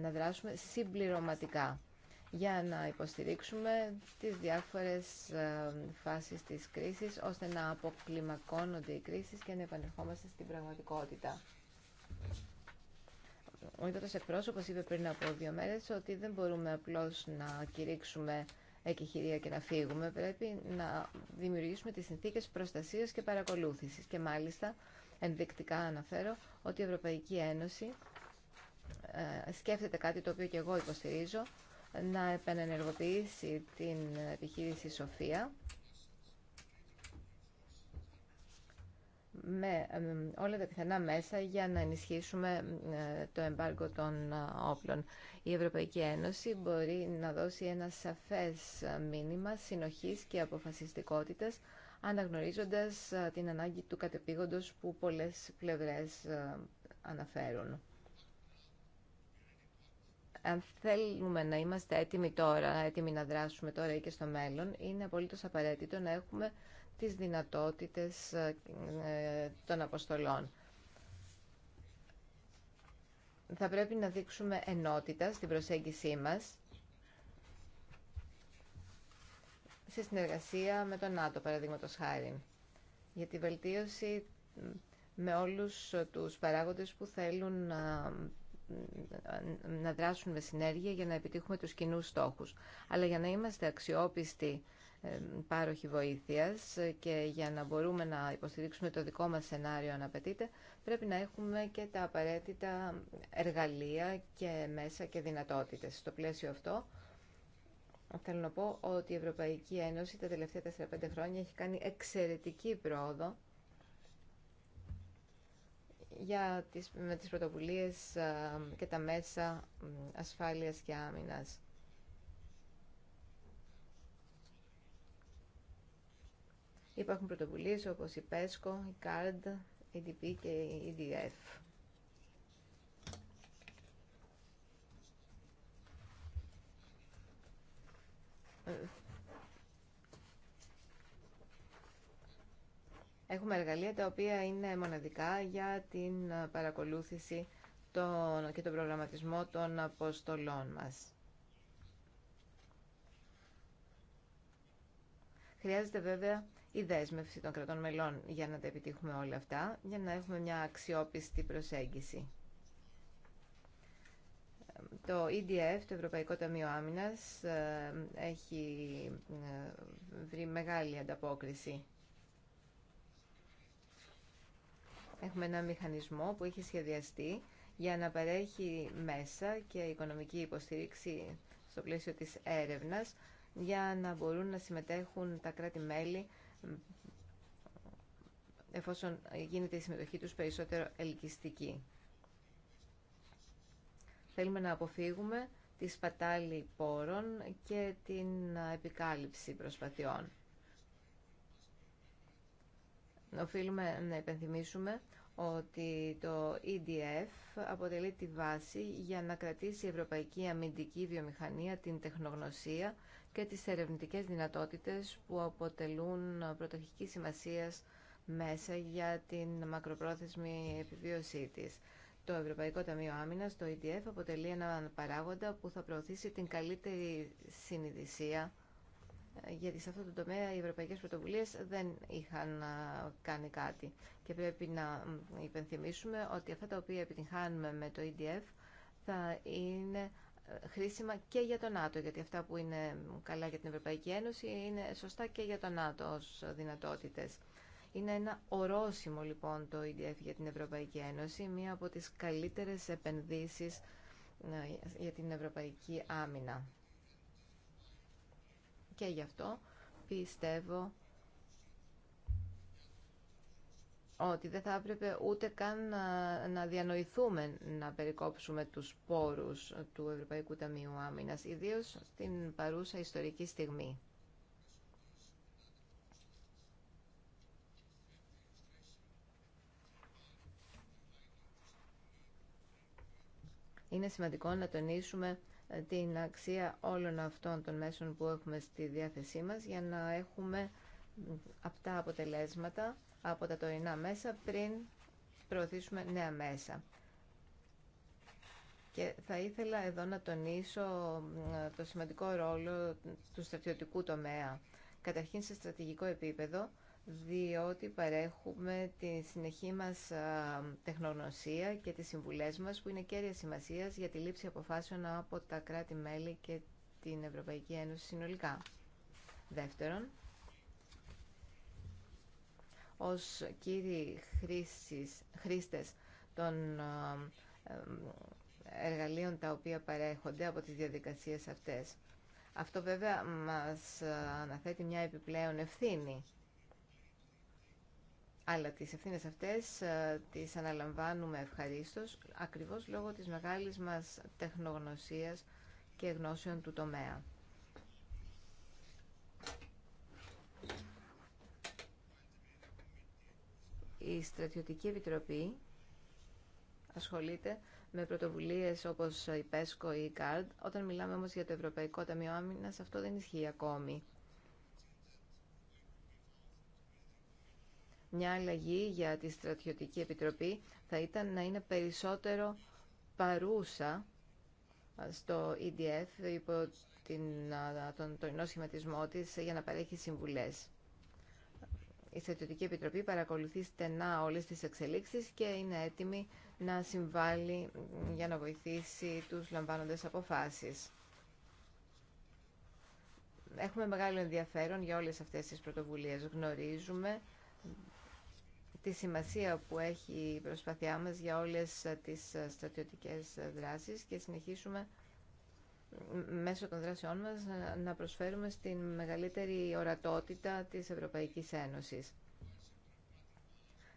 να δράσουμε συμπληρωματικά για να υποστηρίξουμε τις διάφορες ε, φάσεις της κρίσης, ώστε να αποκλιμακώνονται οι κρίσεις και να επανερχόμαστε στην πραγματικότητα. Ο ίδιος εκπρόσωπος είπε πριν από δύο μέρες ότι δεν μπορούμε απλώς να κηρύξουμε εκεχηρία και να φύγουμε. Πρέπει να δημιουργήσουμε τις συνθήκες προστασίας και παρακολούθησης. Και μάλιστα ενδεικτικά αναφέρω ότι η Ευρωπαϊκή Ένωση ε, σκέφτεται κάτι το οποίο και εγώ υποστηρίζω, να επανενεργοποιήσει την επιχείρηση Σοφία με όλα τα πιθανά μέσα για να ενισχύσουμε ε, το εμπάργκο των ε, όπλων. Η Ευρωπαϊκή Ένωση μπορεί να δώσει ένα σαφές ε, μήνυμα συνοχής και αποφασιστικότητας αναγνωρίζοντας την ανάγκη του κατεπήγοντος που πολλές πλευρές αναφέρουν. Αν θέλουμε να είμαστε έτοιμοι τώρα, έτοιμοι να δράσουμε τώρα ή και στο μέλλον, είναι απολύτως απαραίτητο να έχουμε τις δυνατότητες ε, ε, των αποστολών. Θα πρέπει να δείξουμε ενότητα στην προσέγγισή μας σε συνεργασία με τον ΝΑΤΟ, παραδείγματο χάρη, για τη βελτίωση με όλους τους παράγοντες που θέλουν να, να δράσουν με συνέργεια για να επιτύχουμε τους κοινούς στόχους. Αλλά για να είμαστε αξιόπιστοι πάροχη βοήθειας και για να μπορούμε να υποστηρίξουμε το δικό μας σενάριο αν απαιτείται, πρέπει να έχουμε και τα απαραίτητα εργαλεία και μέσα και δυνατότητες. Στο πλαίσιο αυτό, θέλω να πω ότι η Ευρωπαϊκή Ένωση τα τελευταία 4-5 χρόνια έχει κάνει εξαιρετική πρόοδο για τις, με τις πρωτοβουλίες και τα μέσα ασφάλειας και άμυνας. Υπάρχουν πρωτοβουλίες όπως η PESCO, η CARD, η DP και η EDF. Έχουμε εργαλεία τα οποία είναι μοναδικά για την παρακολούθηση των, και τον προγραμματισμό των αποστολών μας. Χρειάζεται βέβαια η δέσμευση των κρατών μελών για να τα επιτύχουμε όλα αυτά, για να έχουμε μια αξιόπιστη προσέγγιση. Το EDF, το Ευρωπαϊκό Ταμείο Άμυνας, ε, έχει ε, βρει μεγάλη ανταπόκριση. Έχουμε ένα μηχανισμό που έχει σχεδιαστεί για να παρέχει μέσα και οικονομική υποστήριξη στο πλαίσιο της έρευνας για να μπορούν να συμμετέχουν τα κράτη-μέλη εφόσον γίνεται η συμμετοχή τους περισσότερο ελκυστική. Θέλουμε να αποφύγουμε τη σπατάλη πόρων και την επικάλυψη προσπαθειών. Οφείλουμε να υπενθυμίσουμε ότι το EDF αποτελεί τη βάση για να κρατήσει η Ευρωπαϊκή Αμυντική Βιομηχανία την τεχνογνωσία και τις ερευνητικές δυνατότητες που αποτελούν πρωτοχική σημασίας μέσα για την μακροπρόθεσμη επιβίωσή της. Το Ευρωπαϊκό Ταμείο Άμυνα, το EDF, αποτελεί έναν παράγοντα που θα προωθήσει την καλύτερη συνειδησία, γιατί σε αυτό το τομέα οι ευρωπαϊκές πρωτοβουλίες δεν είχαν κάνει κάτι. Και πρέπει να υπενθυμίσουμε ότι αυτά τα οποία επιτυγχάνουμε με το EDF θα είναι χρήσιμα και για το ΝΑΤΟ, γιατί αυτά που είναι καλά για την Ευρωπαϊκή Ένωση είναι σωστά και για το ΝΑΤΟ ως δυνατότητες. Είναι ένα ορόσημο λοιπόν το EDF για την Ευρωπαϊκή Ένωση, μία από τις καλύτερες επενδύσεις ε, για την Ευρωπαϊκή Άμυνα. Και γι' αυτό πιστεύω ότι δεν θα έπρεπε ούτε καν να, διανοηθούμε να περικόψουμε τους πόρους του Ευρωπαϊκού Ταμείου Άμυνας, ιδίως στην παρούσα ιστορική στιγμή. Είναι σημαντικό να τονίσουμε ε, την αξία όλων αυτών των μέσων που έχουμε στη διάθεσή μας για να έχουμε αυτά αποτελέσματα από τα τωρινά μέσα πριν προωθήσουμε νέα μέσα. Και θα ήθελα εδώ να τονίσω το σημαντικό ρόλο του στρατιωτικού τομέα. Καταρχήν σε στρατηγικό επίπεδο, διότι παρέχουμε τη συνεχή μας τεχνογνωσία και τις συμβουλές μας που είναι κέρια σημασίας για τη λήψη αποφάσεων από τα κράτη-μέλη και την Ευρωπαϊκή Ένωση συνολικά. Δεύτερον, ως κύριοι χρήστες, χρήστες των ε, ε, εργαλείων τα οποία παρέχονται από τις διαδικασίες αυτές. Αυτό βέβαια μας ε, αναθέτει μια επιπλέον ευθύνη. Αλλά τις ευθύνες αυτές τις αναλαμβάνουμε ευχαρίστως, ακριβώς λόγω της μεγάλης μας τεχνογνωσίας και γνώσεων του τομέα. η Στρατιωτική Επιτροπή ασχολείται με πρωτοβουλίες όπως η ΠΕΣΚΟ ή η ΚΑΡΔ. Όταν μιλάμε όμως για το Ευρωπαϊκό Ταμείο Άμυνας, αυτό δεν ισχύει ακόμη. Μια αλλαγή για τη Στρατιωτική Επιτροπή θα ήταν να είναι περισσότερο παρούσα στο EDF υπό την, τον τωρινό σχηματισμό της για να παρέχει συμβουλές. Η Στρατιωτική Επιτροπή παρακολουθεί στενά όλες τις εξελίξεις και είναι έτοιμη να συμβάλλει για να βοηθήσει τους λαμβάνοντες αποφάσεις. Έχουμε μεγάλο ενδιαφέρον για όλες αυτές τις πρωτοβουλίες. Γνωρίζουμε τη σημασία που έχει η προσπάθειά μας για όλες τις στρατιωτικές δράσεις και συνεχίσουμε μέσω των δράσεών μας να προσφέρουμε στην μεγαλύτερη ορατότητα της Ευρωπαϊκής Ένωσης.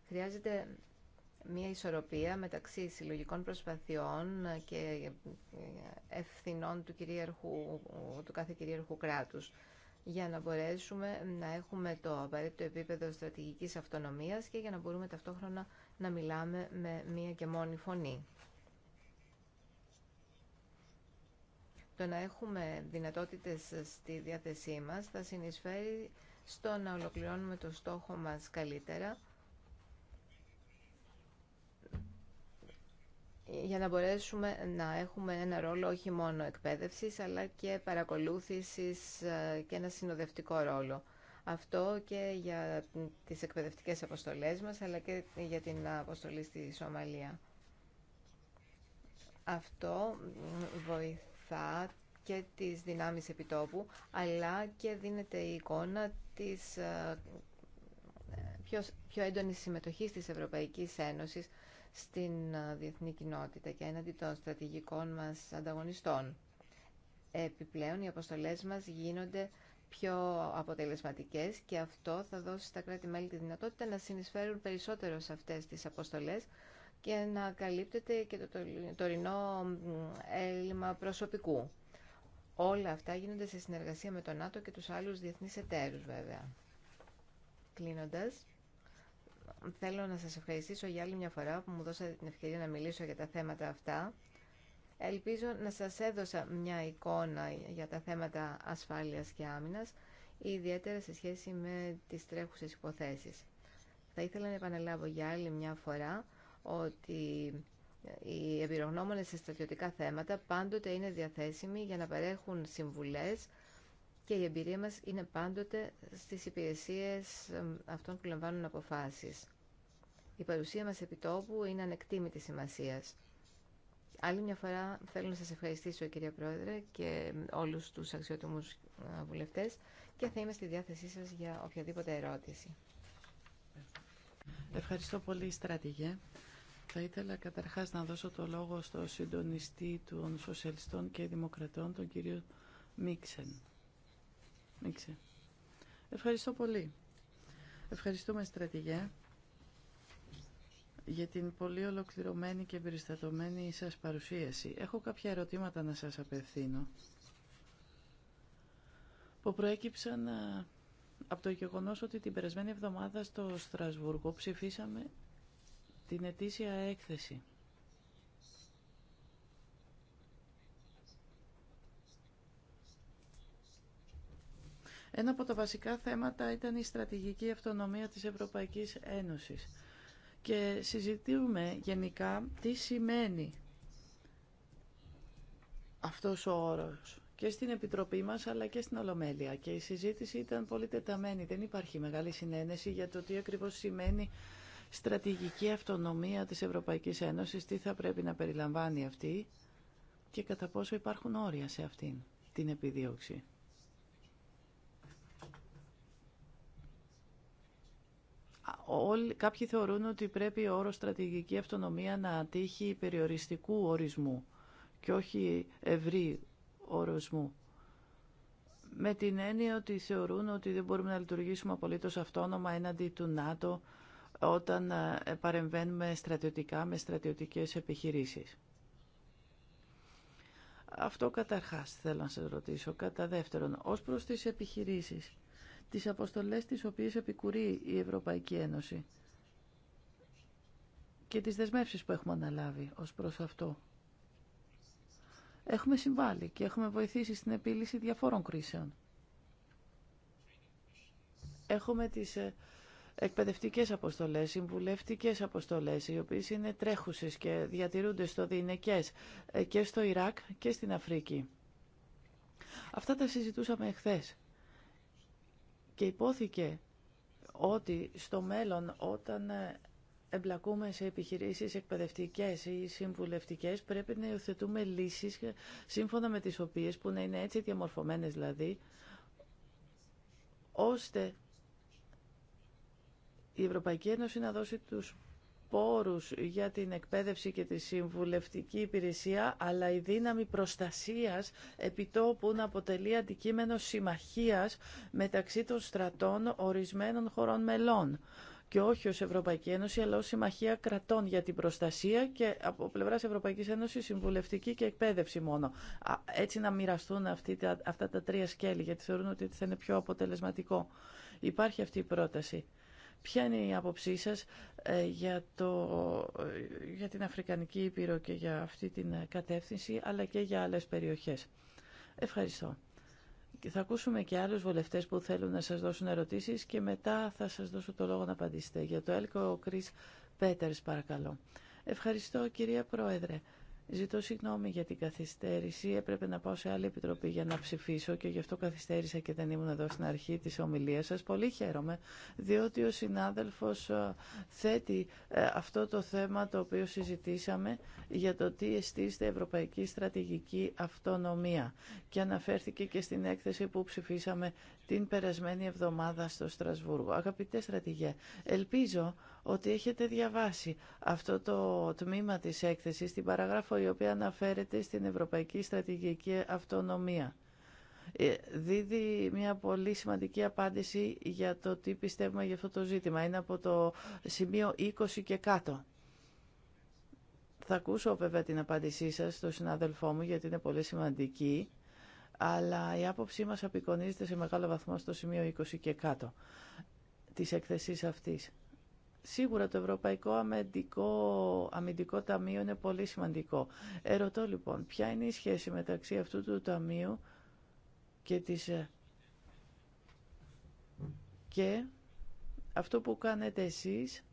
Χρειάζεται μια ισορροπία μεταξύ συλλογικών προσπαθειών και ευθυνών του, κυρίαρχου, του κάθε κυρίαρχου κράτους για να μπορέσουμε να έχουμε το απαραίτητο επίπεδο στρατηγικής αυτονομίας και για να μπορούμε ταυτόχρονα να μιλάμε με μία και μόνη φωνή. Το να έχουμε δυνατότητες στη διάθεσή μας θα συνεισφέρει στο να ολοκληρώνουμε το στόχο μας καλύτερα για να μπορέσουμε να έχουμε ένα ρόλο όχι μόνο εκπαίδευσης αλλά και παρακολούθησης ε, και ένα συνοδευτικό ρόλο. Αυτό και για τις εκπαιδευτικές αποστολές μας αλλά και για την αποστολή στη Σομαλία. Αυτό βοηθάει βοηθά και τις δυνάμεις επιτόπου, αλλά και δίνεται η εικόνα της ε, πιο, πιο έντονης συμμετοχής της Ευρωπαϊκής Ένωσης στην ε, διεθνή κοινότητα και έναντι των στρατηγικών μας ανταγωνιστών. Επιπλέον, οι αποστολές μας γίνονται πιο αποτελεσματικές και αυτό θα δώσει στα κράτη-μέλη τη δυνατότητα να συνεισφέρουν περισσότερο σε αυτές τις αποστολές και να καλύπτεται και το τωρινό έλλειμμα προσωπικού. Όλα αυτά γίνονται σε συνεργασία με τον ΝΑΤΟ και τους άλλους διεθνείς εταίρους βέβαια. Κλείνοντας, θέλω να σας ευχαριστήσω για άλλη μια φορά που μου δώσατε την ευκαιρία να μιλήσω για τα θέματα αυτά. Ελπίζω να σας έδωσα μια εικόνα για τα θέματα ασφάλειας και άμυνας, ιδιαίτερα σε σχέση με τις τρέχουσες υποθέσεις. Θα ήθελα να επαναλάβω για άλλη μια φορά ότι οι εμπειρογνώμονες σε στρατιωτικά θέματα πάντοτε είναι διαθέσιμοι για να παρέχουν συμβουλές και η εμπειρία μας είναι πάντοτε στις υπηρεσίες αυτών που λαμβάνουν αποφάσεις. Η παρουσία μας τόπου είναι ανεκτήμητη σημασίας. Άλλη μια φορά θέλω να σας ευχαριστήσω κυρία Πρόεδρε και όλους τους αξιότιμους ε, βουλευτές και θα είμαι στη διάθεσή σας για οποιαδήποτε ερώτηση. Ευχαριστώ πολύ στρατηγέ. Θα ήθελα καταρχάς να δώσω το λόγο στο συντονιστή των Σοσιαλιστών και Δημοκρατών, τον κύριο Μίξεν. Ευχαριστώ πολύ. Ευχαριστούμε, στρατηγέ, για την πολύ ολοκληρωμένη και περιστατωμένη σας παρουσίαση. Έχω κάποια ερωτήματα να σας απευθύνω, που προέκυψαν ε, από το γεγονός ότι την περασμένη εβδομάδα στο Στρασβούργο ψηφίσαμε την ετήσια έκθεση. Ένα από τα βασικά θέματα ήταν η στρατηγική αυτονομία της Ευρωπαϊκής Ένωσης. Και συζητούμε γενικά τι σημαίνει αυτός ο όρος και στην Επιτροπή μας αλλά και στην Ολομέλεια. Και η συζήτηση ήταν πολύ τεταμένη. Δεν υπάρχει μεγάλη συνένεση για το τι ακριβώς σημαίνει στρατηγική αυτονομία της Ευρωπαϊκής Ένωσης, τι θα πρέπει να περιλαμβάνει αυτή και κατά πόσο υπάρχουν όρια σε αυτήν την επιδίωξη. Όλοι, κάποιοι θεωρούν ότι πρέπει ο όρος στρατηγική αυτονομία να ατύχει περιοριστικού ορισμού και όχι ευρύ ορισμού. Με την έννοια ότι θεωρούν ότι δεν μπορούμε να λειτουργήσουμε απολύτως αυτόνομα έναντι του ΝΑΤΟ όταν ε, παρεμβαίνουμε στρατιωτικά με στρατιωτικές επιχειρήσεις. Αυτό καταρχάς θέλω να σας ρωτήσω. Κατά δεύτερον, ως προς τις επιχειρήσεις, τις αποστολές τις οποίες επικουρεί η Ευρωπαϊκή Ένωση και τις δεσμεύσεις που έχουμε αναλάβει ως προς αυτό. Έχουμε συμβάλει και έχουμε βοηθήσει στην επίλυση διαφόρων κρίσεων. Έχουμε τις ε, Εκπαιδευτικέ αποστολέ, συμβουλευτικέ αποστολέ, οι οποίες είναι τρέχουσες και διατηρούνται στο δινεκές ε, και στο Ιράκ και στην Αφρική. Αυτά τα συζητούσαμε εχθές και υπόθηκε ότι στο μέλλον όταν ε, εμπλακούμε σε επιχειρήσεις εκπαιδευτικές ή συμβουλευτικές, πρέπει να υιοθετούμε λύσεις ε, σύμφωνα με τις οποίες, που να είναι έτσι διαμορφωμένες δηλαδή, ώστε η Ευρωπαϊκή Ένωση να δώσει τους πόρους για την εκπαίδευση και τη συμβουλευτική υπηρεσία, αλλά η δύναμη προστασίας επιτόπου να αποτελεί αντικείμενο συμμαχίας μεταξύ των στρατών ορισμένων χωρών μελών και όχι ως Ευρωπαϊκή Ένωση, αλλά ως Συμμαχία Κρατών για την Προστασία και από πλευράς Ευρωπαϊκής Ένωσης συμβουλευτική και εκπαίδευση μόνο. Έτσι να μοιραστούν αυτά τα τρία σκέλη, γιατί θεωρούν ότι θα είναι πιο αποτελεσματικό. Υπάρχει αυτή η πρόταση. Ποια είναι η άποψή σας ε, για, το, ε, για την Αφρικανική Ήπειρο και για αυτή την ε, κατεύθυνση, αλλά και για άλλες περιοχές. Ευχαριστώ. Θα ακούσουμε και άλλους βολευτές που θέλουν να σας δώσουν ερωτήσεις και μετά θα σας δώσω το λόγο να απαντήσετε. Για το έλκο ο Κρίς Πέτερς παρακαλώ. Ευχαριστώ κυρία Πρόεδρε. Ζητώ συγγνώμη για την καθυστέρηση. Έπρεπε να πάω σε άλλη επιτροπή για να ψηφίσω και γι' αυτό καθυστέρησα και δεν ήμουν εδώ στην αρχή της ομιλίας σας. Πολύ χαίρομαι, διότι ο συνάδελφος ε, θέτει ε, αυτό το θέμα το οποίο συζητήσαμε για το τι εστίστε Ευρωπαϊκή Στρατηγική Αυτονομία και αναφέρθηκε και στην έκθεση που ψηφίσαμε την περασμένη εβδομάδα στο Στρασβούργο. Αγαπητέ στρατηγέ, ελπίζω ότι έχετε διαβάσει αυτό το τμήμα της έκθεσης, την παραγράφο η οποία αναφέρεται στην Ευρωπαϊκή Στρατηγική Αυτονομία. Ε, δίδει μια πολύ σημαντική απάντηση για το τι πιστεύουμε για αυτό το ζήτημα. Είναι από το σημείο 20 και κάτω. Θα ακούσω βέβαια την απάντησή σας στον συνάδελφό μου γιατί είναι πολύ σημαντική αλλά η άποψή μας απεικονίζεται σε μεγάλο βαθμό στο σημείο 20 και κάτω της εκθεσής αυτής. Σίγουρα το Ευρωπαϊκό Αμυντικό, Αμυντικό Ταμείο είναι πολύ σημαντικό. Ερωτώ λοιπόν, ποια είναι η σχέση μεταξύ αυτού του ταμείου και της... Ε, και αυτό που κάνετε εσείς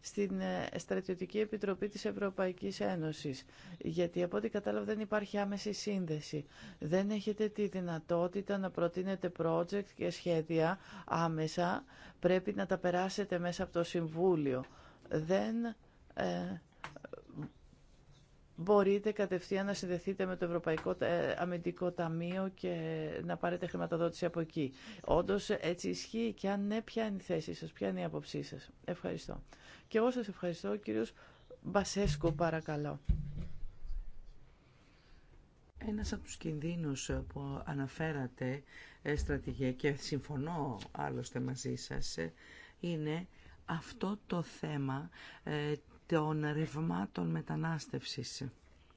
στην ε, Στρατιωτική Επιτροπή της Ευρωπαϊκής Ένωσης. Γιατί από ό,τι κατάλαβα δεν υπάρχει άμεση σύνδεση. Δεν έχετε τη δυνατότητα να προτείνετε project και σχέδια άμεσα. Πρέπει να τα περάσετε μέσα από το Συμβούλιο. Δεν... Ε, μπορείτε κατευθείαν να συνδεθείτε με το Ευρωπαϊκό ε, Αμυντικό Ταμείο και να πάρετε χρηματοδότηση από εκεί. Όντω έτσι ισχύει και αν ναι, ποια είναι η θέση σα, ποια είναι η άποψή σα. Ευχαριστώ. Και εγώ σα ευχαριστώ, κύριο Μπασέσκο, παρακαλώ. ενα από του κινδυνου που αναφέρατε, ε, στρατηγέ, και συμφωνώ άλλωστε μαζί σα ε, είναι αυτό το θέμα των ρευμάτων μετανάστευσης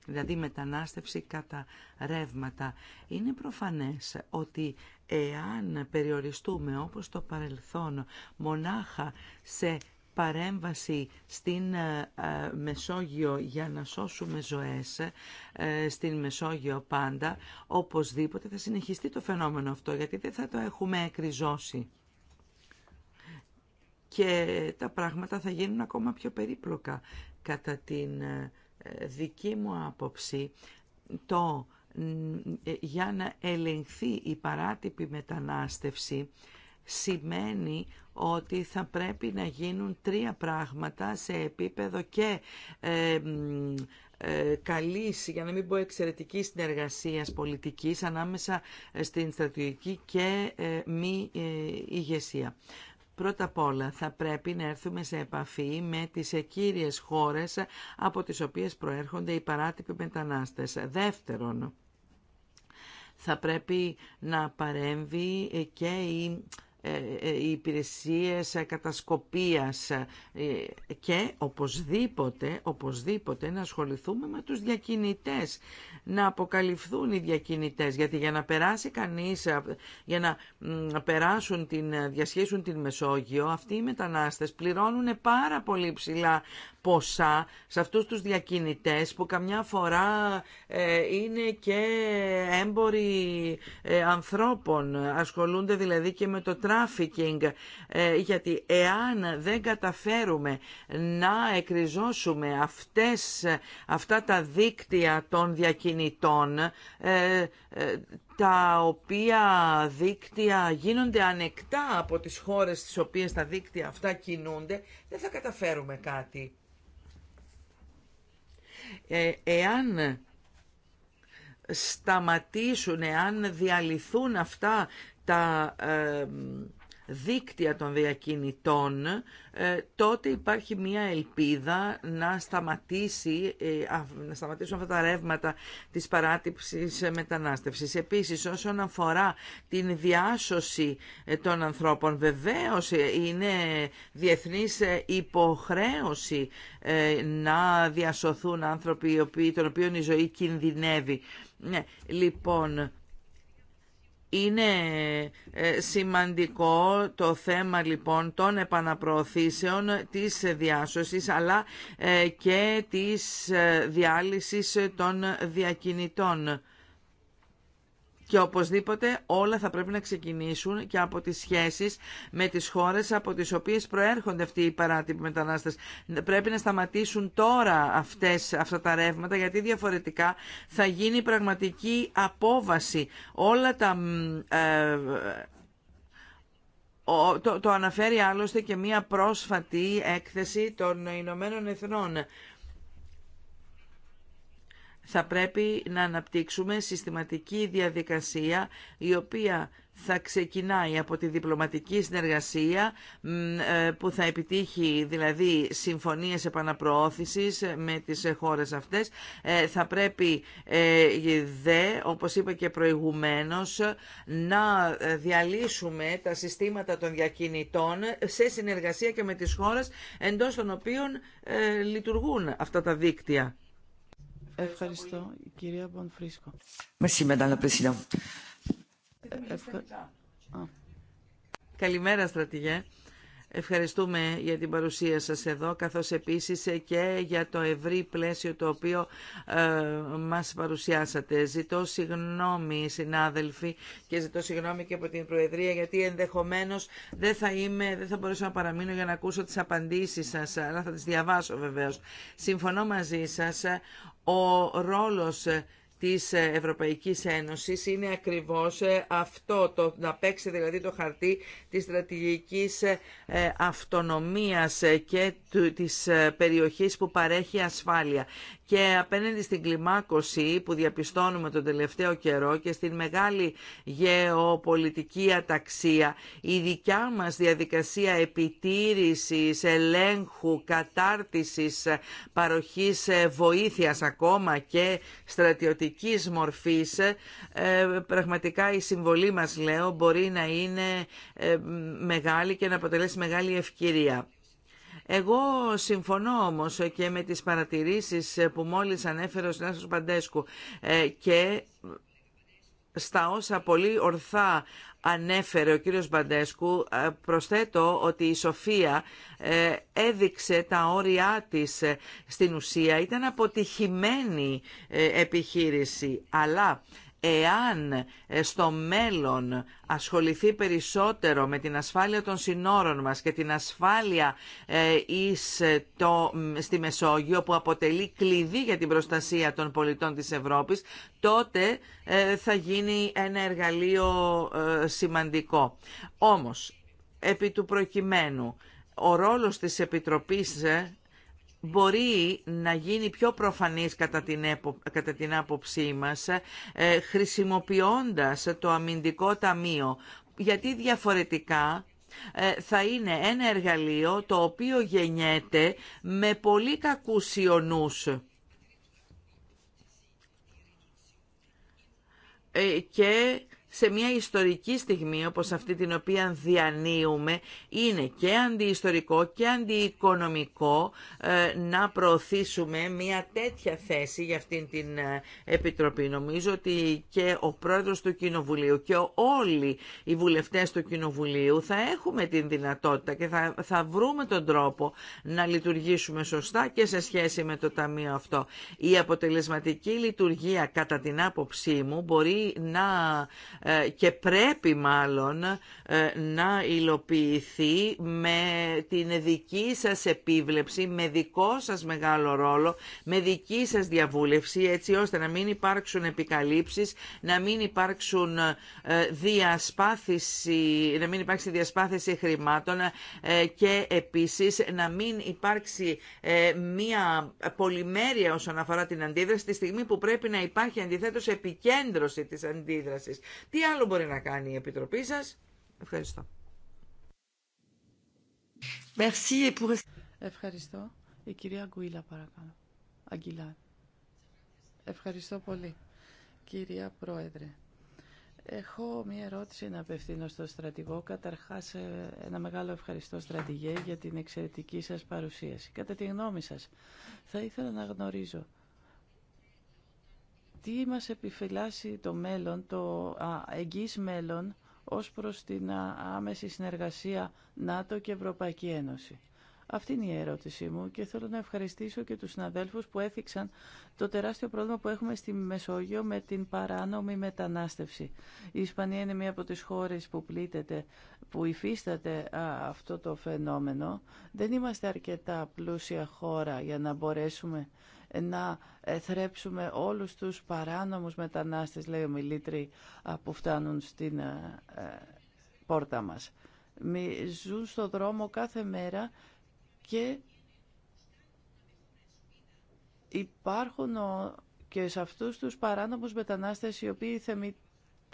δηλαδή μετανάστευση κατά ρεύματα. Είναι προφανές ότι εάν περιοριστούμε όπως το παρελθόν μονάχα σε παρέμβαση στην ε, ε, Μεσόγειο για να σώσουμε ζωές, ε, στην Μεσόγειο πάντα, οπωσδήποτε θα συνεχιστεί το φαινόμενο αυτό, γιατί δεν θα το έχουμε εκριζώσει και τα πράγματα θα γίνουν ακόμα πιο περίπλοκα. Κατά την ε, δική μου άποψη, το ε, για να ελεγχθεί η παράτυπη μετανάστευση σημαίνει ότι θα πρέπει να γίνουν τρία πράγματα σε επίπεδο και ε, ε καλής, για να μην πω εξαιρετική συνεργασίας πολιτικής ανάμεσα στην στρατηγική και μη ηγεσία. Πρώτα απ' όλα θα πρέπει να έρθουμε σε επαφή με τις κύριες χώρες από τις οποίες προέρχονται οι παράτυποι μετανάστες. Δεύτερον, θα πρέπει να παρέμβει και η ε, ε, οι υπηρεσίες ε, κατασκοπίας και οπωσδήποτε, οπωσδήποτε να ασχοληθούμε με τους διακινητές, να αποκαλυφθούν οι διακινητές, γιατί για να περάσει κανείς, για να περάσουν την, διασχίσουν την Μεσόγειο, αυτοί οι μετανάστες πληρώνουν πάρα πολύ ψηλά ποσά σε αυτούς τους διακινητές που καμιά φορά είναι και έμποροι ανθρώπων, ασχολούνται δηλαδή και με το τράπεζο ε, γιατί εάν δεν καταφέρουμε να εκριζώσουμε αυτές, αυτά τα δίκτυα των διακινητών, ε, ε, τα οποία δίκτυα γίνονται ανεκτά από τις χώρες στις οποίες τα δίκτυα αυτά κινούνται, δεν θα καταφέρουμε κάτι. Ε, εάν σταματήσουν, εάν διαλυθούν αυτά τα δίκτυα των διακινητών, ε, τότε υπάρχει μία ελπίδα να, σταματήσει, ε, να σταματήσουν αυτά τα ρεύματα της παράτηψης ε, μετανάστευσης. Επίσης, όσον αφορά την διάσωση των ανθρώπων, βεβαίως είναι διεθνής υποχρέωση να διασωθούν άνθρωποι των οποίων η ζωή κινδυνεύει. Ναι, λοιπόν, είναι ε, σημαντικό το θέμα λοιπόν των επαναπροωθήσεων της διάσωσης αλλά ε, και της ε, διάλυσης των διακινητών και οπωσδήποτε όλα θα πρέπει να ξεκινήσουν και από τις σχέσεις με τις χώρες από τις οποίες προέρχονται αυτοί οι παράτυποι μετανάστες. Πρέπει να σταματήσουν τώρα αυτές, αυτά τα ρεύματα γιατί διαφορετικά θα γίνει πραγματική απόβαση. Όλα τα... Ε, το, το αναφέρει άλλωστε και μία πρόσφατη έκθεση των Ηνωμένων Εθνών θα πρέπει να αναπτύξουμε συστηματική διαδικασία η οποία θα ξεκινάει από τη διπλωματική συνεργασία ε, που θα επιτύχει δηλαδή συμφωνίες επαναπροώθησης ε, με τις ε, χώρες αυτές. Θα πρέπει δε, όπως είπα και προηγουμένως, να διαλύσουμε τα συστήματα των διακινητών σε συνεργασία και με τις χώρες εντός των οποίων λειτουργούν αυτά τα δίκτυα. Ευχαριστώ, κυρία Μπονφρίσκο. Καλημέρα, στρατηγέ. Ευχαριστούμε για την παρουσία σας εδώ, καθώς επίσης και για το ευρύ πλαίσιο το οποίο ε, μας παρουσιάσατε. Ζητώ συγγνώμη, συνάδελφοι, και ζητώ συγγνώμη και από την Προεδρία, γιατί ενδεχομένως δεν θα, είμαι, δεν θα μπορέσω να παραμείνω για να ακούσω τις απαντήσεις σας, αλλά θα τι διαβάσω βεβαίως. Συμφωνώ μαζί σας ο ρόλος ε, της ε, Ευρωπαϊκής Ένωσης είναι ακριβώς ε, αυτό, το, να παίξει δηλαδή το χαρτί της στρατηγικής αυτονομίας και της περιοχής που παρέχει ασφάλεια και απέναντι στην κλιμάκωση που διαπιστώνουμε τον τελευταίο καιρό και στην μεγάλη γεωπολιτική αταξία, η δικιά μας διαδικασία επιτήρησης, ελέγχου, κατάρτισης, παροχής ε, βοήθειας ακόμα και στρατιωτικής μορφής, ε, πραγματικά η συμβολή μας, λέω, μπορεί να είναι ε, μεγάλη και να αποτελέσει μεγάλη ευκαιρία. Εγώ συμφωνώ όμως και με τις παρατηρήσεις που μόλις ανέφερε ο συνάδελφος Παντέσκου ε, και στα όσα πολύ ορθά ανέφερε ο κύριος Μπαντέσκου, ε, προσθέτω ότι η Σοφία ε, έδειξε τα όρια της στην ουσία. Ήταν αποτυχημένη επιχείρηση, αλλά εάν ε, στο μέλλον ασχοληθεί περισσότερο με την ασφάλεια των συνόρων μας και την ασφάλεια ε, εις ε, το, στη Μεσόγειο που αποτελεί κλειδί για την προστασία των πολιτών της Ευρώπης, τότε θα γίνει ένα εργαλείο σημαντικό. Όμως, επί του προκειμένου, ο ρόλος της Επιτροπής μπορεί να γίνει πιο προφανής κατά την, άποψή μας ε, χρησιμοποιώντας το αμυντικό ταμείο γιατί διαφορετικά ε, θα είναι ένα εργαλείο το οποίο γεννιέται με πολύ κακούς ιονούς. Ε, και σε μια ιστορική στιγμή όπως αυτή την οποία διανύουμε είναι και αντιιστορικό και αντιοικονομικό ε, να προωθήσουμε μια τέτοια θέση για αυτήν την ε, Επιτροπή. Νομίζω ότι και ο πρόεδρος του Κοινοβουλίου και όλοι οι βουλευτές του Κοινοβουλίου θα έχουμε την δυνατότητα και θα, θα βρούμε τον τρόπο να λειτουργήσουμε σωστά και σε σχέση με το Ταμείο αυτό. Η αποτελεσματική λειτουργία κατά την άποψή μου μπορεί να ε, και πρέπει μάλλον ε, να υλοποιηθεί με την δική σας επίβλεψη, με δικό σας μεγάλο ρόλο, με δική σας διαβούλευση έτσι ώστε να μην υπάρξουν επικαλύψεις, να μην υπάρξουν ε, να μην υπάρξει διασπάθηση χρημάτων και επίσης να μην υπάρξει μία πολυμέρεια όσον αφορά την αντίδραση τη στιγμή που πρέπει να υπάρχει αντιθέτως επικέντρωση της αντίδρασης. Τι άλλο μπορεί να κάνει η Επιτροπή σας. Ευχαριστώ. Ευχαριστώ. Η κυρία Αγκουίλα, παρακαλώ. Αγγιλά. Ευχαριστώ πολύ. Κυρία Πρόεδρε. Έχω μία ερώτηση να απευθύνω στο στρατηγό. Καταρχάς, ε, ένα μεγάλο ευχαριστώ στρατηγέ για την εξαιρετική σας παρουσίαση. Κατά τη γνώμη σας, θα ήθελα να γνωρίζω τι μας επιφυλάσσει το μέλλον, το εγγύς μέλλον, ως προς την άμεση συνεργασία ΝΑΤΟ και Ευρωπαϊκή Ένωση. Αυτή είναι η ερώτησή μου και θέλω να ευχαριστήσω και τους συναδέλφους που έθιξαν το τεράστιο πρόβλημα που έχουμε στη Μεσόγειο με την παράνομη μετανάστευση. Η Ισπανία είναι μία από τις χώρες που πλήττεται, που υφίσταται αυτό το φαινόμενο. Δεν είμαστε αρκετά πλούσια χώρα για να μπορέσουμε να θρέψουμε όλους τους παράνομους μετανάστες, λέει ο Μιλήτρη, που φτάνουν στην ε, ε, πόρτα μας. Μη ζουν στο δρόμο κάθε μέρα και υπάρχουν και σε αυτούς τους παράνομους μετανάστες οι οποίοι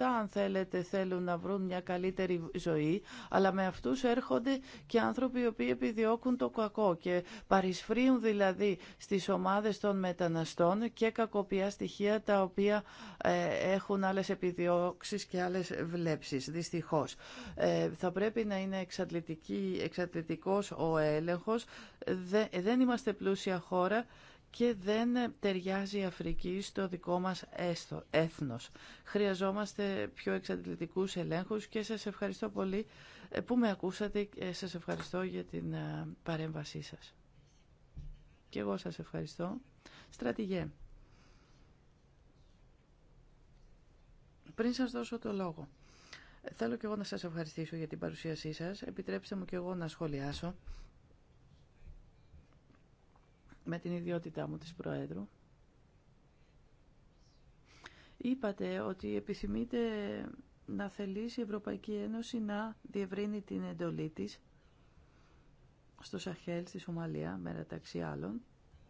αν θέλετε θέλουν να βρουν μια καλύτερη ζωή, αλλά με αυτούς έρχονται και άνθρωποι οι οποίοι επιδιώκουν το κακό και παρισφρίουν δηλαδή στις ομάδες των μεταναστών και κακοποιά στοιχεία τα οποία ε, έχουν άλλες επιδιώξεις και άλλες βλέψεις, δυστυχώς. Ε, θα πρέπει να είναι εξατλητικός ο έλεγχος, δεν είμαστε πλούσια χώρα, και δεν ταιριάζει η Αφρική στο δικό μας έστω, έθνος. Χρειαζόμαστε πιο εξαντλητικούς ελέγχους και σας ευχαριστώ πολύ ε, που με ακούσατε και σας ευχαριστώ για την ε, παρέμβασή σας. Και εγώ σας ευχαριστώ. Στρατηγέ, πριν σας δώσω το λόγο, θέλω και εγώ να σας ευχαριστήσω για την παρουσίασή σας. Επιτρέψτε μου και εγώ να σχολιάσω με την ιδιότητά μου της Προέδρου. Είπατε ότι επιθυμείτε να θελήσει η Ευρωπαϊκή Ένωση να διευρύνει την εντολή της στο Σαχέλ, στη Σομαλία, μεταξύ άλλων,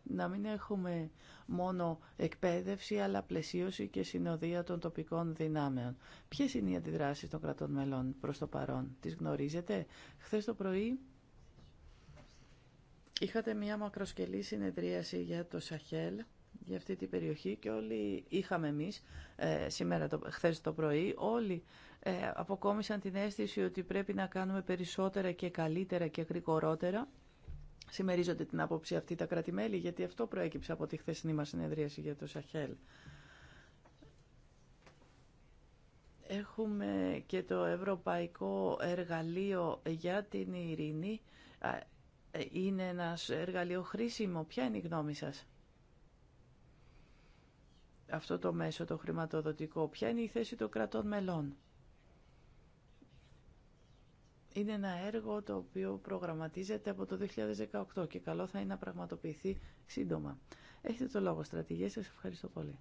να μην έχουμε μόνο εκπαίδευση, αλλά πλαισίωση και συνοδεία των τοπικών δυνάμεων. Ποιες είναι οι αντιδράσεις των κρατών μελών προς το παρόν, τις γνωρίζετε. Χθες το πρωί Είχατε μια μακροσκελή συνεδρίαση για το Σαχέλ, για αυτή την περιοχή και όλοι είχαμε εμείς ε, σήμερα, το, χθες το πρωί, όλοι ε, αποκόμισαν την αίσθηση ότι πρέπει να κάνουμε περισσότερα και καλύτερα και γρηγορότερα. Σημερίζονται την άποψη αυτή τα κρατημέλη, γιατί αυτό προέκυψε από τη χθεσινή μας συνεδρίαση για το Σαχέλ. Έχουμε και το Ευρωπαϊκό Εργαλείο για την Ειρήνη είναι ένα εργαλείο χρήσιμο. Ποια είναι η γνώμη σας. Αυτό το μέσο, το χρηματοδοτικό, ποια είναι η θέση των κρατών μελών. Είναι ένα έργο το οποίο προγραμματίζεται από το 2018 και καλό θα είναι να πραγματοποιηθεί σύντομα. Έχετε το λόγο στρατηγέ. σας ευχαριστώ πολύ.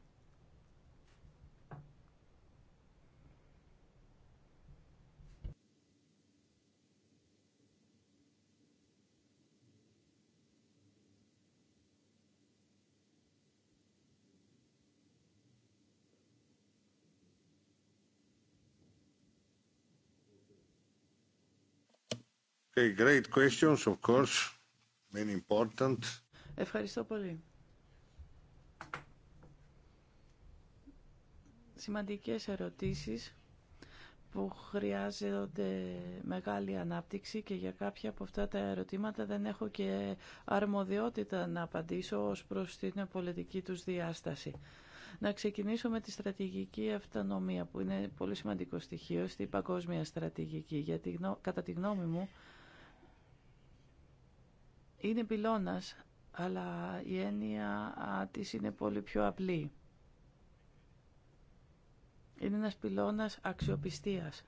Ευχαριστώ πολύ. Σημαντικές ερωτήσεις που χρειάζονται μεγάλη ανάπτυξη και για κάποια από αυτά τα ερωτήματα δεν έχω και αρμοδιότητα να απαντήσω ως προς την πολιτική τους διάσταση. Να ξεκινήσω με τη στρατηγική αυτονομία που είναι πολύ σημαντικό στοιχείο στην παγκόσμια στρατηγική γιατί κατά τη γνώμη μου είναι πυλώνας, αλλά η έννοια της είναι πολύ πιο απλή. Είναι ένας πυλώνας αξιοπιστίας.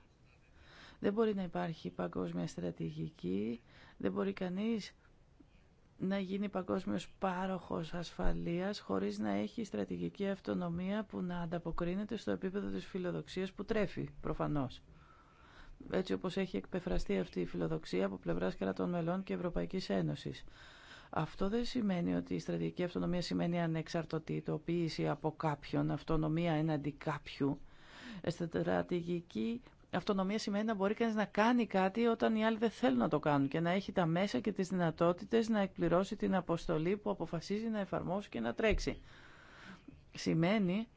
Δεν μπορεί να υπάρχει παγκόσμια στρατηγική, δεν μπορεί κανείς να γίνει παγκόσμιος πάροχος ασφαλείας χωρίς να έχει στρατηγική αυτονομία που να ανταποκρίνεται στο επίπεδο της φιλοδοξίας που τρέφει προφανώς έτσι όπως έχει εκπεφραστεί αυτή η φιλοδοξία από πλευράς κρατών μελών και Ευρωπαϊκής Ένωσης. Αυτό δεν σημαίνει ότι η στρατηγική αυτονομία σημαίνει ανεξαρτητοποίηση από κάποιον, αυτονομία εναντί κάποιου. Ε, στρατηγική αυτονομία σημαίνει να μπορεί κανείς να κάνει κάτι όταν οι άλλοι δεν θέλουν να το κάνουν και να έχει τα μέσα και τις δυνατότητες να εκπληρώσει την αποστολή που αποφασίζει να εφαρμόσει και να τρέξει. Σημαίνει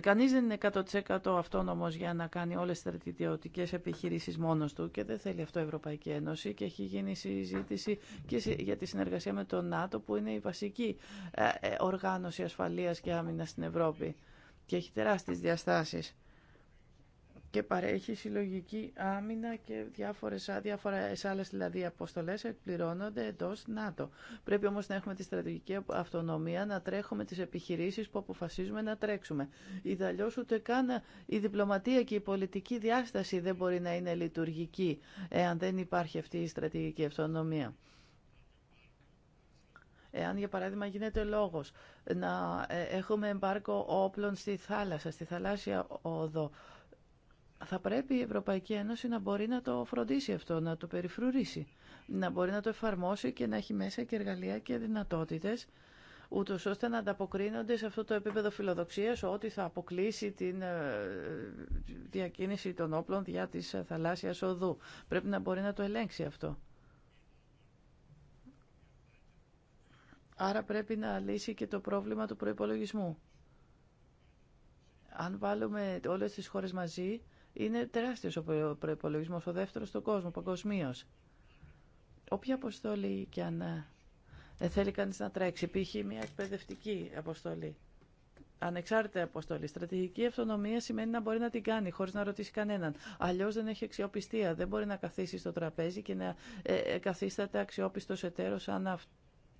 Κανείς δεν είναι 100% αυτόνομος για να κάνει όλες τις στρατιωτικές επιχειρήσεις μόνος του και δεν θέλει αυτό η Ευρωπαϊκή Ένωση και έχει γίνει συζήτηση και για τη συνεργασία με το ΝΑΤΟ που είναι η βασική ε, ε, οργάνωση ασφαλείας και άμυνας στην Ευρώπη και έχει τεράστιες διαστάσεις και παρέχει συλλογική άμυνα και διάφορες, άλλε άλλες δηλαδή αποστολές εκπληρώνονται εντός ΝΑΤΟ. Πρέπει όμως να έχουμε τη στρατηγική αυτονομία, να τρέχουμε τις επιχειρήσεις που αποφασίζουμε να τρέξουμε. Ιδαλλιώς ούτε καν η διπλωματία και η πολιτική διάσταση δεν μπορεί να είναι λειτουργική εάν δεν υπάρχει αυτή η στρατηγική αυτονομία. Εάν για παράδειγμα γίνεται λόγος να ε, έχουμε εμπάρκο όπλων στη θάλασσα, στη θαλάσσια οδό, θα πρέπει η Ευρωπαϊκή Ένωση να μπορεί να το φροντίσει αυτό, να το περιφρουρήσει, να μπορεί να το εφαρμόσει και να έχει μέσα και εργαλεία και δυνατότητες ούτω ώστε να ανταποκρίνονται σε αυτό το επίπεδο φιλοδοξία ότι θα αποκλείσει την ε, διακίνηση των όπλων διά τη ε, θαλάσσια οδού. Πρέπει να μπορεί να το ελέγξει αυτό. Άρα πρέπει να λύσει και το πρόβλημα του προϋπολογισμού. Αν βάλουμε όλες τις χώρες μαζί, είναι τεράστιος ο προϋπολογισμός, ο δεύτερος στον κόσμο, παγκοσμίω. Όποια αποστολή και αν ε, ε, θέλει κανείς να τρέξει, π.χ. μια εκπαιδευτική αποστολή, ανεξάρτητα αποστολή. Στρατηγική αυτονομία σημαίνει να μπορεί να την κάνει χωρί να ρωτήσει κανέναν. Αλλιώ δεν έχει αξιοπιστία. Δεν μπορεί να καθίσει στο τραπέζι και να ε, ε, καθίσταται αξιόπιστο εταίρο αν,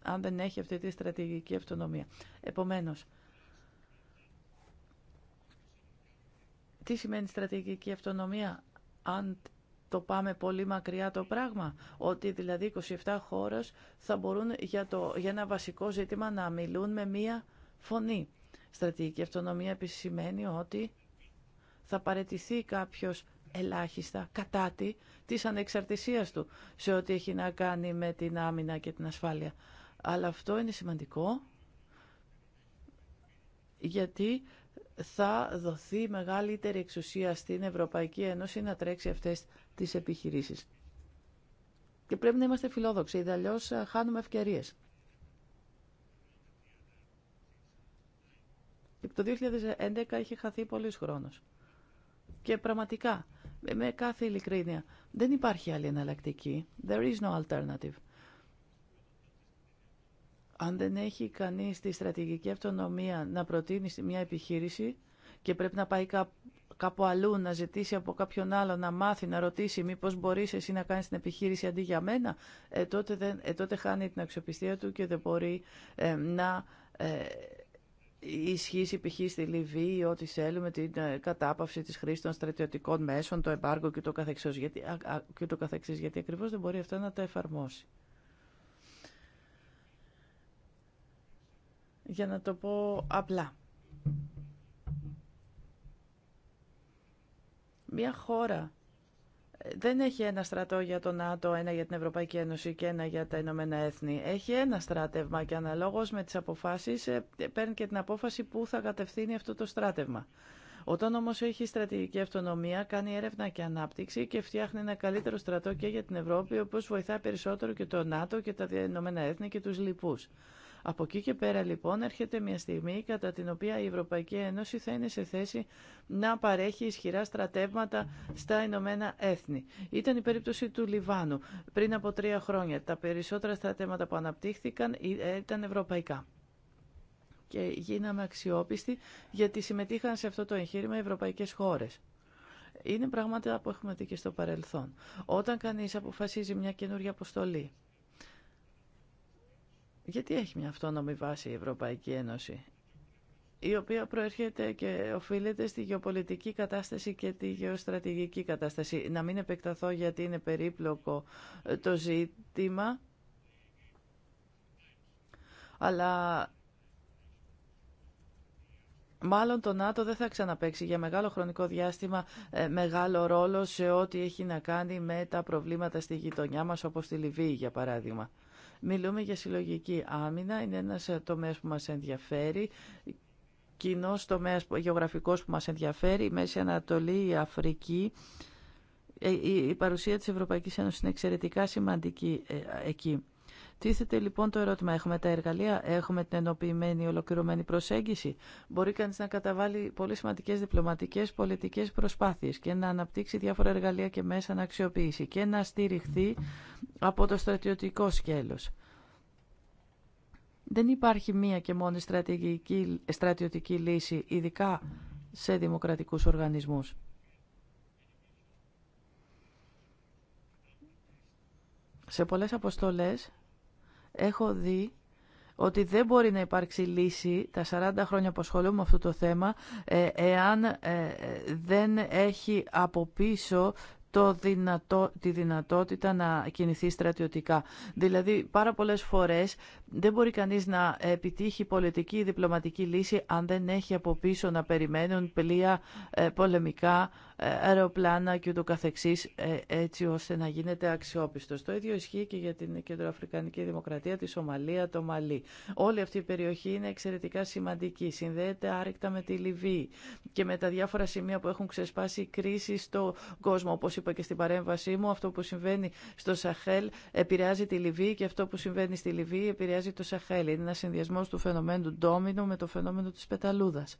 αν δεν έχει αυτή τη στρατηγική αυτονομία. Επομένω, Τι σημαίνει στρατηγική αυτονομία αν το πάμε πολύ μακριά το πράγμα, ότι δηλαδή 27 χώρες θα μπορούν για, το, για ένα βασικό ζήτημα να μιλούν με μία φωνή. Στρατηγική αυτονομία επίσης σημαίνει ότι θα παρετηθεί κάποιος ελάχιστα κατά τη της ανεξαρτησίας του σε ό,τι έχει να κάνει με την άμυνα και την ασφάλεια. Αλλά αυτό είναι σημαντικό γιατί θα δοθεί μεγαλύτερη εξουσία στην Ευρωπαϊκή Ένωση να τρέξει αυτές τις επιχειρήσεις. Και πρέπει να είμαστε φιλόδοξοι, είδε αλλιώς ε, χάνουμε ευκαιρίες. Και το 2011 είχε χαθεί πολλής χρόνος. Και πραγματικά, με κάθε ειλικρίνεια, δεν υπάρχει άλλη εναλλακτική. There is no alternative. Αν δεν έχει κανείς τη στρατηγική αυτονομία να προτείνει μια επιχείρηση και πρέπει να πάει κάπου αλλού, να ζητήσει από κάποιον άλλο να μάθει, να ρωτήσει μήπως μπορείς εσύ να κάνεις την επιχείρηση αντί για μένα, ε, τότε, δεν, ε, τότε χάνει την αξιοπιστία του και δεν μπορεί ε, να ε, ισχύσει π.χ. στη Λιβύη ό,τι θέλουμε, την κατάπαυση της χρήση των στρατιωτικών μέσων, το εμπάργκο και το γιατί, γιατί ακριβώς δεν μπορεί αυτό να τα εφαρμόσει. για να το πω απλά. Μια χώρα ε, δεν έχει ένα στρατό για το ΝΑΤΟ, ένα για την Ευρωπαϊκή Ένωση και ένα για τα Ηνωμένα Έθνη. Έχει ένα στράτευμα και αναλόγως με τις αποφάσεις ε, ε, παίρνει και την απόφαση που θα κατευθύνει αυτό το στράτευμα. Όταν όμως έχει στρατηγική αυτονομία, κάνει έρευνα και ανάπτυξη και φτιάχνει ένα καλύτερο στρατό και για την Ευρώπη, όπως βοηθάει περισσότερο και το ΝΑΤΟ και τα Ηνωμένα Έθνη και τους λοιπούς. Από εκεί και πέρα λοιπόν έρχεται μια στιγμή κατά την οποία η Ευρωπαϊκή Ένωση θα είναι σε θέση να παρέχει ισχυρά στρατεύματα στα Ηνωμένα Έθνη. Ήταν η περίπτωση του Λιβάνου πριν από τρία χρόνια. Τα περισσότερα στρατεύματα που αναπτύχθηκαν ε, ήταν ευρωπαϊκά και γίναμε αξιόπιστοι γιατί συμμετείχαν σε αυτό το εγχείρημα οι ευρωπαϊκές χώρες. Είναι πράγματα που έχουμε δει και στο παρελθόν. Όταν κανείς αποφασίζει μια καινούργια αποστολή, γιατί έχει μια αυτόνομη βάση η Ευρωπαϊκή Ένωση, η οποία προέρχεται και οφείλεται στη γεωπολιτική κατάσταση και τη γεωστρατηγική κατάσταση. Να μην επεκταθώ γιατί είναι περίπλοκο ε, το ζήτημα, αλλά Μάλλον το ΝΑΤΟ δεν θα ξαναπαίξει για μεγάλο χρονικό διάστημα ε, μεγάλο ρόλο σε ό,τι έχει να κάνει με τα προβλήματα στη γειτονιά μας, όπως στη Λιβύη για παράδειγμα. Μιλούμε για συλλογική άμυνα, είναι ένας ε, τομέας που μας ενδιαφέρει κοινό τομέα γεωγραφικό που μα ενδιαφέρει, η Μέση Ανατολή, η Αφρική. Ε, η παρουσία τη Ευρωπαϊκή Ένωση είναι εξαιρετικά σημαντική ε, εκεί. Τίθεται λοιπόν το ερώτημα, έχουμε τα εργαλεία, έχουμε την ενοποιημένη ολοκληρωμένη προσέγγιση. Μπορεί κανείς να καταβάλει πολύ σημαντικές διπλωματικές πολιτικές προσπάθειες και να αναπτύξει διάφορα εργαλεία και μέσα να αξιοποιήσει και να στηριχθεί από το στρατιωτικό σκέλος. Δεν υπάρχει μία και μόνη στρατηγική, στρατιωτική λύση, ειδικά σε δημοκρατικούς οργανισμούς. Σε πολλές αποστολές έχω δει ότι δεν μπορεί να υπάρξει λύση τα 40 χρόνια που ασχολούμαι με αυτό το θέμα ε, εάν ε, δεν έχει από πίσω το δυνατό, τη δυνατότητα να κινηθεί στρατιωτικά. Δηλαδή, πάρα πολλές φορές δεν μπορεί κανείς να επιτύχει πολιτική ή διπλωματική λύση αν δεν έχει από πίσω να περιμένουν πλοία ε, πολεμικά ε, αεροπλάνα και ούτω καθεξής ε, έτσι ώστε να γίνεται αξιόπιστο. Το ίδιο ισχύει και για την Κεντροαφρικανική Δημοκρατία, τη Σομαλία, το Μαλί. Όλη αυτή η περιοχή είναι εξαιρετικά σημαντική. Συνδέεται άρρηκτα με τη Λιβύη και με τα διάφορα σημεία που έχουν ξεσπάσει κρίσει στον κόσμο. Όπως είπα και στην παρέμβασή μου, αυτό που συμβαίνει στο Σαχέλ επηρεάζει τη Λιβύη και αυτό που συμβαίνει στη Λιβύη επηρεάζει το Σαχέλ. Είναι ένα συνδυασμό του φαινομένου ντόμινο με το φαινόμενο της πεταλούδας.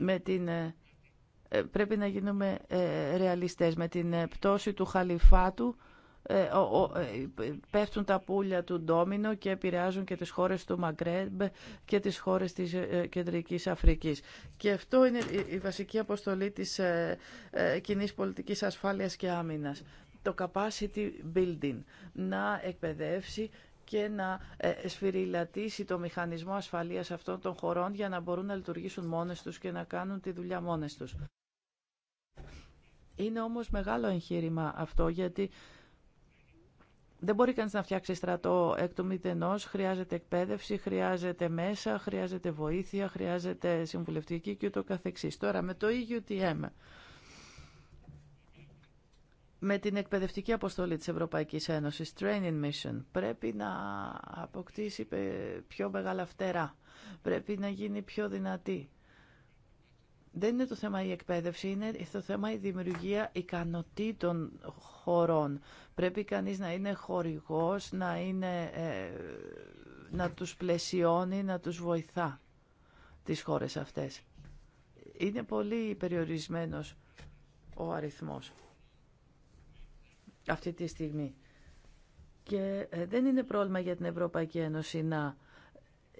με την ε, ε, πρέπει να γίνουμε ε, ρεαλιστές με την πτώση του χαλιφάτου πέφτουν τα πουλια του ντόμινο και επηρεάζουν και τις χώρες του Μαγκρέμπ και τις χώρες της Κεντρικής Αφρικής. Και αυτό είναι η βασική αποστολή της κοινή πολιτικής ασφάλειας και άμυνας. Το capacity building, να εκπαιδεύσει και να ε, σφυριλατήσει το μηχανισμό ασφαλείας αυτών των χωρών για να μπορούν να λειτουργήσουν μόνες τους και να κάνουν τη δουλειά μόνες τους. Είναι όμως μεγάλο εγχείρημα αυτό γιατί δεν μπορεί κανείς να φτιάξει στρατό εκ του μηδενός, χρειάζεται εκπαίδευση, χρειάζεται μέσα, χρειάζεται βοήθεια, χρειάζεται συμβουλευτική και ούτω καθεξής. Τώρα με το EUTM με την εκπαιδευτική αποστολή της Ευρωπαϊκής Ένωσης, Training Mission, πρέπει να αποκτήσει πιο μεγάλα φτερά, πρέπει να γίνει πιο δυνατή. Δεν είναι το θέμα η εκπαίδευση, είναι το θέμα η δημιουργία ικανοτήτων χωρών. Πρέπει κανείς να είναι χορηγός, να, είναι, ε, να τους πλαισιώνει, να τους βοηθά τις χώρες αυτές. Είναι πολύ περιορισμένος ο αριθμός αυτή τη στιγμή. Και ε, δεν είναι πρόβλημα για την Ευρωπαϊκή Ένωση να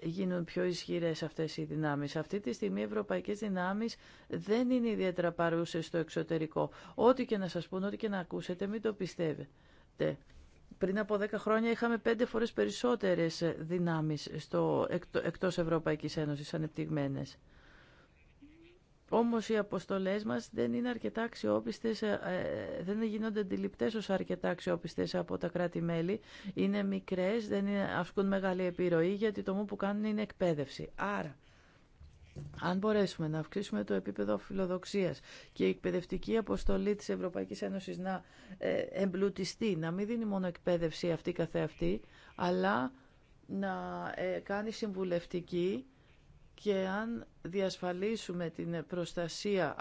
γίνουν πιο ισχυρές αυτές οι δυνάμεις. Αυτή τη στιγμή οι ευρωπαϊκές δυνάμεις δεν είναι ιδιαίτερα παρούσες στο εξωτερικό. Ό,τι και να σας πούν, ό,τι και να ακούσετε, μην το πιστεύετε. Πριν από 10 χρόνια είχαμε πέντε φορές περισσότερες δυνάμεις στο, εκτός Ευρωπαϊκής Ένωσης ανεπτυγμένες. Όμως οι αποστολές μας δεν είναι αρκετά αξιόπιστες, ε, ε, δεν γίνονται αντιληπτέ ως αρκετά αξιόπιστες από τα κράτη-μέλη. Είναι μικρές, δεν ασκούν μεγάλη επιρροή γιατί το μόνο που κάνουν είναι εκπαίδευση. Άρα, αν μπορέσουμε να αυξήσουμε το επίπεδο φιλοδοξίας και η εκπαιδευτική αποστολή της Ευρωπαϊκής Ένωσης να ε, εμπλουτιστεί, να μην δίνει μόνο εκπαίδευση αυτή καθεαυτή, αλλά να κάνει συμβουλευτική και αν διασφαλίσουμε την προστασία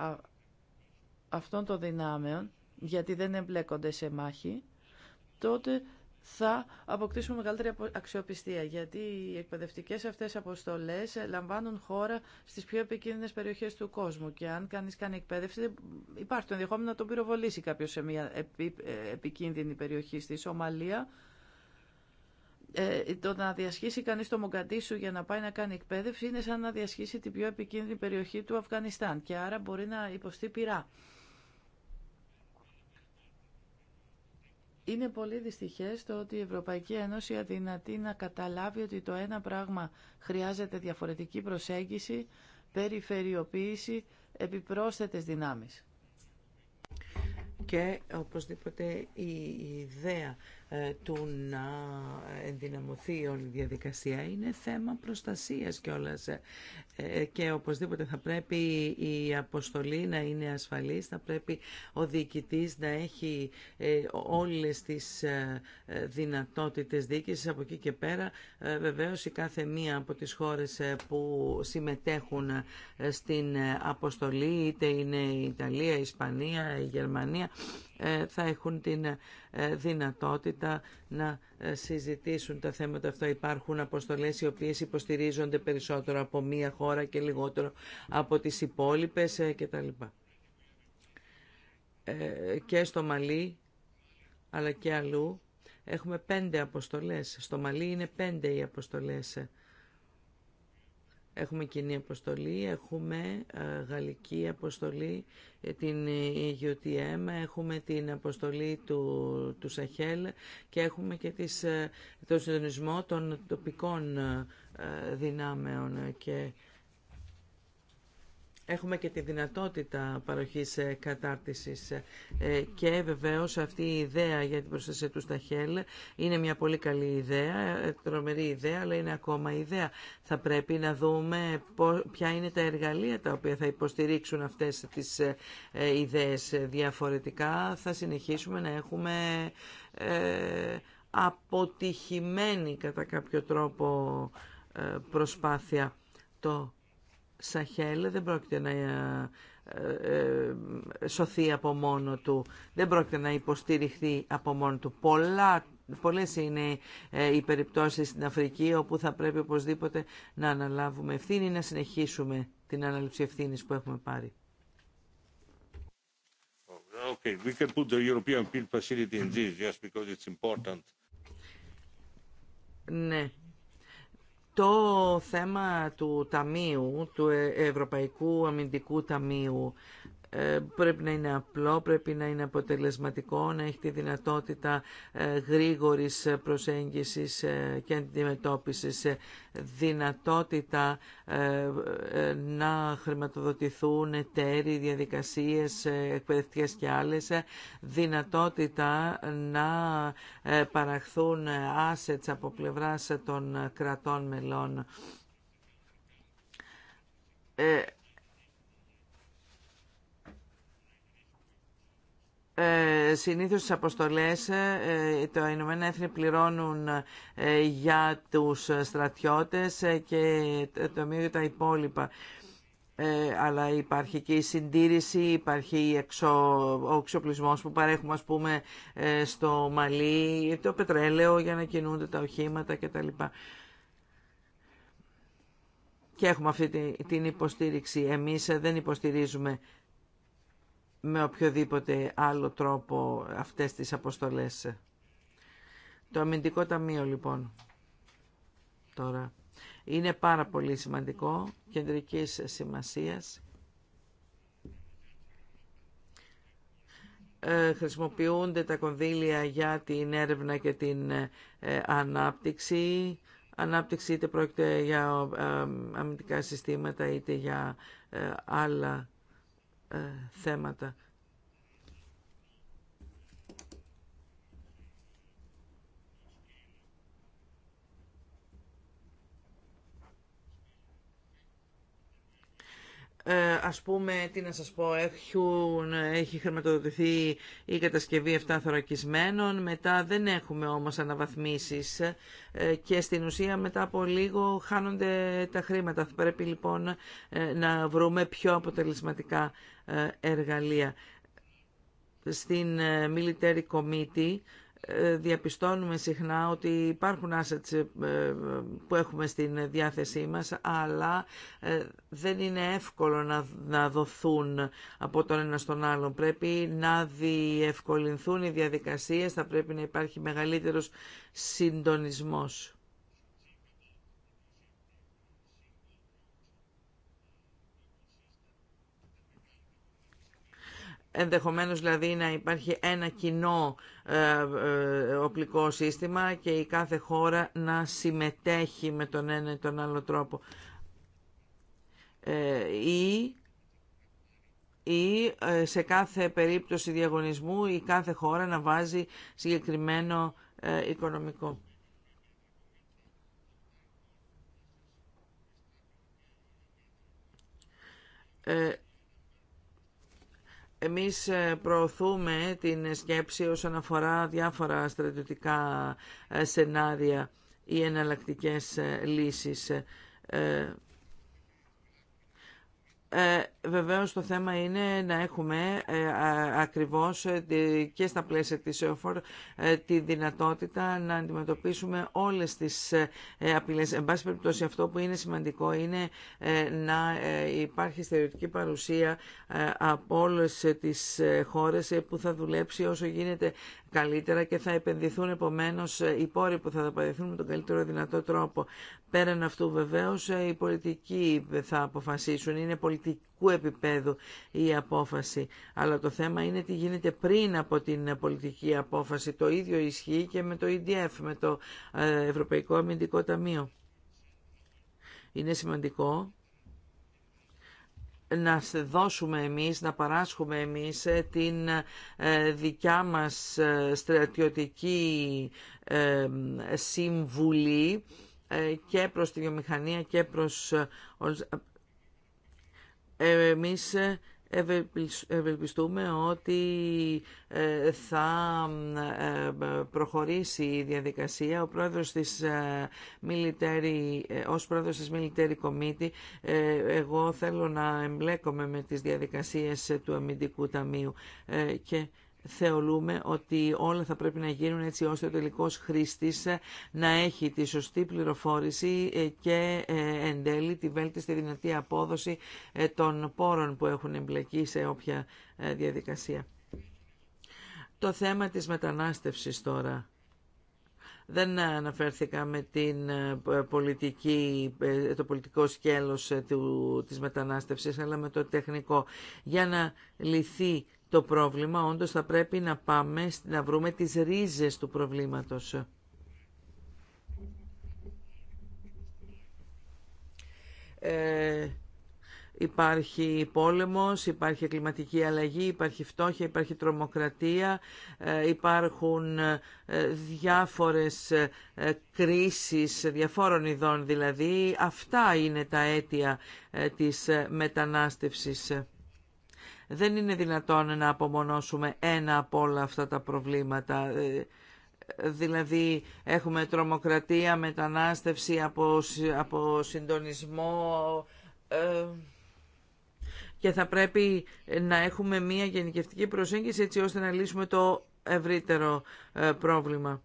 αυτών των δυνάμεων, γιατί δεν εμπλέκονται σε μάχη, τότε θα αποκτήσουμε μεγαλύτερη αξιοπιστία, γιατί οι εκπαιδευτικές αυτές αποστολές λαμβάνουν χώρα στις πιο επικίνδυνες περιοχές του κόσμου και αν κανείς κάνει εκπαίδευση υπάρχει το ενδεχόμενο να τον πυροβολήσει κάποιος σε μια ε, επικίνδυνη περιοχή στη Σομαλία. Ε, το να διασχίσει κανείς το Μογκαντήσου για να πάει να κάνει εκπαίδευση είναι σαν να διασχίσει την πιο επικίνδυνη περιοχή του Αφγανιστάν και άρα μπορεί να υποστεί πειρά. Είναι πολύ δυστυχές το ότι η Ευρωπαϊκή Ένωση αδυνατεί να καταλάβει ότι το ένα πράγμα χρειάζεται διαφορετική προσέγγιση, περιφερειοποίηση, επιπρόσθετες δυνάμεις. Και οπωσδήποτε η ιδέα ε, του να ενδυναμωθεί όλη η διαδικασία είναι θέμα προστασίας κιόλας ε, και οπωσδήποτε θα πρέπει η αποστολή να είναι ασφαλής, θα πρέπει ο διοικητής να έχει ε, όλες τις δυνατότητες διοίκησης από εκεί και πέρα βεβαίως η κάθε μία από τις χώρες που συμμετέχουν στην αποστολή είτε είναι η Ιταλία, η Ισπανία, η Γερμανία ε, θα έχουν την ε, δυνατότητα να ε, συζητήσουν τα θέματα αυτά. Υπάρχουν αποστολές οι οποίες υποστηρίζονται περισσότερο από μία χώρα και λιγότερο από τις υπόλοιπες κτλ. Και στο Μαλί αλλά και αλλού έχουμε πέντε αποστολές. Στο Μαλί είναι πέντε οι αποστολές Έχουμε κοινή αποστολή, έχουμε ε, γαλλική αποστολή, ε, την UTM, ε, έχουμε την αποστολή του, του Σαχέλ και έχουμε και τις, το συντονισμό των τοπικών δυνάμεων και έχουμε και τη δυνατότητα παροχής ε, κατάρτισης ε, ε, και βεβαίως αυτή η ιδέα για την προστασία του στα είναι μια πολύ καλή ιδέα, τρομερή ιδέα, αλλά είναι ακόμα ιδέα. Θα πρέπει να δούμε ποια είναι τα εργαλεία τα οποία θα υποστηρίξουν αυτές τις ιδέες διαφορετικά. Θα συνεχίσουμε να έχουμε αποτυχημένη κατά κάποιο τρόπο προσπάθεια το Σαχέλ δεν πρόκειται να ε, ε, σωθεί από μόνο του, δεν πρόκειται να υποστηριχθεί από μόνο του. Πολλά Πολλές είναι ε, οι περιπτώσεις στην Αφρική όπου θα πρέπει οπωσδήποτε να αναλάβουμε ευθύνη ή να συνεχίσουμε την ανάληψη ευθύνη που έχουμε πάρει. Okay, we can put the European Facility in this just because it's important. Ναι, το θέμα του Ταμείου, του ε- Ευρωπαϊκού Αμυντικού Ταμείου, ε, πρέπει να είναι απλό, πρέπει να είναι αποτελεσματικό, να έχει τη δυνατότητα ε, γρήγορης προσέγγισης ε, και αντιμετώπισης, δυνατότητα να χρηματοδοτηθούν εταίροι, διαδικασίες εκπαιδευτικές και άλλες, δυνατότητα να παραχθούν assets από πλευράς των κρατών μελών Ε, συνήθως τις αποστολές ε, το Ηνωμένα Έθνη πληρώνουν ε, για τους στρατιώτες και το μείγμα τα υπόλοιπα. αλλά υπάρχει και η συντήρηση, υπάρχει η ο εξοπλισμός που παρέχουμε ας πούμε στο Μαλί, το πετρέλαιο για να κινούνται τα οχήματα κτλ. Και έχουμε αυτή την υποστήριξη. Εμείς δεν υποστηρίζουμε με οποιοδήποτε άλλο τρόπο αυτές τις αποστολές. Το αμυντικό ταμείο λοιπόν τώρα είναι πάρα πολύ σημαντικό, κεντρικής σημασίας. Ε, χρησιμοποιούνται τα κονδύλια για την έρευνα και την ε, ανάπτυξη. Ανάπτυξη είτε πρόκειται για ε, αμυντικά συστήματα είτε για άλλα ε, θέματα Ε, ας πούμε, τι να σας πω, έχουν, έχει χρηματοδοτηθεί η κατασκευή 7 θωρακισμένων, μετά δεν έχουμε όμως αναβαθμίσεις ε, και στην ουσία μετά από λίγο χάνονται τα χρήματα. Θα πρέπει λοιπόν ε, να βρούμε πιο αποτελεσματικά εργαλεία. Στην Military Committee διαπιστώνουμε συχνά ότι υπάρχουν assets ε, που έχουμε στην διάθεσή μας, αλλά ε, δεν είναι εύκολο να δοθούν από τον ένα στον άλλον. Πρέπει να διευκολυνθούν οι διαδικασίες, θα πρέπει να υπάρχει μεγαλύτερος συντονισμός. ενδεχομένως δηλαδή να υπάρχει ένα κοινό ε, ε, οπλικό σύστημα και η κάθε χώρα να συμμετέχει με τον ένα ή τον άλλο τρόπο. Ε, ή ή σε κάθε περίπτωση διαγωνισμού η κάθε χώρα να βάζει συγκεκριμένο οικονομικό. Εμείς ε, προωθούμε την σκέψη όσον αφορά διάφορα στρατιωτικά ε, σενάρια ή εναλλακτικές ε, λύσεις. Ε, βεβαίως το θέμα είναι να έχουμε ε, ακριβώς ε, και στα πλαίσια της ΕΟΦΟΡ τη δυνατότητα να αντιμετωπίσουμε όλες τις απειλές. Εν πάση περιπτώσει αυτό που είναι σημαντικό είναι να υπάρχει στερεωτική παρουσία από όλες τις χώρες που θα δουλέψει όσο γίνεται καλύτερα και θα επενδυθούν επομένω ε, οι πόροι που θα δαπανηθούν με τον καλύτερο δυνατό τρόπο. Πέραν αυτού βεβαίω ε, οι πολιτικοί θα αποφασίσουν, είναι πολιτικού επίπεδου η απόφαση. Αλλά το θέμα είναι τι γίνεται πριν από την πολιτική απόφαση. Το ίδιο ισχύει και με το EDF, με το ε, Ευρωπαϊκό Αμυντικό Ταμείο. Είναι σημαντικό να δώσουμε εμείς, να παράσχουμε εμείς ε, την ε, δικιά μας ε, στρατιωτική συμβουλή και προς τη βιομηχανία και προς Εμείς Ευελπιστούμε ότι ε, θα ε, προχωρήσει η διαδικασία. Ο πρόεδρος της ε, Military, ως πρόεδρος της Military Committee, εγώ θέλω να εμπλέκομαι με τις διαδικασίες του Αμυντικού Ταμείου και θεωρούμε ότι όλα θα πρέπει να γίνουν έτσι ώστε ο τελικός χρήστης να έχει τη σωστή πληροφόρηση ε, και ε, εν τέλει τη βέλτιστη δυνατή απόδοση ε, των πόρων που έχουν εμπλεκεί σε όποια διαδικασία. Το θέμα της μετανάστευσης τώρα. Δεν αναφέρθηκα με την πολιτική, το πολιτικό σκέλος του, της μετανάστευσης, αλλά με το τεχνικό. Για να λυθεί το πρόβλημα, όντως θα πρέπει να πάμε να βρούμε τις ρίζες του προβλήματος. Ε, υπάρχει πόλεμος, υπάρχει κλιματική αλλαγή, υπάρχει φτώχεια, υπάρχει τρομοκρατία, ε, υπάρχουν ε, διάφορες ε, κρίσεις διαφόρων ειδών δηλαδή. Αυτά είναι τα αίτια της μετανάστευσης. Δεν είναι δυνατόν να απομονώσουμε ένα από όλα αυτά τα προβλήματα. Ε, δηλαδή έχουμε τρομοκρατία, μετανάστευση από, από συντονισμό ε, και θα πρέπει να έχουμε μία γενικευτική προσέγγιση έτσι ώστε να λύσουμε το ευρύτερο ε, πρόβλημα.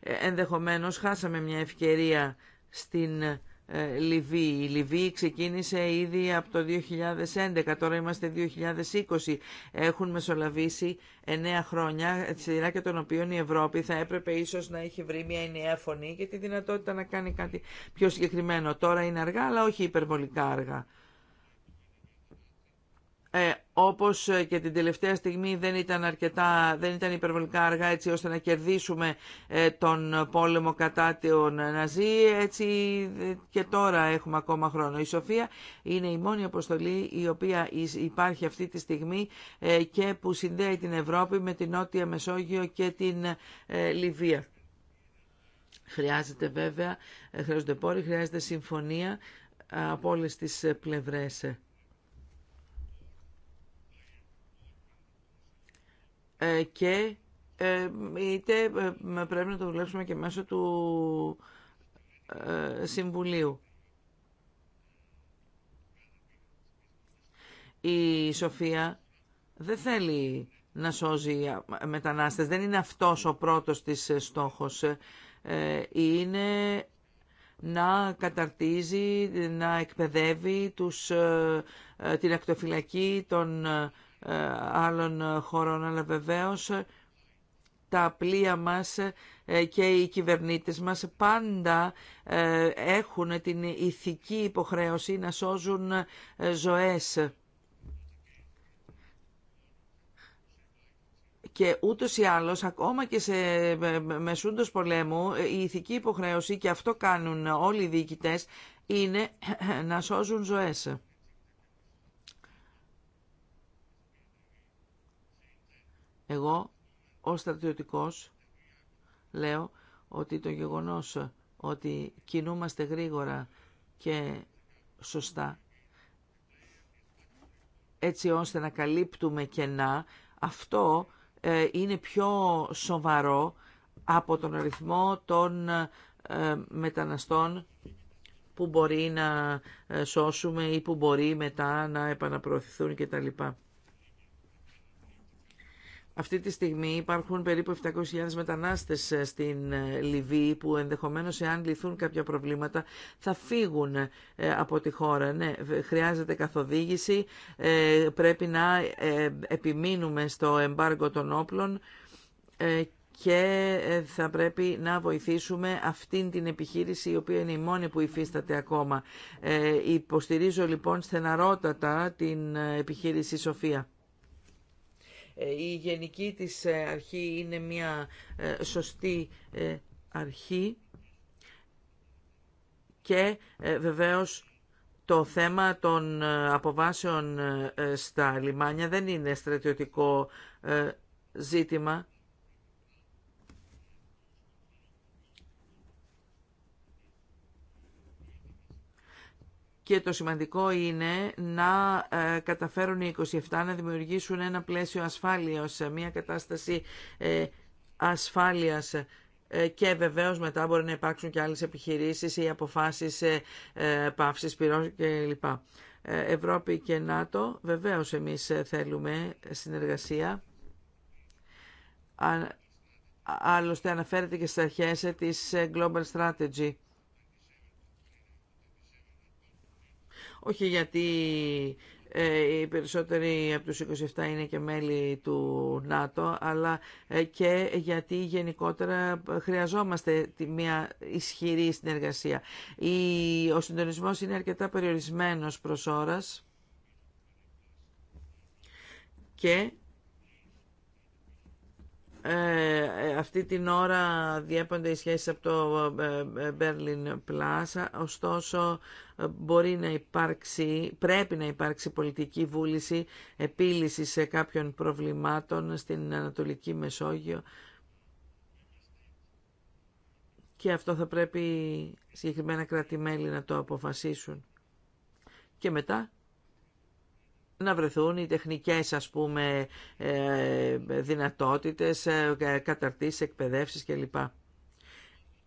Ε, ενδεχομένως χάσαμε μια γενικευτικη προσεγγιση ετσι ωστε να λυσουμε το ευρυτερο προβλημα ε ενδεχομενως χασαμε μια ευκαιρια στην ε, Λιβύη. Η Λιβύη ξεκίνησε ήδη από το 2011, τώρα είμαστε 2020. Έχουν μεσολαβήσει 9 χρόνια, σειρά και των οποίων η Ευρώπη θα έπρεπε ίσως να έχει βρει μια ενιαία φωνή και τη δυνατότητα να κάνει κάτι πιο συγκεκριμένο. Τώρα είναι αργά, αλλά όχι υπερβολικά αργά. Ε, όπως ε, και την τελευταία στιγμή δεν ήταν, αρκετά, δεν ήταν υπερβολικά αργά έτσι ώστε να κερδίσουμε ε, τον πόλεμο κατά των Ναζί, έτσι ε, και τώρα έχουμε ακόμα χρόνο. Η Σοφία είναι η μόνη αποστολή η οποία υπάρχει αυτή τη στιγμή και που συνδέει την Ευρώπη με την Νότια Μεσόγειο και την Λιβύα. Χρειάζεται βέβαια, χρειάζονται πόροι, χρειάζεται συμφωνία από όλες τις πλευρές. Ε, και ε, είτε ε, πρέπει να το δουλέψουμε και μέσω του Συμβουλίου. Η Σοφία δεν θέλει να σώζει μετανάστες. Δεν είναι αυτός ο πρώτος της στόχος. Είναι να καταρτίζει, να εκπαιδεύει τους, την ακτοφυλακή των ε, άλλων χωρών, αλλά βεβαίως ε, τα πλοία μας ε, και οι κυβερνήτες μας πάντα έχουν την ηθική υποχρέωση να σώζουν ζωές. Και ούτως ή άλλως, ακόμα και σε μεσούντος πολέμου, η ηθική υποχρέωση, και αυτό κάνουν όλοι οι διοικητές, είναι να σώζουν ζωές. Εγώ ως στρατιωτικός λέω ότι το γεγονός ότι κινούμαστε γρήγορα και σωστά έτσι ώστε να καλύπτουμε κενά, αυτό ε, είναι πιο σοβαρό από τον αριθμό των ε, μεταναστών που μπορεί να ε, σώσουμε ή που μπορεί μετά να επαναπροωθηθούν κτλ. Αυτή τη στιγμή υπάρχουν περίπου 700.000 μετανάστες ε, στην ε, Λιβύη που ενδεχομένως εάν λυθούν κάποια προβλήματα θα φύγουν ε, από τη χώρα. Ναι, χρειάζεται καθοδήγηση, πρέπει να επιμείνουμε στο εμπάργκο των όπλων και θα πρέπει να βοηθήσουμε αυτήν την επιχείρηση η οποία είναι η μόνη που υφίσταται ακόμα. υποστηρίζω λοιπόν στεναρότατα την επιχείρηση Σοφία. Ε, η γενική της ε, αρχή είναι μια ε, σωστή αρχή και βεβαίως το θέμα των αποβάσεων στα λιμάνια δεν είναι στρατιωτικό ζήτημα. και το σημαντικό είναι να ε, καταφέρουν οι 27 να δημιουργήσουν ένα πλαίσιο ασφάλειας, μια κατάσταση ε, ασφάλειας ε, και βεβαίως μετά μπορεί να υπάρξουν και άλλες επιχειρήσεις ή αποφάσεις παύσης πυρός κλπ. Ευρώπη και ΝΑΤΟ, βεβαίως εμείς θέλουμε συνεργασία. Άλλωστε αναφέρεται και στις αρχές της Global Strategy. όχι γιατί ε, οι περισσότεροι από τους 27 είναι και μέλη του ΝΑΤΟ, αλλά ε, και γιατί γενικότερα χρειαζόμαστε μια ισχυρή συνεργασία. Ο συντονισμός είναι αρκετά περιορισμένος προς ώρας και ε, αυτή την ώρα διέπονται οι σχέσεις από το ε, ε, Berlin Plus, ωστόσο μπορεί να υπάρξει, πρέπει να υπάρξει πολιτική βούληση επίλυση σε κάποιων προβλημάτων στην Ανατολική Μεσόγειο και αυτό θα πρέπει συγκεκριμένα κρατημέλη να το αποφασίσουν. Και μετά να βρεθούν οι τεχνικές ας πούμε ε, δυνατότητες, ε, καταρτήσεις, εκπαιδεύσεις κλπ.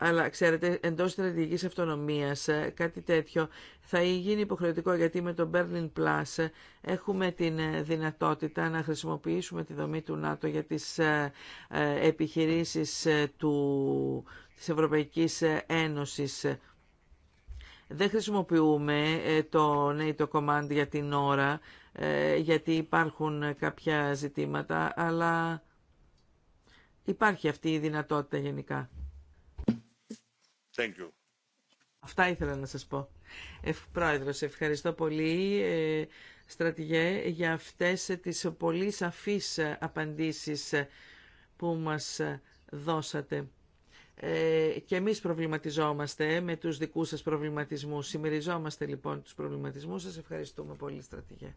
Αλλά ξέρετε, εντό στρατηγική αυτονομία ε, κάτι τέτοιο θα γίνει υποχρεωτικό γιατί με το Berlin Plus έχουμε την δυνατότητα να χρησιμοποιήσουμε τη δομή του ΝΑΤΟ για τι επιχειρήσεις του, της Ευρωπαϊκής Ένωσης. Δεν χρησιμοποιούμε το NATO Command για την ώρα, ε, γιατί υπάρχουν κάποια ζητήματα, αλλά υπάρχει αυτή η δυνατότητα γενικά. Thank Αυτά ήθελα να σας πω. Ε, πρόεδρος, ευχαριστώ πολύ, ε, στρατηγέ, για αυτές τις πολύ σαφείς απαντήσεις που μας δώσατε. Ε, και εμείς προβληματιζόμαστε με τους δικούς σας προβληματισμούς. σημεριζόμαστε λοιπόν τους προβληματισμούς σας. Ευχαριστούμε πολύ, στρατηγέ.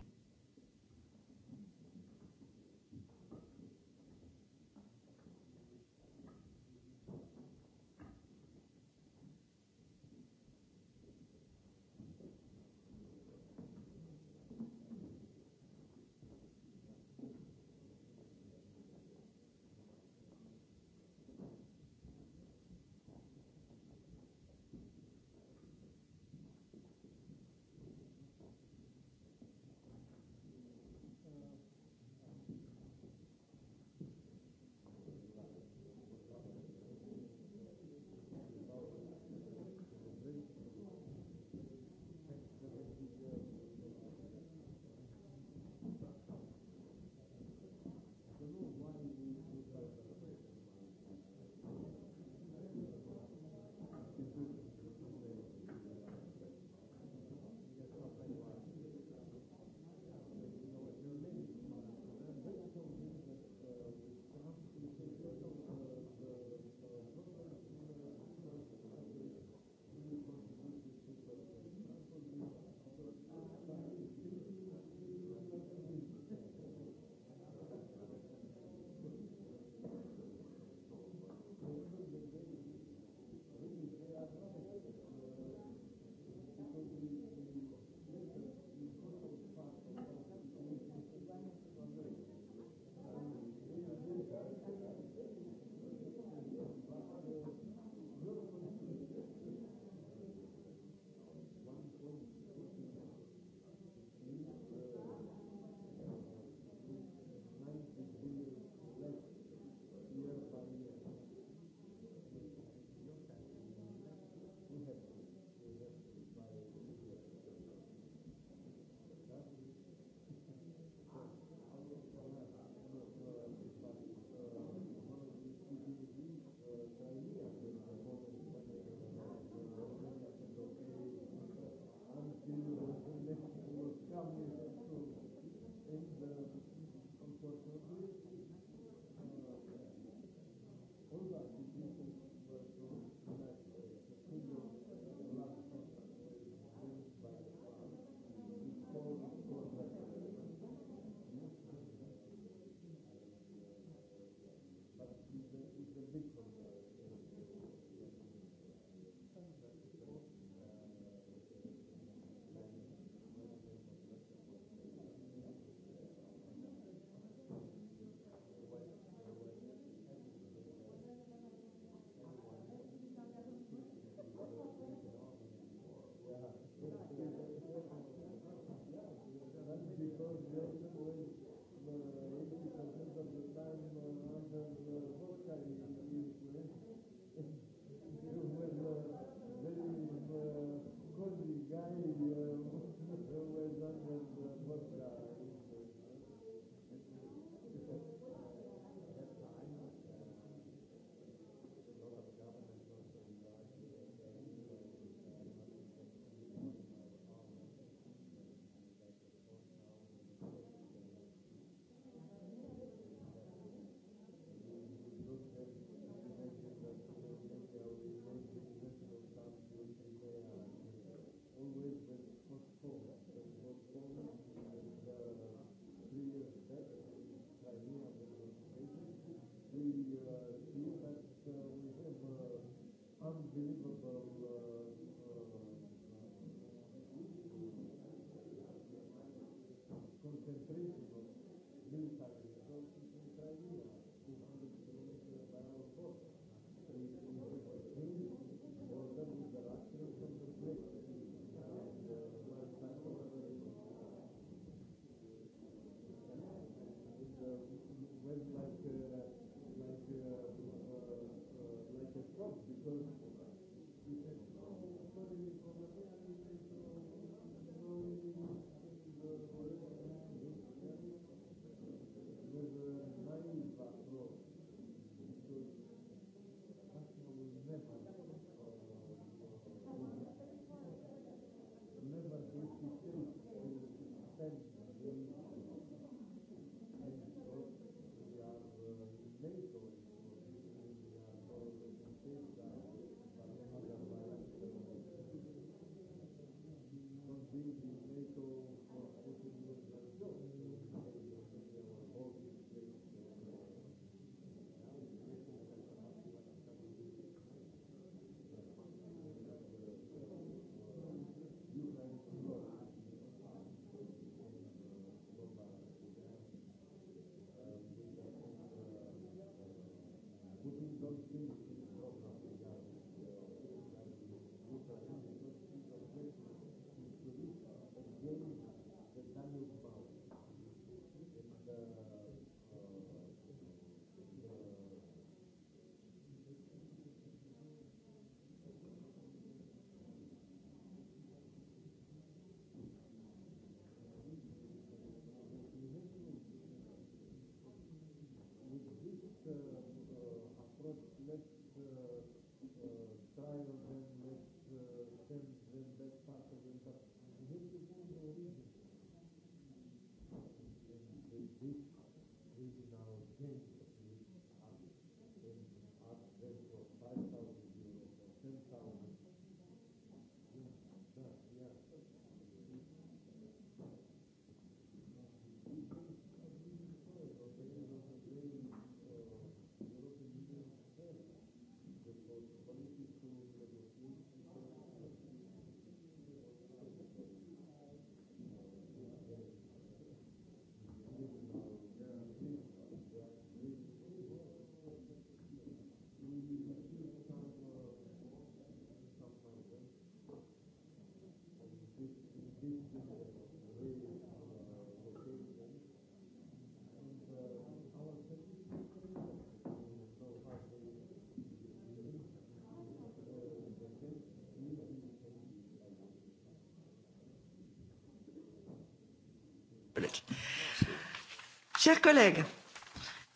Chers collègues,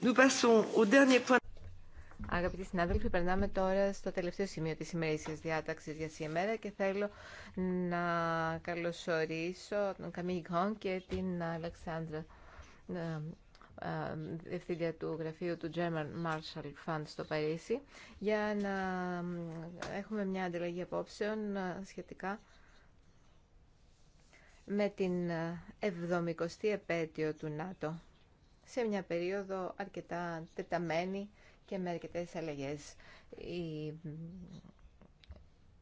nous passons au dernier point. Αγαπητοί συνάδελφοι, περνάμε τώρα στο τελευταίο σημείο της ημερήσιας διάταξης για σήμερα και θέλω να καλωσορίσω τον Καμίγ Γκόν και την Αλεξάνδρα διευθύντρια ε, ε, του γραφείου του German Marshall Fund στο Παρίσι για να ε, έχουμε μια ανταλλαγή απόψεων σχετικά με την 70η επέτειο του ΝΑΤΟ σε μια περίοδο αρκετά τεταμένη και με αρκετέ αλλαγέ. Η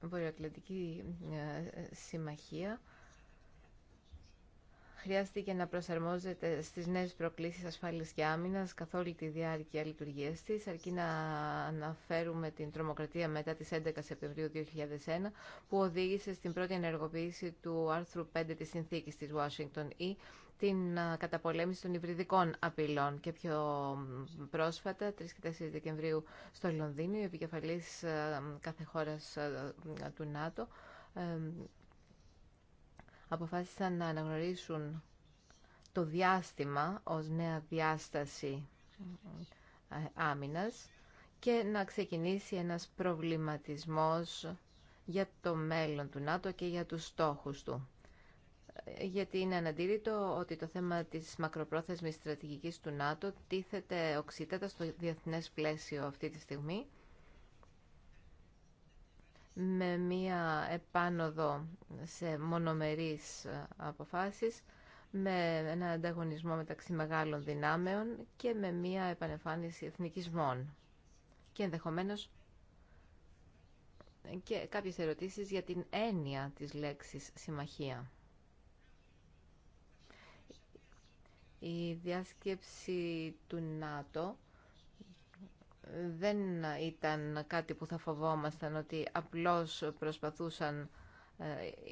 Βορειοατλαντική ε, Συμμαχία χρειάστηκε να προσαρμόζεται στι νέε προκλήσει ασφάλεια και άμυνα καθ' όλη τη διάρκεια λειτουργία τη, αρκεί να αναφέρουμε την τρομοκρατία μετά τι 11 Σεπτεμβρίου 2001, που οδήγησε στην πρώτη ενεργοποίηση του άρθρου 5 τη συνθήκη τη Washington E την καταπολέμηση των υβριδικών απειλών. Και πιο πρόσφατα, 3 και 4 Δεκεμβρίου στο Λονδίνο, οι επικεφαλής κάθε χώρας του ΝΑΤΟ αποφάσισαν να αναγνωρίσουν το διάστημα ως νέα διάσταση ε, άμυνας και να ξεκινήσει ένας προβληματισμός για το μέλλον του ΝΑΤΟ και για τους στόχους του γιατί είναι αναντήρητο ότι το θέμα της μακροπρόθεσμης στρατηγικής του ΝΑΤΟ τίθεται οξύτατα στο διεθνές πλαίσιο αυτή τη στιγμή με μία επάνωδο σε μονομερείς ε, αποφάσεις, με ένα ανταγωνισμό μεταξύ μεγάλων δυνάμεων και με μία επανεφάνιση εθνικισμών. Και ενδεχομένως ε, και κάποιες ερωτήσεις για την έννοια της λέξης «συμμαχία». Η διάσκεψη του ΝΑΤΟ δεν ήταν κάτι που θα φοβόμασταν ότι απλώς προσπαθούσαν ε,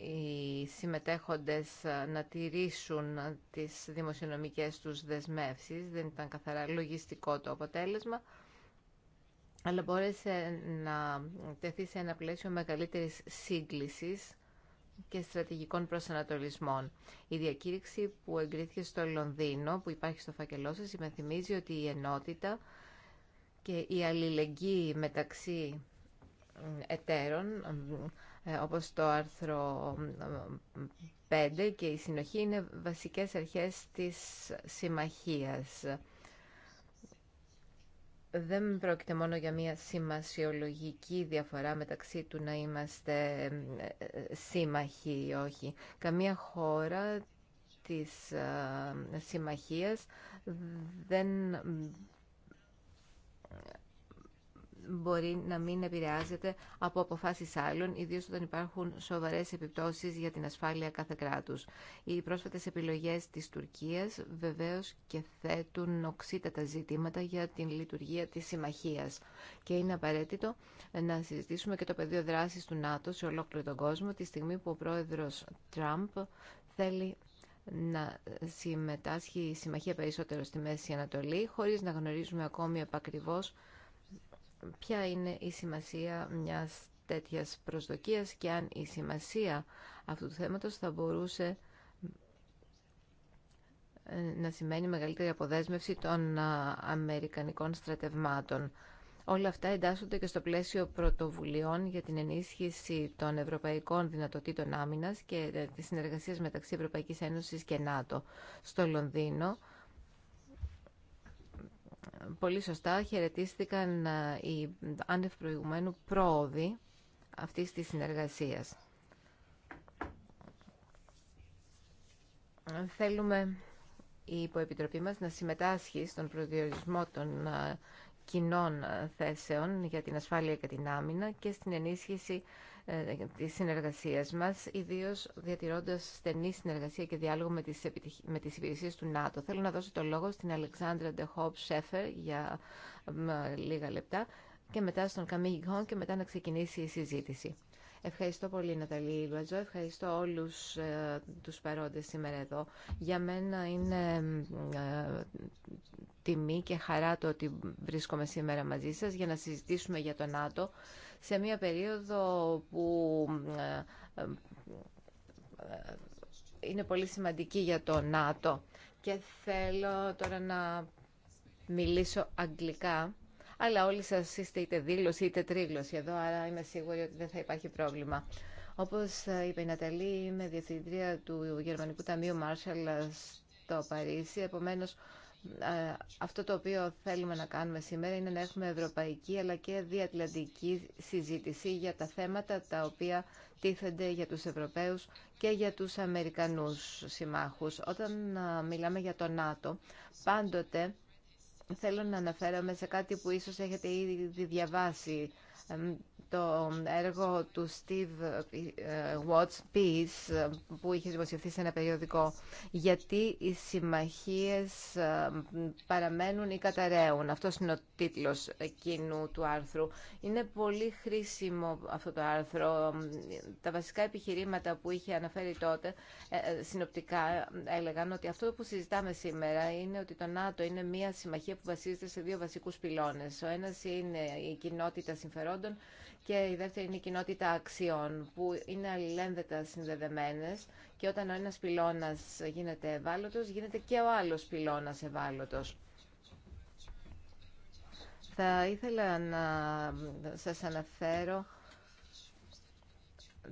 οι συμμετέχοντες να τηρήσουν τις δημοσιονομικές τους δεσμεύσεις. Δεν ήταν καθαρά λογιστικό το αποτέλεσμα, αλλά μπόρεσε να τεθεί σε ένα πλαίσιο μεγαλύτερης σύγκλησης και στρατηγικών προσανατολισμών. Η διακήρυξη που εγκρίθηκε στο Λονδίνο, που υπάρχει στο φακελό σα, υπενθυμίζει ότι η ενότητα και η αλληλεγγύη μεταξύ εταίρων, ε, όπως το άρθρο 5 και η συνοχή είναι βασικές αρχές της συμμαχία δεν πρόκειται μόνο για μια σημασιολογική διαφορά μεταξύ του να είμαστε ε, ε, σύμμαχοι ή όχι. Καμία χώρα της συμμαχίας δεν μπορεί να μην επηρεάζεται από αποφάσεις άλλων, ιδίως όταν υπάρχουν σοβαρές επιπτώσεις για την ασφάλεια κάθε κράτους. Οι πρόσφατες επιλογές της Τουρκίας βεβαίως και θέτουν οξύτατα ζητήματα για την λειτουργία της συμμαχίας και είναι απαραίτητο να συζητήσουμε και το πεδίο δράσης του ΝΑΤΟ σε ολόκληρο τον κόσμο τη στιγμή που ο πρόεδρος Τραμπ θέλει να συμμετάσχει η συμμαχία περισσότερο στη Μέση Ανατολή χωρίς να γνωρίζουμε ακόμη επακριβώς ποια είναι η σημασία μιας τέτοιας προσδοκίας και αν η σημασία αυτού του θέματος θα μπορούσε ε, να σημαίνει μεγαλύτερη αποδέσμευση των αμερικανικών στρατευμάτων. Όλα αυτά εντάσσονται και στο πλαίσιο πρωτοβουλειών για την ενίσχυση των ευρωπαϊκών δυνατοτήτων άμυνας και ε, της συνεργασίας μεταξύ Ευρωπαϊκής Ένωσης και ΝΑΤΟ. Στο Λονδίνο, πολύ σωστά χαιρετίστηκαν ε, οι άνευ προηγουμένου πρόοδοι αυτής της συνεργασίας. Θέλουμε η υποεπιτροπή μας να συμμετάσχει στον προδιορισμό των ε, κοινών ε, θέσεων για την ασφάλεια και την άμυνα και στην ενίσχυση ε, τη συνεργασία μας, ιδίως διατηρώντας στενή συνεργασία και διάλογο με τις, με του ΝΑΤΟ. Θέλω να δώσω το λόγο στην Αλεξάνδρα Ντεχόπ Σέφερ για λίγα λεπτά και μετά στον Καμίγι και μετά να ξεκινήσει η συζήτηση. Ευχαριστώ πολύ Ναταλή Λουατζό, ευχαριστώ όλους ε, τους παρόντες σήμερα εδώ. Για μένα είναι ε, τιμή και χαρά το ότι βρίσκομαι σήμερα μαζί σας για να συζητήσουμε για το ΝΑΤΟ σε μια περίοδο που ε, ε, είναι πολύ σημαντική για το ΝΑΤΟ. Και θέλω τώρα να μιλήσω αγγλικά, αλλά όλοι σας είστε είτε δήλωση είτε τρίγλωση εδώ, άρα είμαι σίγουρη ότι δεν θα υπάρχει πρόβλημα. Όπως είπε η Ναταλή, είμαι διευθυντρία του Γερμανικού Ταμείου Μάρσαλ στο Παρίσι, επομένως ε, αυτό το οποίο θέλουμε να κάνουμε σήμερα είναι να έχουμε ευρωπαϊκή αλλά και διατλαντική συζήτηση για τα θέματα τα οποία τίθενται για τους Ευρωπαίους και για τους Αμερικανούς συμμάχους. Όταν ε, μιλάμε για το ΝΑΤΟ, πάντοτε θέλω να αναφέρομαι σε κάτι που ίσως έχετε ήδη διαβάσει το έργο του Steve ε, Watts Peace ε, που είχε δημοσιευθεί σε ένα περιοδικό γιατί οι συμμαχίες ε, παραμένουν ή καταραίουν. Αυτός είναι ο τίτλος εκείνου του άρθρου. Είναι πολύ χρήσιμο αυτό το άρθρο. Τα βασικά επιχειρήματα που είχε αναφέρει τότε συνοπτικά έλεγαν ότι αυτό που συζητάμε σήμερα είναι ότι το ΝΑΤΟ είναι μια συμμαχία που βασίζεται σε δύο βασικούς πυλώνες. Ο ένας είναι η κοινότητα συμφερόντων και η δεύτερη είναι η κοινότητα αξιών που είναι αλληλένδετα συνδεδεμένες και όταν ο ένας πυλώνας γίνεται ευάλωτος γίνεται και ο άλλος πυλώνας ευάλωτος. Θα ήθελα να σας αναφέρω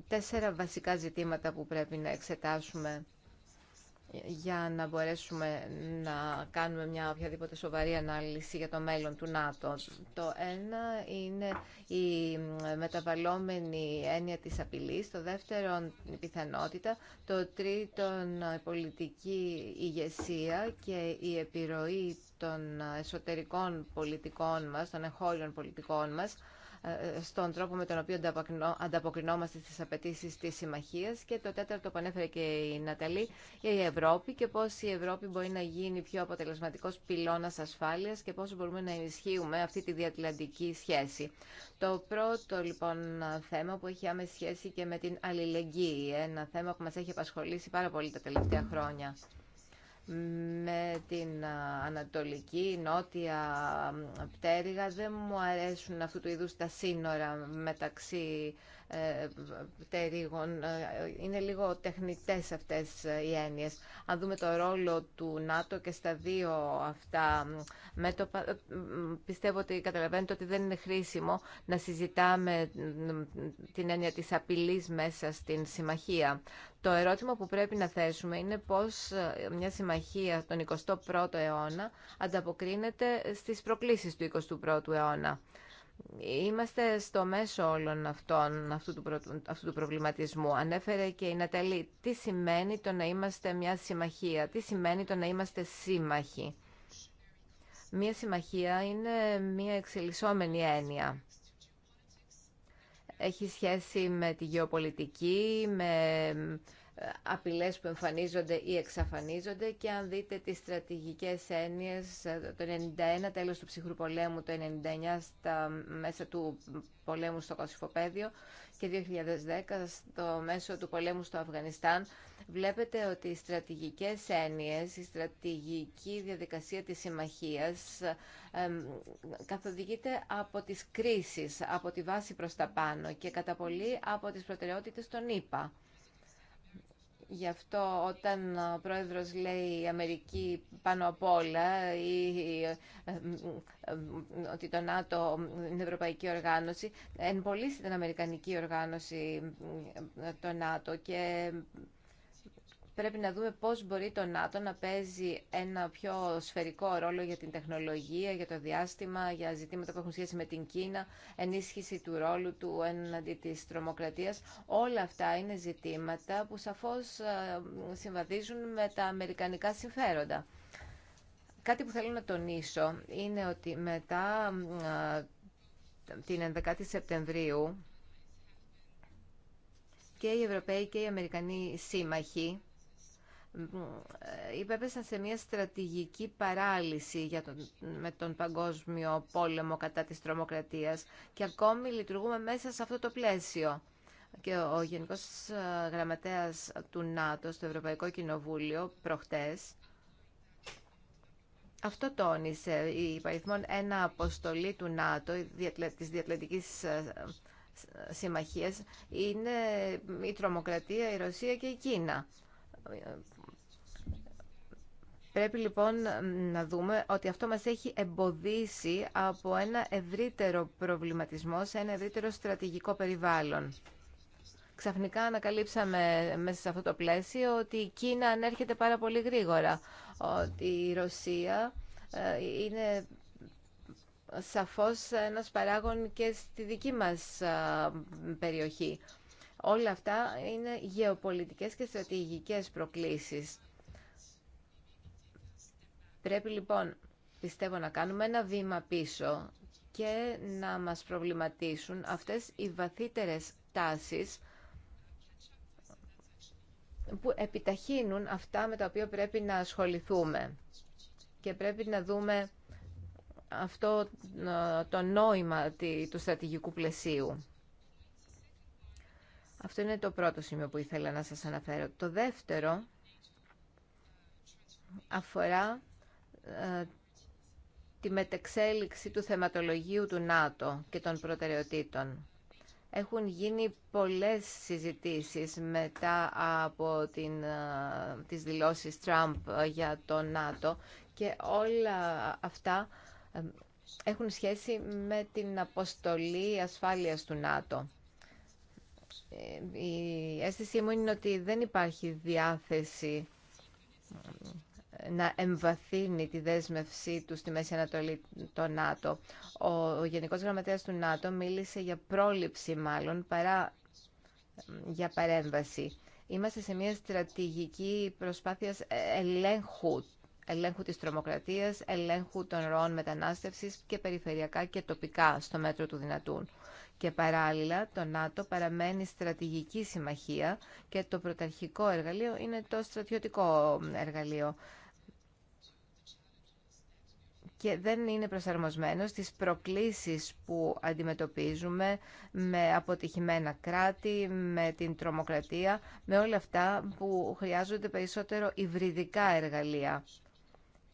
τέσσερα βασικά ζητήματα που πρέπει να εξετάσουμε για να μπορέσουμε να κάνουμε μια οποιαδήποτε σοβαρή ανάλυση για το μέλλον του ΝΑΤΟ. Το ένα είναι η μεταβαλλόμενη έννοια της απειλής, το δεύτερο η πιθανότητα, το τρίτο η πολιτική ηγεσία και η επιρροή των εσωτερικών πολιτικών μας, των εγχώριων πολιτικών μας, ε, στον τρόπο με τον οποίο ανταποκρινόμαστε στις απαιτήσεις της συμμαχίας και το τέταρτο που ανέφερε και η Ναταλή για η Ευρώπη και πώς η Ευρώπη μπορεί να γίνει πιο αποτελεσματικός πυλώνας ασφάλειας και πώς μπορούμε να ενισχύουμε αυτή τη διατλαντική σχέση. Το πρώτο λοιπόν θέμα που έχει άμεση σχέση και με την αλληλεγγύη, ένα θέμα που μας έχει απασχολήσει πάρα πολύ τα τελευταία χρόνια με την ανατολική, νότια πτέρυγα. Δεν μου αρέσουν αυτού του είδους τα σύνορα μεταξύ ε, ε, είναι λίγο τεχνητές αυτές ε, οι έννοιες. Αν δούμε το ρόλο του ΝΑΤΟ και στα δύο αυτά μέτωπα, πιστεύω ότι καταλαβαίνετε ότι δεν είναι χρήσιμο να συζητάμε την έννοια της απειλής μέσα στην συμμαχία. Το ερώτημα που πρέπει να θέσουμε είναι πώς μια συμμαχία τον 21ο αιώνα ανταποκρίνεται στις προκλήσεις του 21ου αιώνα. Είμαστε στο μέσο όλων αυτών, αυτού του, προβληματισμού. Ανέφερε και η Νατέλη τι σημαίνει το να είμαστε μια συμμαχία, τι σημαίνει το να είμαστε σύμμαχοι. Μια συμμαχία είναι μια εξελισσόμενη έννοια. Έχει σχέση με τη γεωπολιτική, με απειλές που εμφανίζονται ή εξαφανίζονται και αν δείτε τις στρατηγικές έννοιες ε, το 91 τέλος του ψυχρού πολέμου, το 99 μέσα του πολέμου στο Κωσυφοπαίδιο και 2010 στο μέσο του πολέμου στο Αφγανιστάν βλέπετε ότι οι στρατηγικές έννοιες, η στρατηγική διαδικασία της συμμαχίας καθοδηγείται από τις κρίσεις, από τη βάση προς τα πάνω και κατά πολύ από τις προτεραιότητες των ΗΠΑ. Γι' αυτό όταν ο πρόεδρος λέει η Αμερική πάνω απ' όλα ή ε, ε, ότι το ΝΑΤΟ είναι ευρωπαϊκή οργάνωση, εν πολύ στην αμερικανική οργάνωση ε, το ΝΑΤΟ και πρέπει να δούμε πώς μπορεί το ΝΑΤΟ να παίζει ένα πιο σφαιρικό ρόλο για την τεχνολογία, για το διάστημα, για ζητήματα που έχουν σχέση με την Κίνα, ενίσχυση του ρόλου του έναντι της τρομοκρατίας. Όλα αυτά είναι ζητήματα που σαφώς ε, συμβαδίζουν με τα αμερικανικά συμφέροντα. Κάτι που θέλω να τονίσω είναι ότι μετά ε, την 11η Σεπτεμβρίου και οι Ευρωπαίοι και οι Αμερικανοί σύμμαχοι υπέπεσαν ε, σε μια στρατηγική παράλυση για τον, με τον παγκόσμιο πόλεμο κατά της τρομοκρατίας και ακόμη λειτουργούμε μέσα σε αυτό το πλαίσιο. Και ο Γενικός ε, Γραμματέας του ΝΑΤΟ στο Ευρωπαϊκό Κοινοβούλιο προχτές αυτό τόνισε η υπαριθμόν ένα αποστολή του ΝΑΤΟ της Διατλαντικής ε, Συμμαχίας είναι η τρομοκρατία, η Ρωσία και η Κίνα πρέπει λοιπόν να δούμε ότι αυτό μας έχει εμποδίσει από ένα ευρύτερο προβληματισμό σε ένα ευρύτερο στρατηγικό περιβάλλον. Ξαφνικά ανακαλύψαμε μέσα σε αυτό το πλαίσιο ότι η Κίνα ανέρχεται πάρα πολύ γρήγορα, ότι η Ρωσία ε, είναι σαφώς ένας παράγων και στη δική μας περιοχή. Όλα αυτά είναι γεωπολιτικές και στρατηγικές προκλήσεις. Πρέπει λοιπόν, πιστεύω, να κάνουμε ένα βήμα πίσω και να μας προβληματίσουν αυτές οι βαθύτερες τάσεις που επιταχύνουν αυτά με τα οποία πρέπει να ασχοληθούμε. Και πρέπει να δούμε αυτό ε, το νόημα του στρατηγικού πλαισίου. Αυτό είναι το πρώτο σημείο που ήθελα να σας αναφέρω. Το δεύτερο αφορά ε, τη μετεξέλιξη του θεματολογίου του ΝΑΤΟ και των προτεραιοτήτων. Έχουν γίνει πολλές συζητήσεις μετά από την, ε, τις δηλώσεις Τραμπ ε, για το ΝΑΤΟ και όλα αυτά έχουν σχέση με την αποστολή ασφάλειας του ΝΑΤΟ. Η αίσθησή μου είναι ότι δεν υπάρχει διάθεση να εμβαθύνει τη δέσμευσή του στη Μέση Ανατολή το ΝΑΤΟ. Ο Γενικός Γραμματέας του ΝΑΤΟ μίλησε για πρόληψη μάλλον παρά για παρέμβαση. Είμαστε σε μια στρατηγική προσπάθεια ελέγχου ελέγχου της τρομοκρατίας, ελέγχου των ροών μετανάστευσης και περιφερειακά και τοπικά στο μέτρο του δυνατούν. Και παράλληλα, το ΝΑΤΟ παραμένει στρατηγική συμμαχία και το πρωταρχικό εργαλείο είναι το στρατιωτικό εργαλείο και δεν είναι προσαρμοσμένο στις προκλήσεις που αντιμετωπίζουμε με αποτυχημένα κράτη, με την τρομοκρατία, με όλα αυτά που χρειάζονται περισσότερο υβριδικά εργαλεία.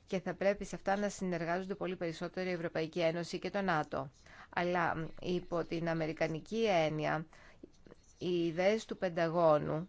Και θα πρέπει σε αυτά να συνεργάζονται πολύ περισσότερο η Ευρωπαϊκή Ένωση και το ΝΑΤΟ. Αλλά υπό την Αμερικανική έννοια, οι ιδέες του Πενταγώνου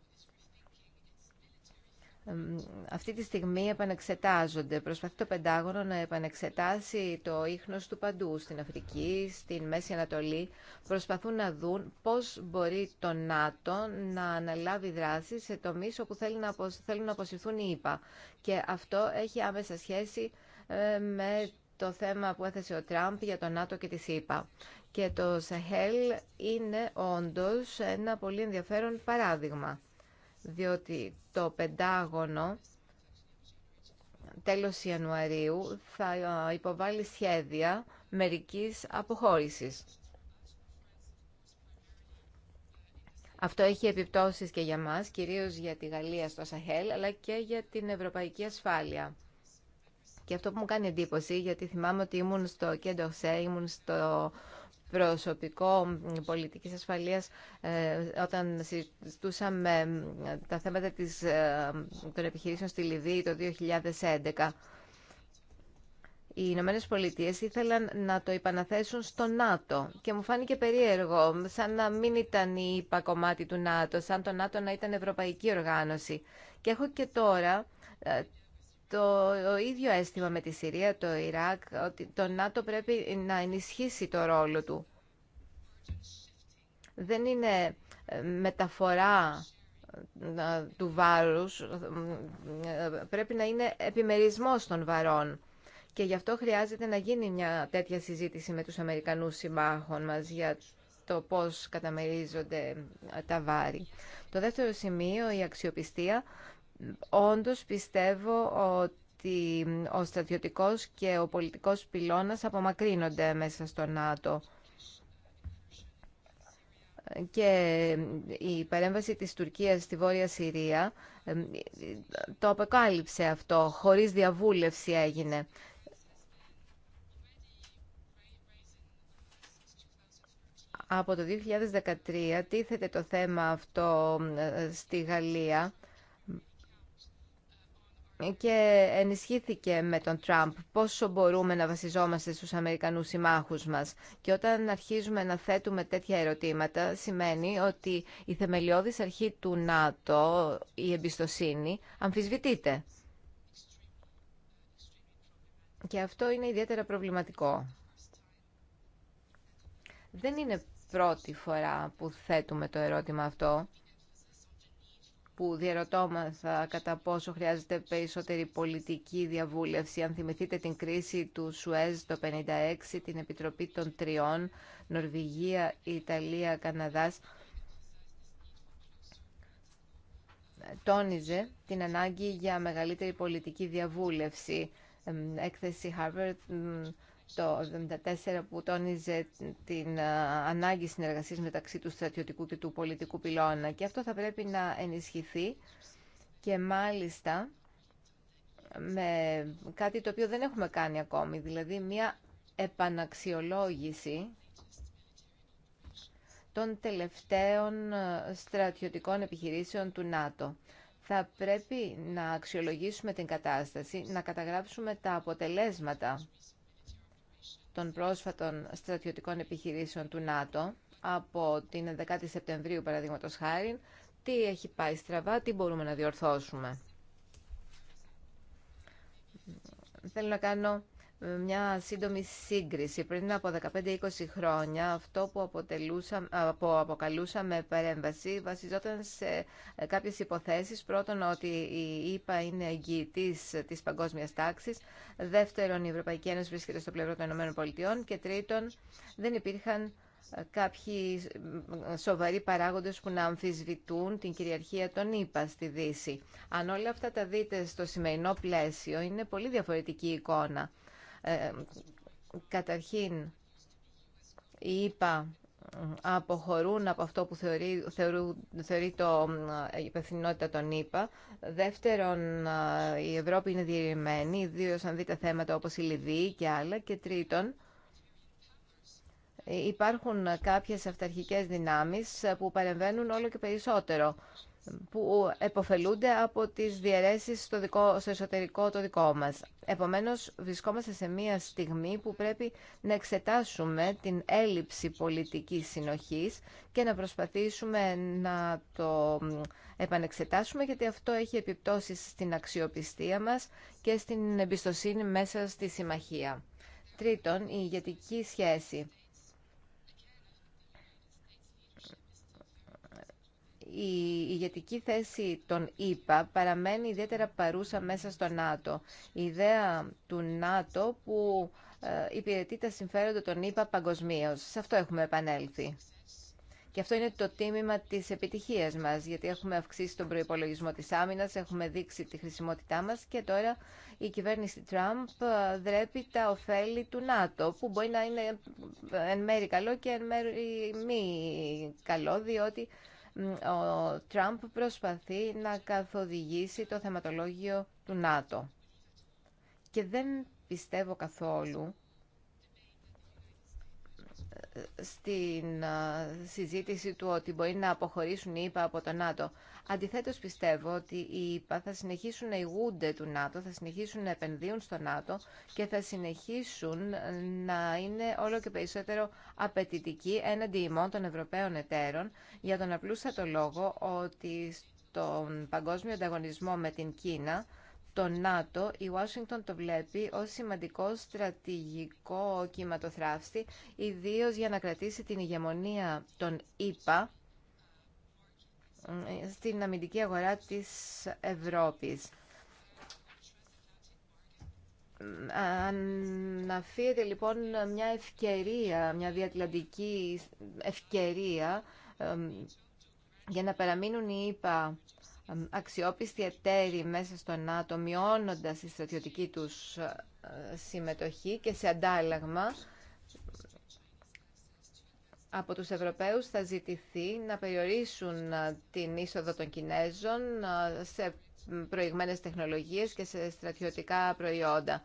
αυτή τη στιγμή επανεξετάζονται. Προσπαθεί το Πεντάγωνο να επανεξετάσει το ίχνος του παντού, στην Αφρική, στην Μέση Ανατολή. Προσπαθούν να δουν πώς μπορεί το ΝΑΤΟ να αναλάβει δράση σε τομείς όπου θέλουν να, θέλουν να αποσυρθούν οι ΙΠΑ. Και αυτό έχει άμεσα σχέση ε, με το θέμα που έθεσε ο Τραμπ για το ΝΑΤΟ και τη ΥΠΑ. Και το Σαχέλ είναι όντως ένα πολύ ενδιαφέρον παράδειγμα διότι το Πεντάγωνο τέλος Ιανουαρίου θα ε, υποβάλει σχέδια μερικής αποχώρησης. Αυτό έχει επιπτώσεις και για μας, κυρίως για τη Γαλλία στο Σαχέλ, αλλά και για την ευρωπαϊκή ασφάλεια. Και αυτό που μου κάνει εντύπωση, γιατί θυμάμαι ότι ήμουν στο Κέντο ήμουν στο προσωπικό πολιτικής ασφαλείας ε, όταν συζητούσαμε τα θέματα της, ε, των επιχειρήσεων στη Λιβύη το 2011. Οι Ηνωμένε Πολιτείε ήθελαν να το επαναθέσουν στο ΝΑΤΟ και μου φάνηκε περίεργο, σαν να μην ήταν η ΙΠΑ κομμάτι του ΝΑΤΟ, σαν το ΝΑΤΟ να ήταν ευρωπαϊκή οργάνωση. Και έχω και τώρα ε, το ίδιο αίσθημα με τη Συρία, το Ιράκ, ότι το ΝΑΤΟ πρέπει να ενισχύσει το ρόλο του. Δεν είναι ε, μεταφορά ε, του βάρους, ε, πρέπει να είναι επιμερισμός των βαρών. Και γι' αυτό χρειάζεται να γίνει μια τέτοια συζήτηση με τους Αμερικανούς συμπάχων μας για το πώς καταμερίζονται τα βάρη. Το δεύτερο σημείο, η αξιοπιστία, όντως πιστεύω ότι ο στρατιωτικός και ο πολιτικός πυλώνας απομακρύνονται μέσα στο ΝΑΤΟ. Και η παρέμβαση της Τουρκίας στη Βόρεια Συρία ε, το αποκάλυψε αυτό, χωρίς διαβούλευση έγινε. Από το 2013 τίθεται το θέμα αυτό ε, στη Γαλλία και ενισχύθηκε με τον Τραμπ. Πόσο μπορούμε να βασιζόμαστε στους Αμερικανούς συμμάχους μας. Και όταν αρχίζουμε να θέτουμε τέτοια ερωτήματα, σημαίνει ότι η θεμελιώδης αρχή του ΝΑΤΟ, η εμπιστοσύνη, αμφισβητείται. Και αυτό είναι ιδιαίτερα προβληματικό. Δεν είναι πρώτη φορά που θέτουμε το ερώτημα αυτό που διαρωτώμαθα κατά πόσο χρειάζεται περισσότερη πολιτική διαβούλευση. Αν θυμηθείτε την κρίση του Σουέζ το 1956, την Επιτροπή των Τριών, Νορβηγία, Ιταλία, Καναδάς, τόνιζε την ανάγκη για μεγαλύτερη πολιτική διαβούλευση. Έκθεση Harvard το 1974 που τόνιζε την ανάγκη συνεργασίας μεταξύ του στρατιωτικού και του πολιτικού πυλώνα και αυτό θα πρέπει να ενισχυθεί και μάλιστα με κάτι το οποίο δεν έχουμε κάνει ακόμη, δηλαδή μια επαναξιολόγηση των τελευταίων στρατιωτικών επιχειρήσεων του ΝΑΤΟ. Θα πρέπει να αξιολογήσουμε την κατάσταση, να καταγράψουμε τα αποτελέσματα των πρόσφατων στρατιωτικών επιχειρήσεων του ΝΑΤΟ από την 11η Σεπτεμβρίου παραδείγματος χάρη, τι έχει πάει στραβά, τι μπορούμε να διορθώσουμε. Θέλω να κάνω μια σύντομη σύγκριση. Πριν από 15-20 χρόνια αυτό που, που αποκαλούσαμε παρέμβαση βασιζόταν σε κάποιες υποθέσεις. Πρώτον ότι η ΕΠΑ είναι εγγυητής της παγκόσμιας τάξης. Δεύτερον η Ευρωπαϊκή Ένωση βρίσκεται στο πλευρό των ΗΠΑ. Και τρίτον δεν υπήρχαν ε, κάποιοι σοβαροί παράγοντες που να αμφισβητούν την κυριαρχία των ΗΠΑ στη Δύση. Αν όλα αυτά τα δείτε στο σημερινό πλαίσιο, είναι πολύ διαφορετική εικόνα. Ε, καταρχήν, οι ΕΠΑ ε, αποχωρούν από αυτό που θεωρεί, θεωρεί, θεωρεί το ε, υπευθυνότητα των ΗΠΑ. Δεύτερον, η Ευρώπη είναι διερημένη, ιδίω αν δείτε θέματα όπως η Λιβύη και άλλα. Και τρίτον, υπάρχουν κάποιες αυταρχικές δυνάμεις που παρεμβαίνουν όλο και περισσότερο που επωφελούνται από τις διαιρέσεις στο, δικό, στο εσωτερικό το δικό μας. Επομένως, βρισκόμαστε σε μία στιγμή που πρέπει να εξετάσουμε την έλλειψη πολιτικής συνοχής και να προσπαθήσουμε να το επανεξετάσουμε, γιατί αυτό έχει επιπτώσεις στην αξιοπιστία μας και στην εμπιστοσύνη μέσα στη συμμαχία. Τρίτον, η ηγετική σχέση. η ηγετική θέση των ΗΠΑ παραμένει ιδιαίτερα παρούσα μέσα στο ΝΑΤΟ. Η ιδέα του ΝΑΤΟ που ε, υπηρετεί τα συμφέροντα των ΗΠΑ παγκοσμίω. Σε αυτό έχουμε επανέλθει. Και αυτό είναι το τίμημα της επιτυχίας μας, γιατί έχουμε αυξήσει τον προπολογισμό της άμυνας, έχουμε δείξει τη χρησιμότητά μας και τώρα η κυβέρνηση Τραμπ ε, δρέπει τα ωφέλη του ΝΑΤΟ, που μπορεί να είναι εν μέρη καλό και εν μέρη μη καλό, διότι ο Τραμπ προσπαθεί να καθοδηγήσει το θεματολόγιο του ΝΑΤΟ. Και δεν πιστεύω καθόλου στην συζήτηση του ότι μπορεί να αποχωρήσουν οι ΙΠΑ από το ΝΑΤΟ. Αντιθέτως πιστεύω ότι οι ΙΠΑ θα συνεχίσουν να ηγούνται του ΝΑΤΟ, θα συνεχίσουν να επενδύουν στο ΝΑΤΟ και θα συνεχίσουν ε, να είναι όλο και περισσότερο απαιτητικοί έναντι ημών των Ευρωπαίων εταίρων για τον απλούστατο λόγο ότι στον παγκόσμιο ανταγωνισμό με την Κίνα το ΝΑΤΟ η Ουάσιγκτον το βλέπει ως σημαντικό στρατηγικό κυματοθράφστη, ιδίως για να κρατήσει την ηγεμονία των ΗΠΑ στην αμυντική αγορά της Ευρώπης. Αναφύεται λοιπόν μια ευκαιρία, μια διατλαντική ευκαιρία για να παραμείνουν οι ΗΠΑ αξιόπιστοι εταίροι μέσα στο ΝΑΤΟ, μειώνοντα τη στρατιωτική τους ε, συμμετοχή και σε αντάλλαγμα από τους Ευρωπαίους θα ζητηθεί να περιορίσουν ε, την είσοδο των Κινέζων ε, σε προηγμένες τεχνολογίες και σε στρατιωτικά προϊόντα.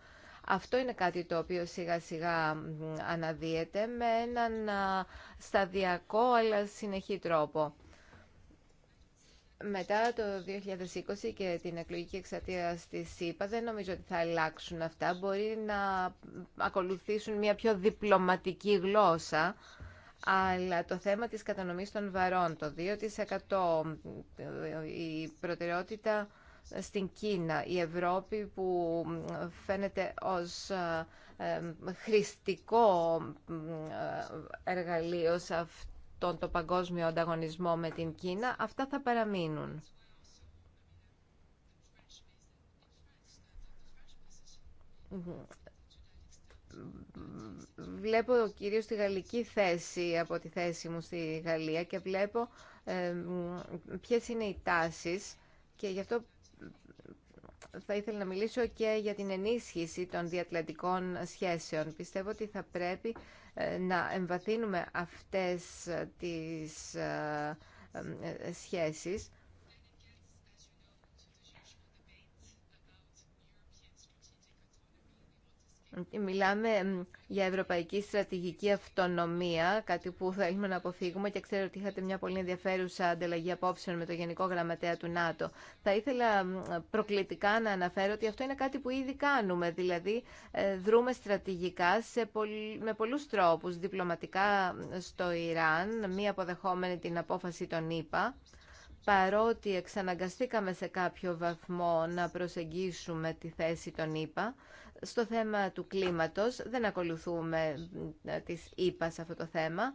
Αυτό είναι κάτι το οποίο σιγά σιγά αναδύεται με έναν σταδιακό αλλά συνεχή τρόπο μετά το 2020 και την εκλογική εξατία στη ΣΥΠΑ δεν νομίζω ότι θα αλλάξουν αυτά. Μπορεί να ακολουθήσουν μια πιο διπλωματική γλώσσα, αλλά το θέμα της κατανομής των βαρών, το 2% η προτεραιότητα στην Κίνα, η Ευρώπη που φαίνεται ως ε, ε, χρηστικό ε, εργαλείο σε αυτό τον το παγκόσμιο ανταγωνισμό με την Κίνα, αυτά θα παραμείνουν. Βλέπω κυρίως τη γαλλική θέση από τη θέση μου στη Γαλλία και βλέπω ε, ποιες είναι οι τάσεις και γι' αυτό θα ήθελα να μιλήσω και για την ενίσχυση των διατλαντικών σχέσεων. Πιστεύω ότι θα πρέπει ε, να εμβαθύνουμε αυτές τις ε, ε, σχέσεις Μιλάμε για ευρωπαϊκή στρατηγική αυτονομία, κάτι που θέλουμε να αποφύγουμε και ξέρω ότι είχατε μια πολύ ενδιαφέρουσα ανταλλαγή απόψεων με το Γενικό Γραμματέα του ΝΑΤΟ. Θα ήθελα προκλητικά να αναφέρω ότι αυτό είναι κάτι που ήδη κάνουμε, δηλαδή ε, δρούμε στρατηγικά σε πολλ... με πολλούς τρόπους, διπλωματικά στο Ιράν, μη αποδεχόμενη την απόφαση των ΗΠΑ, παρότι εξαναγκαστήκαμε σε κάποιο βαθμό να προσεγγίσουμε τη θέση των ΗΠΑ, στο θέμα του κλίματος δεν ακολουθούμε ε, τις ΙΠΑ σε αυτό το θέμα.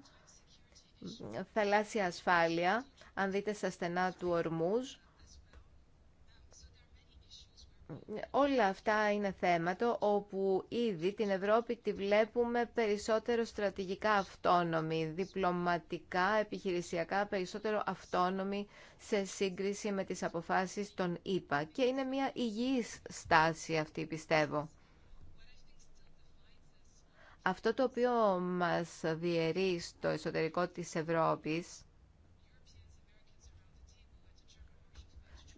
Θαλάσσια ασφάλεια, αν δείτε στα στενά του Ορμούς. όλα αυτά είναι θέματα όπου ήδη την Ευρώπη τη βλέπουμε περισσότερο στρατηγικά αυτόνομη, διπλωματικά, επιχειρησιακά περισσότερο αυτόνομη σε σύγκριση με τις αποφάσεις των ΗΠΑ. Και είναι μια υγιής στάση αυτή πιστεύω. Αυτό το οποίο μας διαιρεί στο εσωτερικό της Ευρώπης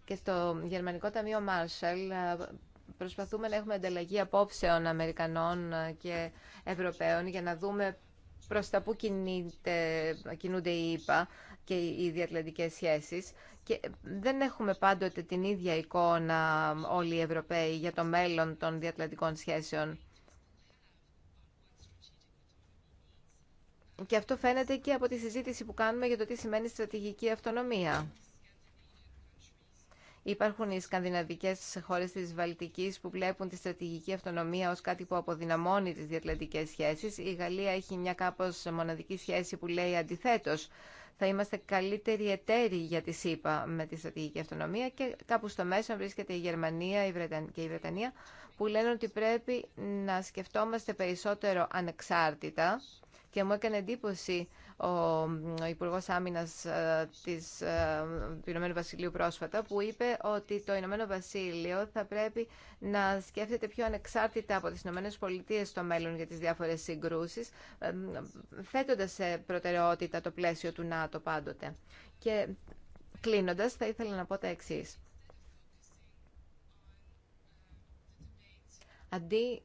και στο Γερμανικό Ταμείο Μάρσελ, προσπαθούμε να έχουμε ανταλλαγή απόψεων Αμερικανών και Ευρωπαίων για να δούμε προς τα που κινούνται οι ΙΠΑ και οι διατλαντικές σχέσεις και δεν έχουμε πάντοτε την ίδια εικόνα όλοι οι Ευρωπαίοι για το μέλλον των διατλαντικών σχέσεων. Και αυτό φαίνεται και από τη συζήτηση που κάνουμε για το τι σημαίνει στρατηγική αυτονομία. Υπάρχουν οι σκανδιναβικέ χώρες της Βαλτικής που βλέπουν τη στρατηγική αυτονομία ως κάτι που αποδυναμώνει τις διατλαντικές σχέσεις. Η Γαλλία έχει μια κάπως μοναδική σχέση που λέει αντιθέτως. Θα είμαστε καλύτεροι εταίροι για τη ΣΥΠΑ με τη στρατηγική αυτονομία και κάπου στο μέσο βρίσκεται η Γερμανία και η Βρετανία που λένε ότι πρέπει να σκεφτόμαστε περισσότερο ανεξάρτητα και μου έκανε εντύπωση ο Υπουργό Άμυνα ε, ε, του Ηνωμένου Βασιλείου πρόσφατα, που είπε ότι το Ηνωμένο Βασίλειο θα πρέπει να σκέφτεται πιο ανεξάρτητα από τι Ηνωμένε Πολιτείε στο μέλλον για τι διάφορε συγκρούσει, ε, θέτοντα σε προτεραιότητα το πλαίσιο του ΝΑΤΟ πάντοτε. Και κλείνοντα, θα ήθελα να πω τα εξή. Αντί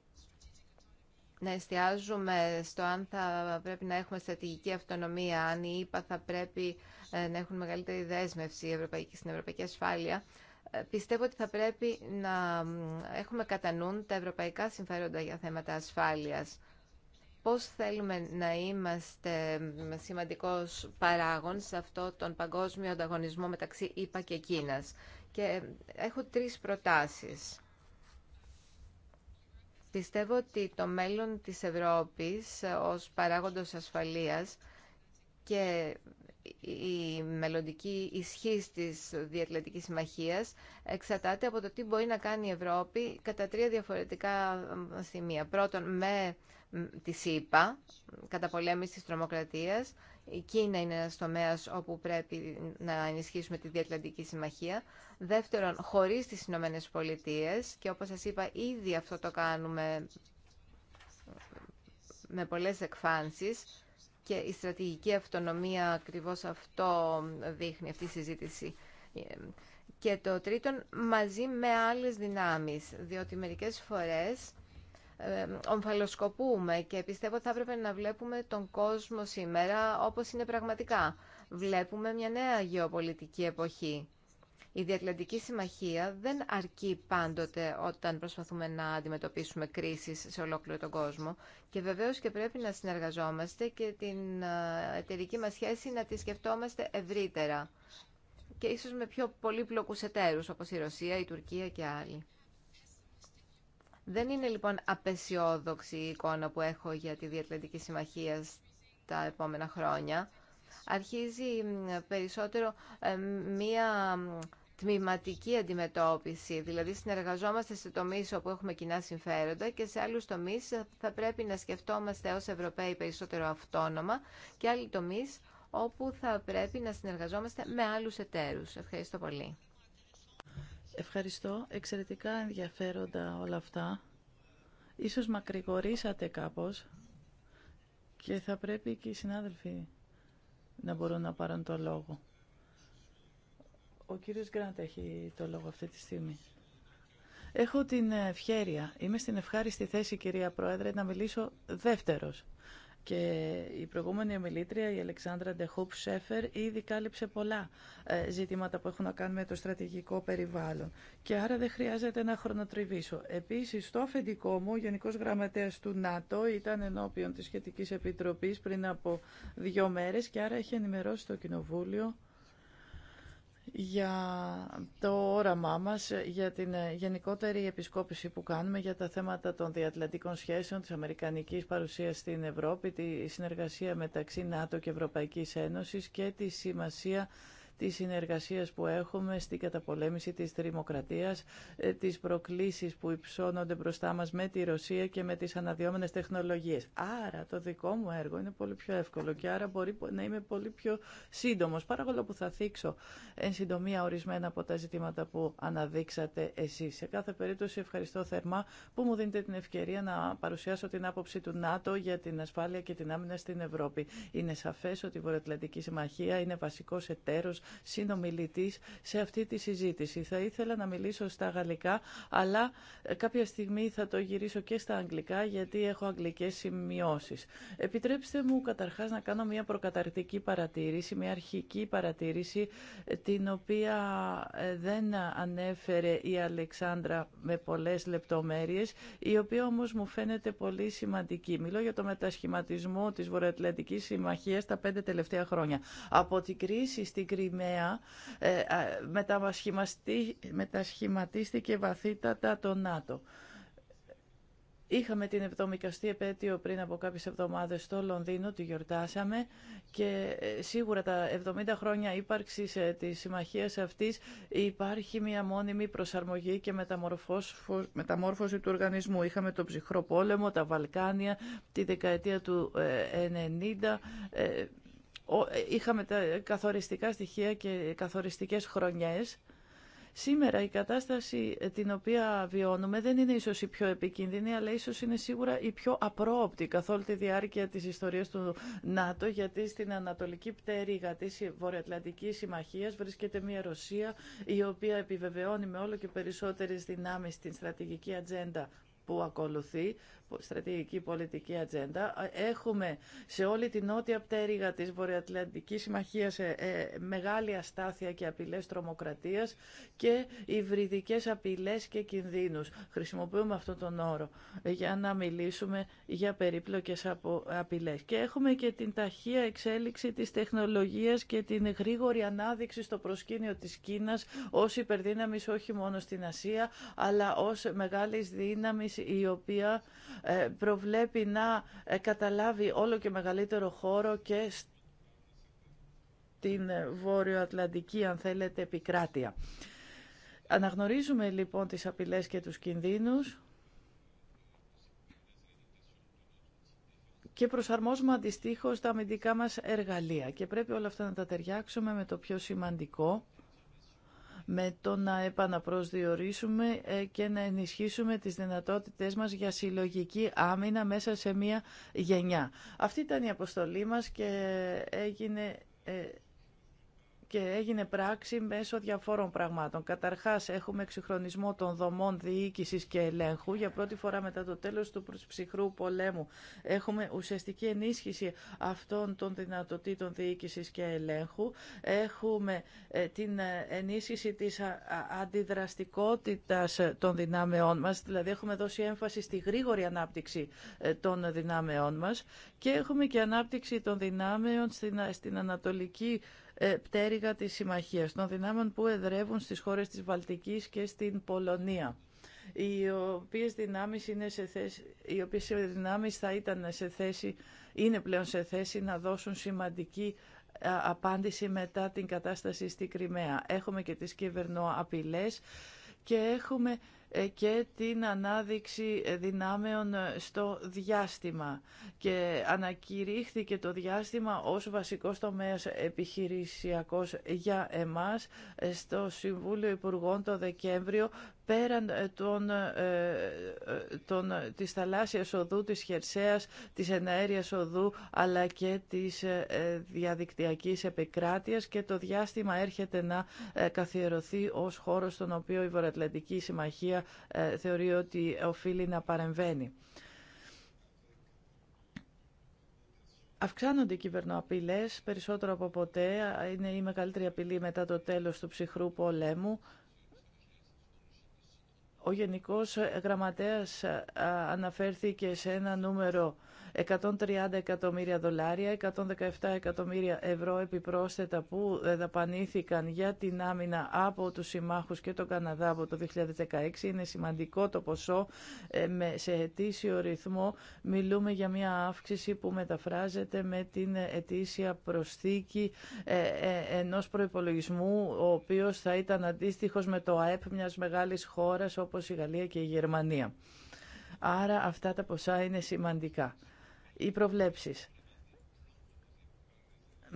να εστιάζουμε στο αν θα πρέπει να έχουμε στρατηγική αυτονομία, αν οι ΕΠΑ θα πρέπει ε, να έχουν μεγαλύτερη δέσμευση ευρωπαϊκή, στην ευρωπαϊκή ασφάλεια, ε, πιστεύω ότι θα πρέπει να έχουμε κατά νου τα ευρωπαϊκά συμφέροντα για θέματα ασφάλειας. Πώς θέλουμε να είμαστε σημαντικός παράγων σε αυτό τον παγκόσμιο ανταγωνισμό μεταξύ ΕΠΑ και Κίνας. Και ε, έχω τρεις προτάσεις. Πιστεύω ότι το μέλλον της Ευρώπης ε, ως παράγοντος ασφαλείας και η μελλοντική ισχύ της Διατλαντικής Συμμαχίας εξατάται από το τι μπορεί να κάνει η Ευρώπη κατά τρία διαφορετικά σημεία. Πρώτον, με τη ΣΥΠΑ, κατά πολέμηση της τρομοκρατίας, η Κίνα είναι ένας τομέας όπου πρέπει να ενισχύσουμε τη Διατλαντική Συμμαχία. Δεύτερον, χωρίς τις Ηνωμένε Πολιτείε και όπως σας είπα ήδη αυτό το κάνουμε με πολλές εκφάνσεις και η στρατηγική αυτονομία ακριβώς αυτό δείχνει αυτή η συζήτηση. Και το τρίτον, μαζί με άλλες δυνάμεις, διότι μερικές φορές ομφαλοσκοπούμε και πιστεύω ότι θα έπρεπε να βλέπουμε τον κόσμο σήμερα όπως είναι πραγματικά. Βλέπουμε μια νέα γεωπολιτική εποχή. Η Διατλαντική Συμμαχία δεν αρκεί πάντοτε όταν προσπαθούμε να αντιμετωπίσουμε κρίσεις σε ολόκληρο τον κόσμο και βεβαίως και πρέπει να συνεργαζόμαστε και την ε, εταιρική μας σχέση να τη σκεφτόμαστε ευρύτερα και ίσως με πιο πολύπλοκους εταίρους όπως η Ρωσία, η Τουρκία και άλλοι. Δεν είναι λοιπόν απεσιόδοξη η εικόνα που έχω για τη Διατλαντική Συμμαχία τα επόμενα χρόνια. Αρχίζει περισσότερο ε, μία τμηματική αντιμετώπιση, δηλαδή συνεργαζόμαστε σε τομείς όπου έχουμε κοινά συμφέροντα και σε άλλους τομείς θα πρέπει να σκεφτόμαστε ως Ευρωπαίοι περισσότερο αυτόνομα και άλλοι τομείς όπου θα πρέπει να συνεργαζόμαστε με άλλους εταίρους. Ευχαριστώ πολύ. Ευχαριστώ. Εξαιρετικά ενδιαφέροντα όλα αυτά. Ίσως μακρηγορήσατε κάπως και θα πρέπει και οι συνάδελφοι να μπορούν να πάρουν το λόγο. Ο κύριος Γκραντ έχει το λόγο αυτή τη στιγμή. Έχω την ευχέρεια, είμαι στην ευχάριστη θέση κυρία Πρόεδρε, να μιλήσω δεύτερος. Και η προηγούμενη ομιλήτρια, η Αλεξάνδρα Ντεχούπ Σέφερ, ήδη κάλυψε πολλά ε, ζητήματα που έχουν να κάνουν με το στρατηγικό περιβάλλον. Και άρα δεν χρειάζεται να χρονοτριβήσω. Επίση, στο αφεντικό μου, ο Γενικό Γραμματέα του ΝΑΤΟ ήταν ενώπιον τη Σχετική Επιτροπή πριν από δύο μέρε και άρα έχει ενημερώσει το Κοινοβούλιο για το όραμά μας, για την ε, γενικότερη επισκόπηση που κάνουμε για τα θέματα των διατλαντικών σχέσεων, της αμερικανικής παρουσίας στην Ευρώπη, τη συνεργασία μεταξύ ΝΑΤΟ και Ευρωπαϊκής Ένωσης και τη σημασία Τη συνεργασία που έχουμε στην καταπολέμηση της τριμοκρατίας, ε, τις προκλήσεις που υψώνονται μπροστά μας με τη Ρωσία και με τις αναδυόμενες τεχνολογίες. Άρα το δικό μου έργο είναι πολύ πιο εύκολο και άρα μπορεί να είμαι πολύ πιο σύντομος, παραγωλο που θα θίξω εν συντομία ορισμένα από τα ζητήματα που αναδείξατε εσείς. Σε κάθε περίπτωση ευχαριστώ θερμά που μου δίνετε την ευκαιρία να παρουσιάσω την άποψη του ΝΑΤΟ για την ασφάλεια και την άμυνα στην Ευρώπη. Είναι σαφές ότι η Βορειοατλαντική Συμμαχία είναι βασικός εταίρος συνομιλητής σε αυτή τη συζήτηση. Θα ήθελα να μιλήσω στα γαλλικά, αλλά κάποια στιγμή θα το γυρίσω και στα αγγλικά, γιατί έχω αγγλικές σημειώσεις. Επιτρέψτε μου καταρχάς να κάνω μια προκαταρκτική παρατήρηση, μια αρχική παρατήρηση, την οποία ε, δεν ανέφερε η Αλεξάνδρα με πολλές λεπτομέρειες, η οποία όμως μου φαίνεται πολύ σημαντική. Μιλώ για το μετασχηματισμό της Βορειοατλαντικής Συμμαχίας τα πέντε τελευταία χρόνια. Από την κρίση στην ε, τα μετασχηματίστηκε βαθύτατα το ΝΑΤΟ. Είχαμε την 70η επέτειο πριν από κάποιες εβδομάδες στο Λονδίνο, τη γιορτάσαμε και ε, σίγουρα τα 70 χρόνια ύπαρξης ε, της συμμαχία αυτής υπάρχει μια μόνιμη προσαρμογή και μεταμόρφωση του οργανισμού. Είχαμε το ψυχρό πόλεμο, τα Βαλκάνια, τη δεκαετία του 90 ε, είχαμε τα καθοριστικά στοιχεία και καθοριστικές χρονιές. Σήμερα η κατάσταση ε, την οποία βιώνουμε δεν είναι ίσως η πιο επικίνδυνη, αλλά ίσως είναι σίγουρα η πιο απρόοπτη καθ' όλη τη διάρκεια της ιστορίας του ΝΑΤΟ, γιατί στην ανατολική πτέρυγα της Βορειοατλαντικής Συμμαχίας βρίσκεται μια Ρωσία η οποία επιβεβαιώνει με όλο και περισσότερες δυνάμεις την στρατηγική ατζέντα που ακολουθεί, στρατηγική πολιτική ατζέντα. Έχουμε σε όλη την νότια πτέρυγα της Βορειοατλαντικής Συμμαχίας ε, ε, μεγάλη αστάθεια και απειλές τρομοκρατίας και υβριδικές απειλές και κινδύνους. Χρησιμοποιούμε αυτόν τον όρο ε, για να μιλήσουμε για περίπλοκες απειλές. Και έχουμε και την ταχεία εξέλιξη της τεχνολογίας και την γρήγορη ανάδειξη στο προσκήνιο της Κίνας ως υπερδύναμης όχι μόνο στην Ασία αλλά ως μεγάλης δύναμης η οποία ε, προβλέπει να ε, καταλάβει όλο και μεγαλύτερο χώρο και στην ε, βόρειο-ατλαντική, αν θέλετε, επικράτεια. Αναγνωρίζουμε λοιπόν τις απειλές και τους κινδύνους και προσαρμόζουμε αντιστοίχως τα αμυντικά μας εργαλεία και πρέπει όλα αυτά να τα ταιριάξουμε με το πιο σημαντικό με το να επαναπροσδιορίσουμε ε, και να ενισχύσουμε τις δυνατότητές μας για συλλογική άμυνα μέσα σε μία γενιά. Αυτή ήταν η αποστολή μας και έγινε ε, και έγινε πράξη μέσω διαφόρων πραγμάτων. Καταρχάς έχουμε εξυγχρονισμό των δομών διοίκησης και ελέγχου. Για πρώτη φορά μετά το τέλος του ψυχρού πολέμου έχουμε ουσιαστική ενίσχυση αυτών των δυνατοτήτων διοίκησης και ελέγχου. Έχουμε ε, την ε, ενίσχυση της αντιδραστικότητας ε, των δυνάμεών μας, δηλαδή έχουμε δώσει έμφαση στη γρήγορη ανάπτυξη των δυνάμεών μας και έχουμε και ανάπτυξη των δυνάμεων στην Ανατολική ε, πτέρυγα της συμμαχίας των δυνάμεων που εδρεύουν στις χώρες της Βαλτικής και στην Πολωνία οι οποίες δυνάμεις, είναι σε οι οποίες δυνάμεις θα ήταν σε θέση, είναι πλέον σε θέση να δώσουν σημαντική ε, απάντηση μετά την κατάσταση στη Κρυμαία. Έχουμε και τις κυβερνοαπειλές και έχουμε και την ανάδειξη δυνάμεων στο διάστημα και ανακηρύχθηκε το διάστημα ως βασικός τομέας επιχειρησιακός για εμάς στο Συμβούλιο Υπουργών το Δεκέμβριο πέραν των, ε, ε, των, της θαλάσσιας οδού, της χερσαίας, της εναέριας οδού αλλά και της ε, διαδικτυακής επικράτειας και το διάστημα έρχεται να καθιερωθεί ως χώρο στον οποίο η Βορειοατλαντική Συμμαχία ε, θεωρεί ότι οφείλει να παρεμβαίνει. Αυξάνονται οι κυβερνοαπειλές περισσότερο από ποτέ. Είναι η μεγαλύτερη απειλή μετά το τέλος του ψυχρού πολέμου. Ο Γενικός Γραμματέας ε, αναφέρθηκε σε ένα νούμερο 130 εκατομμύρια δολάρια, 117 εκατομμύρια ευρώ επιπρόσθετα που ε, δαπανήθηκαν για την άμυνα από τους συμμάχους και τον Καναδά από το 2016. Είναι σημαντικό το ποσό. Ε, σε ετήσιο ρυθμό μιλούμε για μια αύξηση που μεταφράζεται με την ετήσια προσθήκη ε, ενός προϋπολογισμού ο οποίος θα ήταν αντίστοιχος με το ΑΕΠ μιας μεγάλης χώρας όπως η Γαλλία και η Γερμανία. Άρα αυτά τα ποσά είναι σημαντικά οι προβλέψεις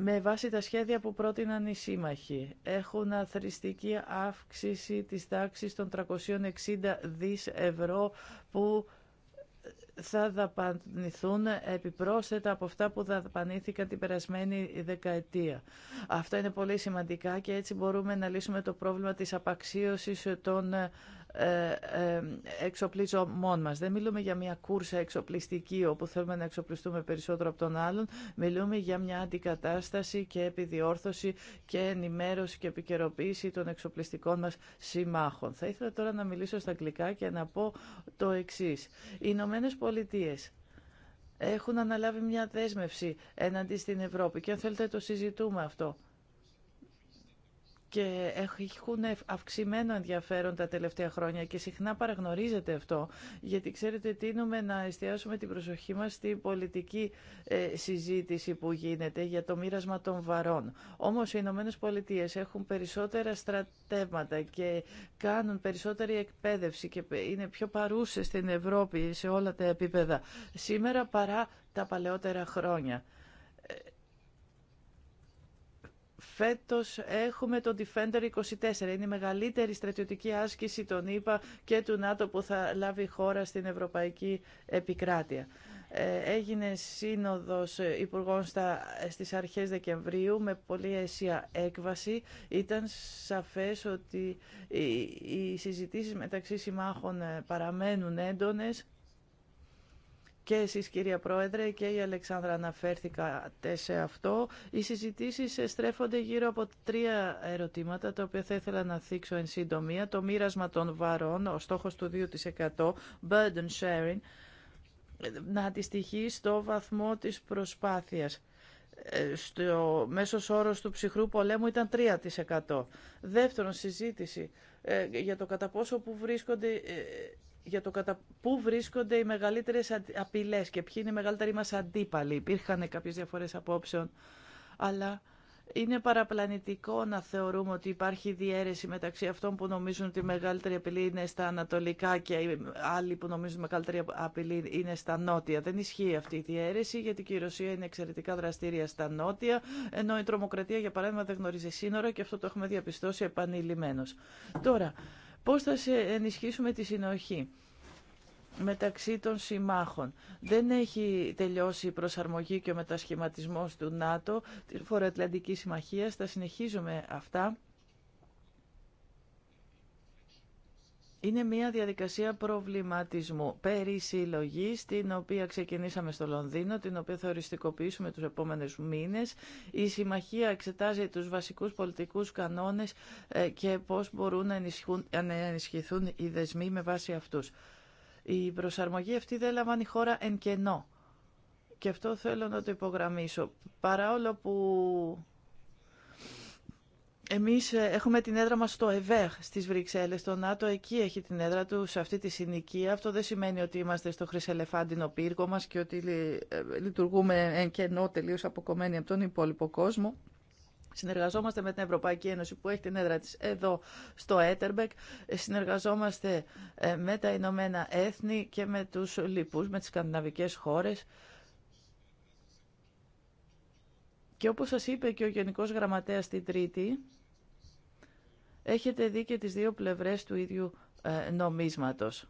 με βάση τα σχέδια που πρότειναν οι σύμμαχοι. Έχουν αθρηστική αύξηση της τάξης των 360 δις ευρώ που θα δαπανηθούν επιπρόσθετα από αυτά που δαπανήθηκαν την περασμένη δεκαετία. Αυτά είναι πολύ σημαντικά και έτσι μπορούμε να λύσουμε το πρόβλημα της απαξίωσης των ε, ε, εξοπλισμών μας. Δεν μιλούμε για μια κούρσα εξοπλιστική όπου θέλουμε να εξοπλιστούμε περισσότερο από τον άλλον. Μιλούμε για μια αντικατάσταση και επιδιόρθωση και ενημέρωση και επικαιροποίηση των εξοπλιστικών μας συμμάχων. Θα ήθελα τώρα να μιλήσω στα αγγλικά και να πω το εξής. Οι Ηνωμένε Πολιτείε έχουν αναλάβει μια δέσμευση εναντί στην Ευρώπη και αν θέλετε το συζητούμε αυτό και έχουν αυξημένο ενδιαφέρον τα τελευταία χρόνια και συχνά παραγνωρίζεται αυτό γιατί ξέρετε τίνουμε να εστιάσουμε την προσοχή μας στην πολιτική ε, συζήτηση που γίνεται για το μοίρασμα των βαρών. Όμως οι Ηνωμένε Πολιτείε έχουν περισσότερα στρατεύματα και κάνουν περισσότερη εκπαίδευση και είναι πιο παρούσες στην Ευρώπη σε όλα τα επίπεδα σήμερα παρά τα παλαιότερα χρόνια. Φέτος έχουμε τον Defender 24. Είναι η μεγαλύτερη στρατιωτική άσκηση των ΗΠΑ και του ΝΑΤΟ που θα λάβει χώρα στην Ευρωπαϊκή Επικράτεια. Ε, έγινε σύνοδος υπουργών στα, στις αρχές Δεκεμβρίου με πολύ αίσια έκβαση. Ήταν σαφές ότι οι, οι συζητήσεις μεταξύ συμμάχων παραμένουν έντονες και εσείς κυρία Πρόεδρε και η Αλεξάνδρα αναφέρθηκατε σε αυτό. Οι συζητήσεις στρέφονται γύρω από τρία ερωτήματα τα οποία θα ήθελα να θίξω εν συντομία. Το μοίρασμα των βαρών, ο στόχος του 2%, burden sharing, να αντιστοιχεί στο βαθμό της προσπάθειας ε, στο μέσο όρος του ψυχρού πολέμου ήταν 3%. Δεύτερον, συζήτηση ε, για το κατά πόσο που βρίσκονται ε, για το κατά πού βρίσκονται οι μεγαλύτερε απειλέ και ποιοι είναι οι μεγαλύτεροι μα αντίπαλοι. Υπήρχαν κάποιε διαφορέ απόψεων, αλλά είναι παραπλανητικό να θεωρούμε ότι υπάρχει διαίρεση μεταξύ αυτών που νομίζουν ότι η μεγαλύτερη απειλή είναι στα ανατολικά και οι άλλοι που νομίζουν ότι η μεγαλύτερη απειλή είναι στα νότια. Δεν ισχύει αυτή η διαίρεση γιατί και η Ρωσία είναι εξαιρετικά δραστήρια στα νότια, ενώ η τρομοκρατία για παράδειγμα δεν γνωρίζει σύνορα και αυτό το έχουμε διαπιστώσει επανειλημμένω. Τώρα, Πώς θα ενισχύσουμε τη συνοχή μεταξύ των συμμάχων. Δεν έχει τελειώσει η προσαρμογή και ο μετασχηματισμός του ΝΑΤΟ, της Φοροατλαντικής Συμμαχίας. Θα συνεχίζουμε αυτά Είναι μια διαδικασία προβληματισμού περί συλλογής, την οποία ξεκινήσαμε στο Λονδίνο, την οποία θα οριστικοποιήσουμε τους επόμενους μήνες. Η Συμμαχία εξετάζει τους βασικούς πολιτικούς κανόνες ε, και πώς μπορούν να ενισχυθούν, ε, να ενισχυθούν οι δεσμοί με βάση αυτούς. Η προσαρμογή αυτή δεν λαμβάνει χώρα εν κενό. Και αυτό θέλω να το υπογραμμίσω. Παρά που εμείς ε, έχουμε την έδρα μας στο ΕΒΕΧ στις Βρυξέλλες, το ΝΑΤΟ εκεί έχει την έδρα του σε αυτή τη συνοικία. Αυτό δεν σημαίνει ότι είμαστε στο χρυσελεφάντινο πύργο μας και ότι ε, λειτουργούμε εν κενό τελείως αποκομμένοι από τον υπόλοιπο κόσμο. Συνεργαζόμαστε με την Ευρωπαϊκή Ένωση που έχει την έδρα της εδώ στο Έτερμπεκ. Ε, συνεργαζόμαστε με τα Ηνωμένα Έθνη και με τους λοιπούς, με τις σκανδιναβικές χώρες. Και όπως σας είπε και ο Γενικός Γραμματέας την Τρίτη, έχετε δει και τις δύο πλευρές του ίδιου ε, νομίσματος.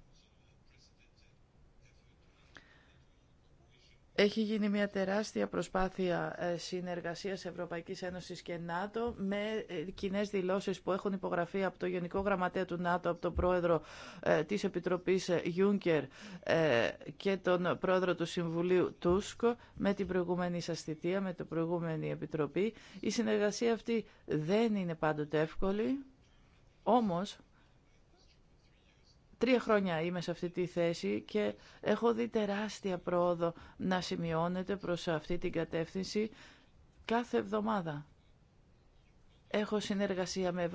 Έχει γίνει μια τεράστια προσπάθεια ε, συνεργασίας Ευρωπαϊκής Ένωσης και ΝΑΤΟ με ε, κοινέ δηλώσεις που έχουν υπογραφεί από το Γενικό Γραμματέα του ΝΑΤΟ, από τον Πρόεδρο της Επιτροπής Γιούνκερ και τον Πρόεδρο του Συμβουλίου Τούσκ με την προηγούμενη σας με την προηγούμενη Επιτροπή. Η συνεργασία αυτή δεν είναι πάντοτε εύκολη. Όμως, τρία χρόνια είμαι σε αυτή τη θέση και έχω δει τεράστια πρόοδο να σημειώνεται προς αυτή την κατεύθυνση κάθε εβδομάδα. Έχω συνεργασία με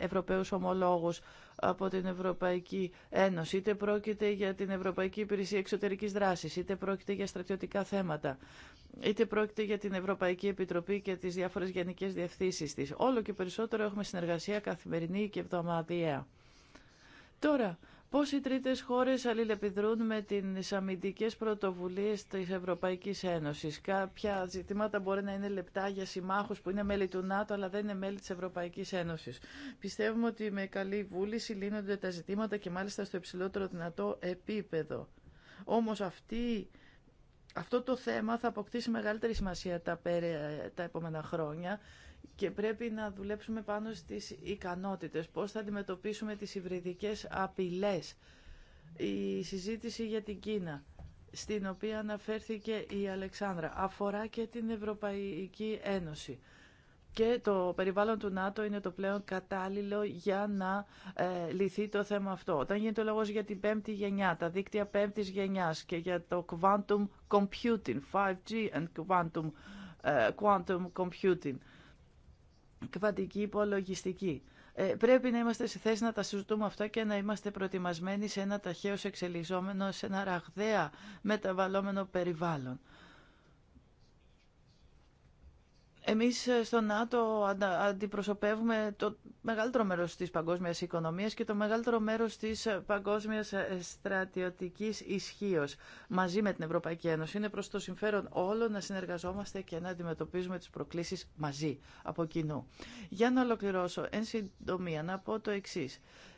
Ευρωπαίους ομολόγους από την Ευρωπαϊκή Ένωση, είτε πρόκειται για την Ευρωπαϊκή Υπηρεσία Εξωτερικής Δράσης, είτε πρόκειται για στρατιωτικά θέματα, είτε πρόκειται για την Ευρωπαϊκή Επιτροπή και τις διάφορες γενικές διευθύνσεις της. Όλο και περισσότερο έχουμε συνεργασία καθημερινή και εβδομαδιαία. Τώρα, Πώς οι τρίτες χώρες αλληλεπιδρούν με τις αμυντικές πρωτοβουλίες της Ευρωπαϊκής Ένωσης. Κάποια ζητήματα μπορεί να είναι λεπτά για συμμάχους που είναι μέλη του ΝΑΤΟ αλλά δεν είναι μέλη της Ευρωπαϊκής Ένωσης. Πιστεύουμε ότι με καλή βούληση λύνονται τα ζητήματα και μάλιστα στο υψηλότερο δυνατό επίπεδο. Όμως αυτή αυτό το θέμα θα αποκτήσει μεγαλύτερη σημασία τα, τα επόμενα χρόνια και πρέπει να δουλέψουμε πάνω στις ικανότητες, πώς θα αντιμετωπίσουμε τις υβριδικές απειλές. Η συζήτηση για την Κίνα, στην οποία αναφέρθηκε η Αλεξάνδρα, αφορά και την Ευρωπαϊκή Ένωση. Και το περιβάλλον του ΝΑΤΟ είναι το πλέον κατάλληλο για να ε, λυθεί το θέμα αυτό. Όταν γίνεται λόγος για την πέμπτη γενιά, τα δίκτυα πέμπτης γενιάς και για το quantum computing, 5G and quantum, ε, quantum computing, κβαντική υπολογιστική. Ε, πρέπει να είμαστε σε θέση να τα συζητούμε αυτά και να είμαστε προετοιμασμένοι σε ένα ταχαίως εξελιζόμενο, σε ένα ραγδαία μεταβαλλόμενο περιβάλλον. Εμεί ε, στο ΝΑΤΟ αντιπροσωπεύουμε το μεγαλύτερο μέρο τη παγκόσμιας οικονομία και το μεγαλύτερο μέρο τη ε, παγκόσμιας ε, στρατιωτικής ισχύω. μαζί με την Ευρωπαϊκή Ένωση. Είναι προς το συμφέρον όλων να συνεργαζόμαστε και να αντιμετωπίζουμε τις προκλήσεις μαζί, από κοινού. Για να ολοκληρώσω, εν συντομία, να πω το εξή.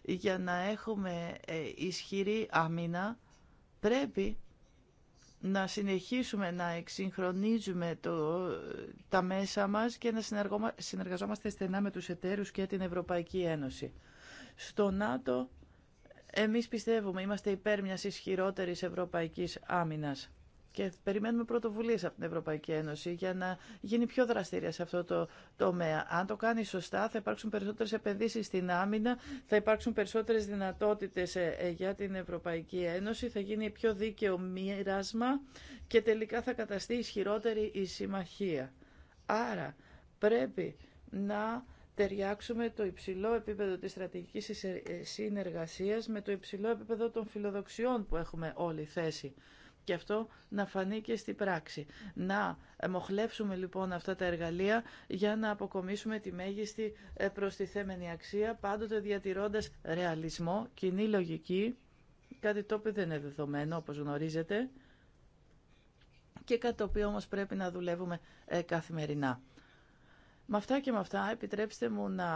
Για να έχουμε ισχυρή άμυνα, πρέπει να συνεχίσουμε να εξυγχρονίζουμε το, τα μέσα μας και να συνεργαζόμαστε στενά με τους εταίρους και την Ευρωπαϊκή Ένωση. Στο ΝΑΤΟ εμείς πιστεύουμε, είμαστε υπέρ μιας ισχυρότερης ευρωπαϊκής άμυνας και περιμένουμε πρωτοβουλίες από την Ευρωπαϊκή Ένωση για να γίνει πιο δραστήρια σε αυτό το τομέα. Αν το κάνει σωστά θα υπάρξουν περισσότερες επενδύσεις στην άμυνα, θα υπάρξουν περισσότερες δυνατότητες ε, ε, για την Ευρωπαϊκή Ένωση, θα γίνει πιο δίκαιο μοίρασμα και τελικά θα καταστεί ισχυρότερη η συμμαχία. Άρα πρέπει να ταιριάξουμε το υψηλό επίπεδο της στρατηγικής ε, συνεργασίας με το υψηλό επίπεδο των φιλοδοξιών που έχουμε όλοι θέσει και αυτό να φανεί και στη πράξη. Να μοχλεύσουμε λοιπόν αυτά τα εργαλεία για να αποκομίσουμε τη μέγιστη ε, προστιθέμενη αξία, πάντοτε διατηρώντας ρεαλισμό, κοινή λογική, κάτι το οποίο δεν είναι δεδομένο όπως γνωρίζετε και κάτι το οποίο όμως πρέπει να δουλεύουμε ε, καθημερινά. Με αυτά και με αυτά, επιτρέψτε μου να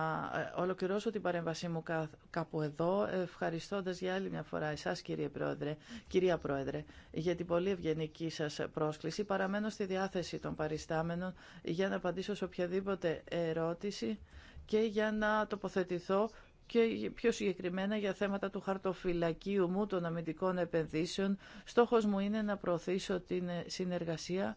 ε, ολοκληρώσω την παρέμβασή μου κάπου εδώ, ευχαριστώντας για άλλη μια φορά εσάς κύριε Πρόεδρε, κυρία Πρόεδρε, για την πολύ ευγενική σας πρόσκληση. Παραμένω στη διάθεση των παριστάμενων για να απαντήσω σε οποιαδήποτε ερώτηση και για να τοποθετηθώ και πιο συγκεκριμένα για θέματα του χαρτοφυλακίου μου των αμυντικών επενδύσεων. Στόχος μου είναι να προωθήσω την συνεργασία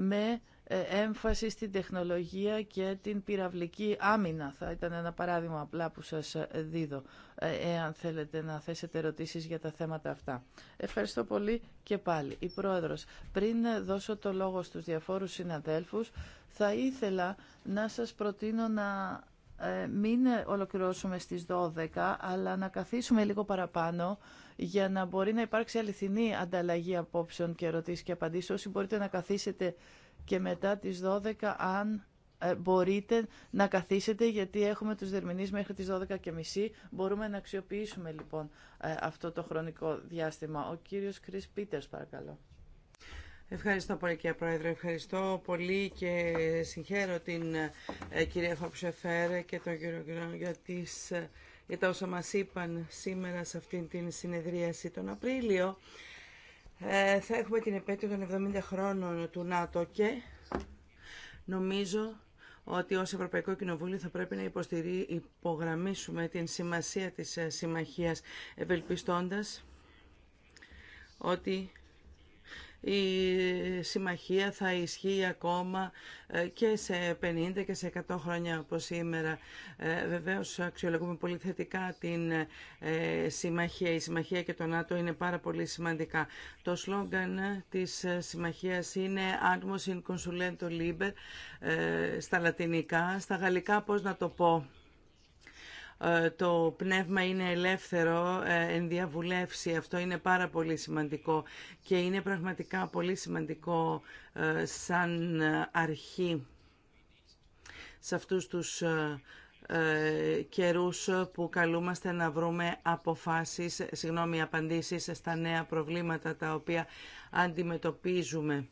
με ε, έμφαση στην τεχνολογία και την πυραυλική άμυνα. Θα ήταν ένα παράδειγμα απλά που σας ε, δίδω, ε, εάν θέλετε να θέσετε ερωτήσεις για τα θέματα αυτά. Ευχαριστώ πολύ και πάλι. Η Πρόεδρος, πριν δώσω το λόγο στους διαφόρους συναδέλφους, θα ήθελα να σας προτείνω να μην ολοκληρώσουμε στις 12, αλλά να καθίσουμε λίγο παραπάνω για να μπορεί να υπάρξει αληθινή ανταλλαγή απόψεων και ερωτήσεις και απαντήσεις. Όσοι μπορείτε να καθίσετε και μετά τις 12 αν ε, μπορείτε να καθίσετε γιατί έχουμε τους δερμηνείς μέχρι τις 12.30. Μπορούμε να αξιοποιήσουμε λοιπόν ε, αυτό το χρονικό διάστημα. Ο κύριος Κρίς Πίτερς παρακαλώ. Ευχαριστώ πολύ κύριε Πρόεδρε, ευχαριστώ πολύ και συγχαίρω την ε, κυρία Χοψεφέρ και τον κύριο Γκρόν για, για τα όσα μας είπαν σήμερα σε αυτήν την συνεδρίαση τον Απρίλιο. Ε, θα έχουμε την επέτειο των 70 χρόνων του ΝΑΤΟ και νομίζω ότι ως Ευρωπαϊκό Κοινοβούλιο θα πρέπει να υποστηρί, υπογραμμίσουμε την σημασία της ε, συμμαχίας ευελπιστώντας ότι η συμμαχία θα ισχύει ακόμα ε, και σε 50 και σε 100 χρόνια από σήμερα. Ε, βεβαίως αξιολογούμε πολύ θετικά την ε, συμμαχία. Η συμμαχία και το ΝΑΤΟ είναι πάρα πολύ σημαντικά. Το σλόγγαν της συμμαχίας είναι «Atmos in consulento liber» στα λατινικά, στα γαλλικά πώς να το πω. Ε, το πνεύμα είναι ελεύθερο, ε, ενδιαβουλεύσει. Αυτό είναι πάρα πολύ σημαντικό και είναι πραγματικά πολύ σημαντικό ε, σαν αρχή σε αυτούς τους καιρούς που καλούμαστε να βρούμε αποφάσεις, συγγνώμη, απαντήσεις στα νέα προβλήματα τα οποία αντιμετωπίζουμε.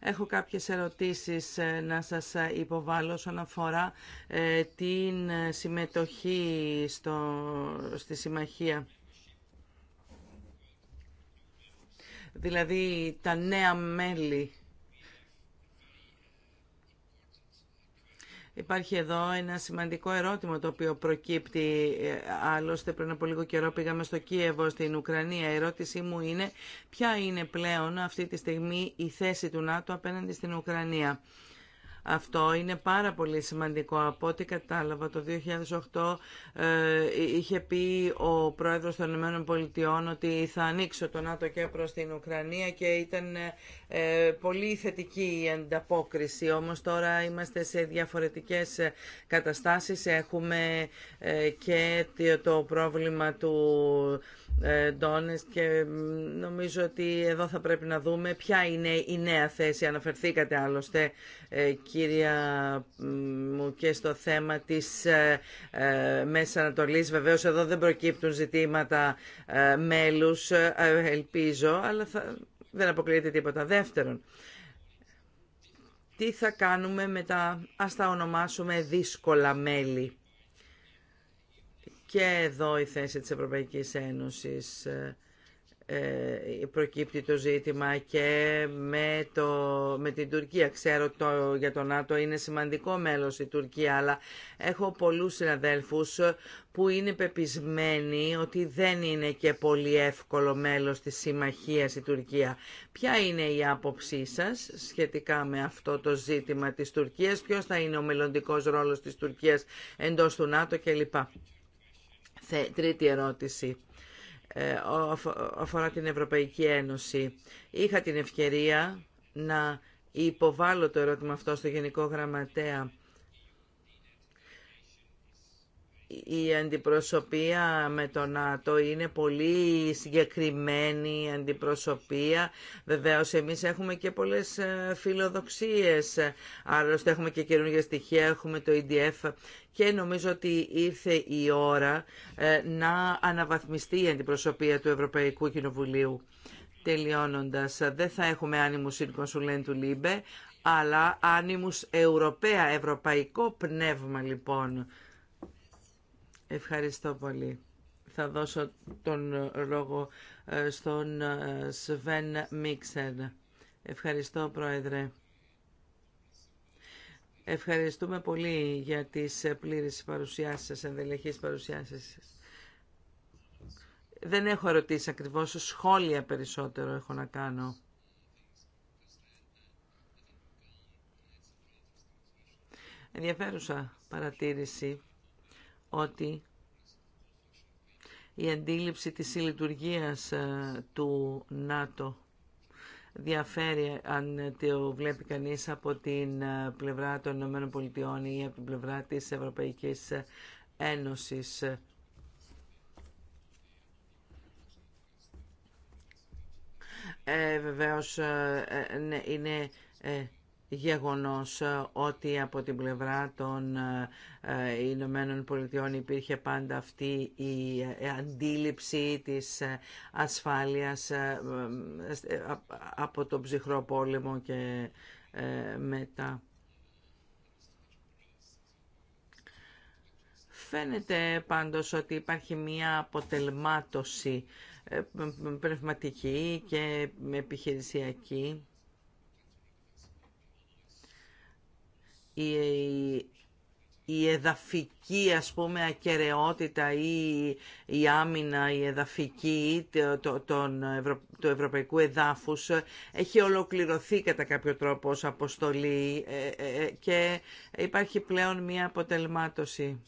Έχω κάποιες ερωτήσεις ε, να σας ε, υποβάλω όσον αφορά ε, την συμμετοχή στο, στη συμμαχία. Δηλαδή τα νέα μέλη Υπάρχει εδώ ένα σημαντικό ερώτημα το οποίο προκύπτει. Ε, άλλωστε πριν από λίγο καιρό πήγαμε στο Κίεβο στην Ουκρανία. Η ερώτησή μου είναι ποια είναι πλέον αυτή τη στιγμή η θέση του ΝΑΤΟ απέναντι στην Ουκρανία. Αυτό είναι πάρα πολύ σημαντικό. Από ό,τι κατάλαβα, το 2008 ε, είχε πει ο πρόεδρος των Ηνωμένων Πολιτειών ότι θα ανοίξω το ΝΑΤΟ και προς την Ουκρανία και ήταν ε, ε, πολύ θετική η ανταπόκριση. Όμως τώρα είμαστε σε διαφορετικές ε, καταστάσεις. Έχουμε και το πρόβλημα του ε, Ντόνες και νομίζω ότι εδώ θα πρέπει να δούμε ποια είναι η νέα θέση. Αναφερθήκατε άλλωστε ε, κύρια μου και στο θέμα της ε, Μέσης Ανατολής. Βεβαίως εδώ δεν προκύπτουν ζητήματα μέλους, ελπίζω, αλλά δεν αποκλείεται τίποτα. Δεύτερον, τι θα κάνουμε με τα, ας τα ονομάσουμε δύσκολα μέλη. Και εδώ η θέση της Ευρωπαϊκής Ένωσης ε, ε, προκύπτει το ζήτημα και με, το, με την Τουρκία. Ξέρω το, για το ΝΑΤΟ είναι σημαντικό μέλος η Τουρκία, αλλά έχω πολλούς συναδέλφους που είναι πεπισμένοι ότι δεν είναι και πολύ εύκολο μέλος της συμμαχίας η Τουρκία. Ποια είναι η άποψή σας σχετικά με αυτό το ζήτημα της Τουρκίας, ποιος θα είναι ο μελλοντικός ρόλος της Τουρκίας εντός του ΝΑΤΟ κλπ. Τρίτη ερώτηση ε, αφορά την Ευρωπαϊκή Ένωση. Είχα την ευκαιρία να υποβάλλω το ερώτημα αυτό στο Γενικό Γραμματέα η αντιπροσωπεία με το ΝΑΤΟ είναι πολύ συγκεκριμένη αντιπροσωπεία. Βεβαίως εμείς έχουμε και πολλές ε, φιλοδοξίες, άλλωστε έχουμε και καινούργια στοιχεία, έχουμε το EDF και νομίζω ότι ήρθε η ώρα ε, να αναβαθμιστεί η αντιπροσωπεία του Ευρωπαϊκού Κοινοβουλίου. Τελειώνοντας, δεν θα έχουμε άνιμους συνκονσουλέν του Λίμπε, αλλά άνιμους Ευρωπαία, ευρωπαϊκό πνεύμα λοιπόν. Ευχαριστώ πολύ. Θα δώσω τον λόγο ε, στον ε, Σβέν Μίξερ. Ευχαριστώ, Πρόεδρε. Ευχαριστούμε πολύ για τις πλήρες παρουσιάσεις σας, ενδελεχείς παρουσιάσεις σας. Δεν έχω ερωτήσει ακριβώς, σχόλια περισσότερο έχω να κάνω. Ενδιαφέρουσα παρατήρηση ότι η αντίληψη της συλλειτουργίας ε, του ΝΑΤΟ διαφέρει αν το βλέπει κανείς από την ε, πλευρά των ΗΠΑ ή από την πλευρά της Ευρωπαϊκής ε, Ένωσης. Ε, βεβαίως, ναι, είναι γεγονός ε, ότι από την πλευρά των ε, ε, Ηνωμένων Πολιτειών υπήρχε πάντα αυτή η αντίληψη της ασφάλειας από τον ψυχρό πόλεμο και μετά. Φαίνεται πάντως ότι υπάρχει μία αποτελμάτωση πνευματική και επιχειρησιακή η, η εδαφική ας πούμε ακαιρεότητα ή η άμυνα, η εδαφική το, τον του ευρωπαϊκού εδάφους έχει ολοκληρωθεί κατά κάποιο τρόπο ως αποστολή ε, ε, ε, και υπάρχει πλέον μία αποτελμάτωση.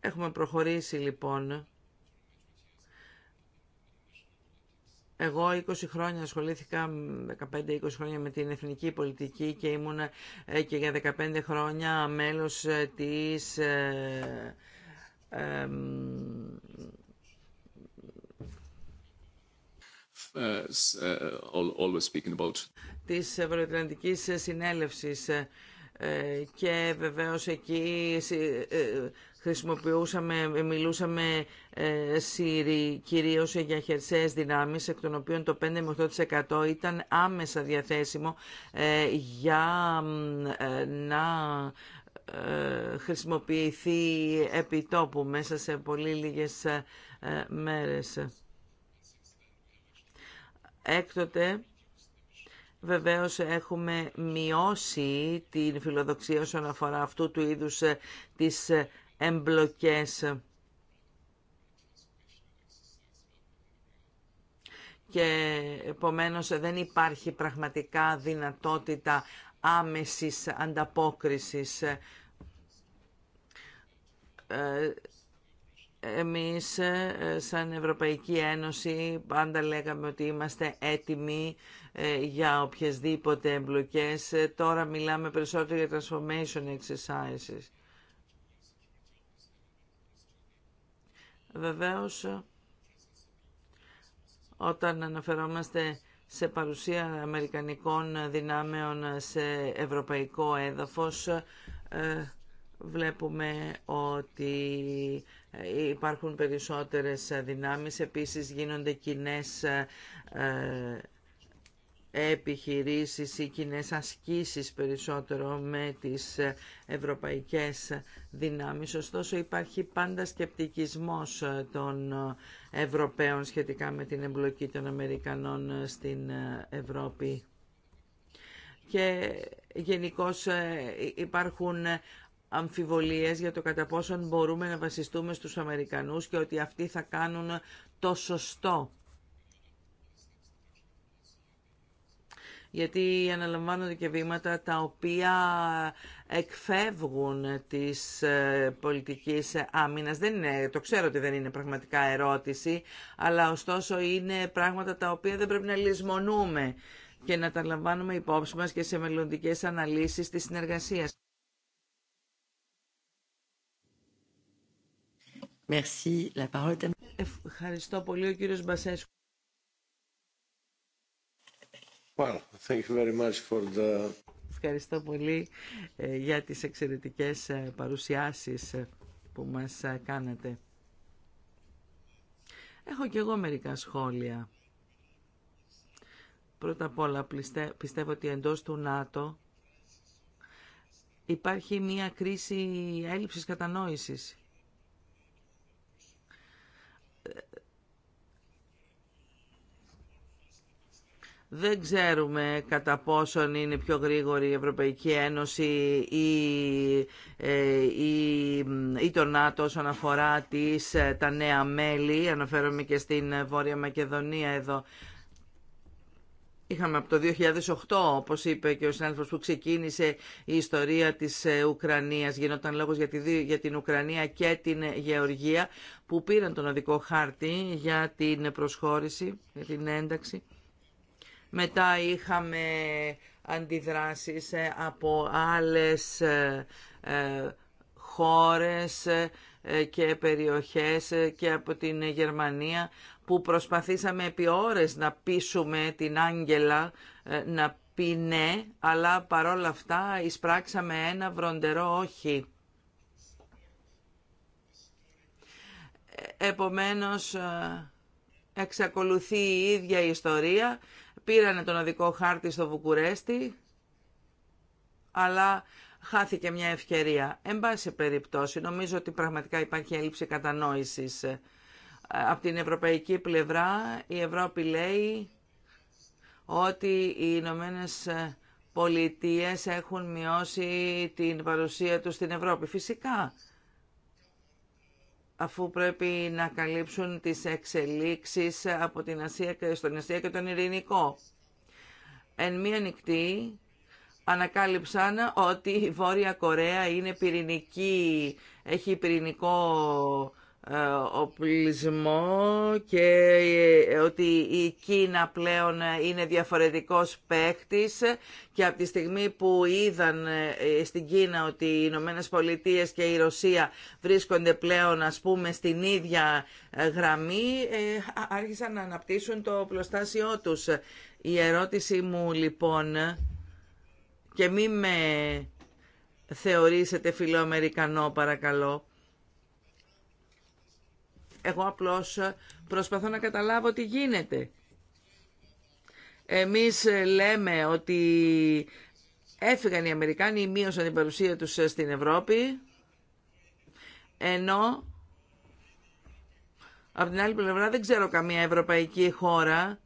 Έχουμε προχωρήσει λοιπόν Εγώ 20 χρόνια ασχολήθηκα, 15-20 χρόνια με την εθνική πολιτική και ήμουν ε, και για 15 χρόνια μέλος ε, της ε, ε, ε της Συνέλευσης και βεβαίως εκεί χρησιμοποιούσαμε, μιλούσαμε ε, σύρι, κυρίως για χερσαίες δυνάμεις, εκ των οποίων το 5 8% ήταν άμεσα διαθέσιμο ε, για ε, να ε, χρησιμοποιηθεί επιτόπου μέσα σε πολύ λίγες μέρες. Έκτοτε, Βεβαίως έχουμε μειώσει την φιλοδοξία όσον αφορά αυτού του είδους της εμπλοκές. και επομένως δεν υπάρχει πραγματικά δυνατότητα άμεσης ανταπόκρισης. Ε, εμείς ε, σαν Ευρωπαϊκή Ένωση πάντα λέγαμε ότι είμαστε έτοιμοι ε, για οποιασδήποτε εμπλοκές. Τώρα μιλάμε περισσότερο για transformation exercises. Βεβαίως, όταν αναφερόμαστε σε παρουσία αμερικανικών δυνάμεων σε ευρωπαϊκό έδαφος, ε, βλέπουμε ότι υπάρχουν περισσότερες δυνάμεις. Επίσης γίνονται κοινέ ε, επιχειρήσεις ή κοινέ ασκήσεις περισσότερο με τις ευρωπαϊκές δυνάμεις. Ωστόσο υπάρχει πάντα σκεπτικισμός των Ευρωπαίων σχετικά με την εμπλοκή των Αμερικανών στην Ευρώπη. Και γενικώ ε, υπάρχουν αμφιβολίες για το κατά πόσον μπορούμε να βασιστούμε στους Αμερικανούς και ότι αυτοί θα κάνουν το σωστό γιατί αναλαμβάνονται και βήματα τα οποία εκφεύγουν της ε, πολιτικής άμυνας. Δεν το ξέρω ότι δεν είναι πραγματικά ερώτηση, αλλά ωστόσο είναι πράγματα τα οποία δεν πρέπει να λησμονούμε και να τα λαμβάνουμε υπόψη μας και σε μελλοντικές αναλύσεις της συνεργασίας. Merci. Ευχαριστώ πολύ ο κύριος Μπασέσκου. Well, Ευχαριστώ πολύ ε, για τις εξαιρετικές ε, παρουσιάσεις ε, που μας κάνατε. Έχω και εγώ μερικά σχόλια. Πρώτα απ' όλα πιστεύω ότι εντός του ΝΑΤΟ υπάρχει μια κρίση έλλειψης κατανόησης. Δεν ξέρουμε κατά πόσον είναι πιο γρήγορη η Ευρωπαϊκή Ένωση ή, ε, ή, ή το ΝΑΤΟ όσον αφορά τις, ε, τα νέα μέλη. Αναφέρομαι και στην Βόρεια Μακεδονία εδώ. Είχαμε από το 2008, όπως είπε και ο συνάδελφος που ξεκίνησε η ιστορία της ε, Ουκρανίας. Γινόταν λόγος για, για την Ουκρανία και την Γεωργία που πήραν τον οδικό χάρτη για την προσχώρηση, για την ένταξη. Μετά είχαμε αντιδράσεις ε, από άλλες ε, ε, χώρες και περιοχές και από την Γερμανία που προσπαθήσαμε επί ώρες να πείσουμε την Άγγελα να πει ναι, αλλά παρόλα αυτά εισπράξαμε ένα βροντερό όχι. Επομένως, εξακολουθεί η ίδια ιστορία πήρανε τον οδικό χάρτη στο Βουκουρέστι, αλλά χάθηκε μια ευκαιρία. Εν πάση περιπτώσει, νομίζω ότι πραγματικά υπάρχει έλλειψη κατανόησης. Ε, Από την ευρωπαϊκή πλευρά, η Ευρώπη λέει ότι οι Ηνωμένε Πολιτείες έχουν μειώσει την παρουσία τους στην Ευρώπη. Φυσικά, αφού πρέπει να καλύψουν τις εξελίξεις από την Ασία και στον Ασία και τον Ειρηνικό. Εν μία νυχτή ανακάλυψαν ότι η Βόρεια Κορέα είναι πυρηνική, έχει πυρηνικό ε, οπλισμό και ε, ότι η Κίνα πλέον είναι διαφορετικός πέκτης και από τη στιγμή που είδαν ε, στην Κίνα ότι οι Ηνωμένε Πολιτείες και η Ρωσία βρίσκονται πλέον ας πούμε στην ίδια γραμμή άρχισαν να αναπτύσσουν το πλωστάσιό τους. Η ερώτηση μου λοιπόν και μη με θεωρήσετε φιλοαμερικανό παρακαλώ εγώ απλώς προσπαθώ να καταλάβω τι γίνεται. Εμείς λέμε ότι έφυγαν οι Αμερικάνοι, μείωσαν την παρουσία τους στην Ευρώπη, ενώ από την άλλη πλευρά δεν ξέρω καμία ευρωπαϊκή χώρα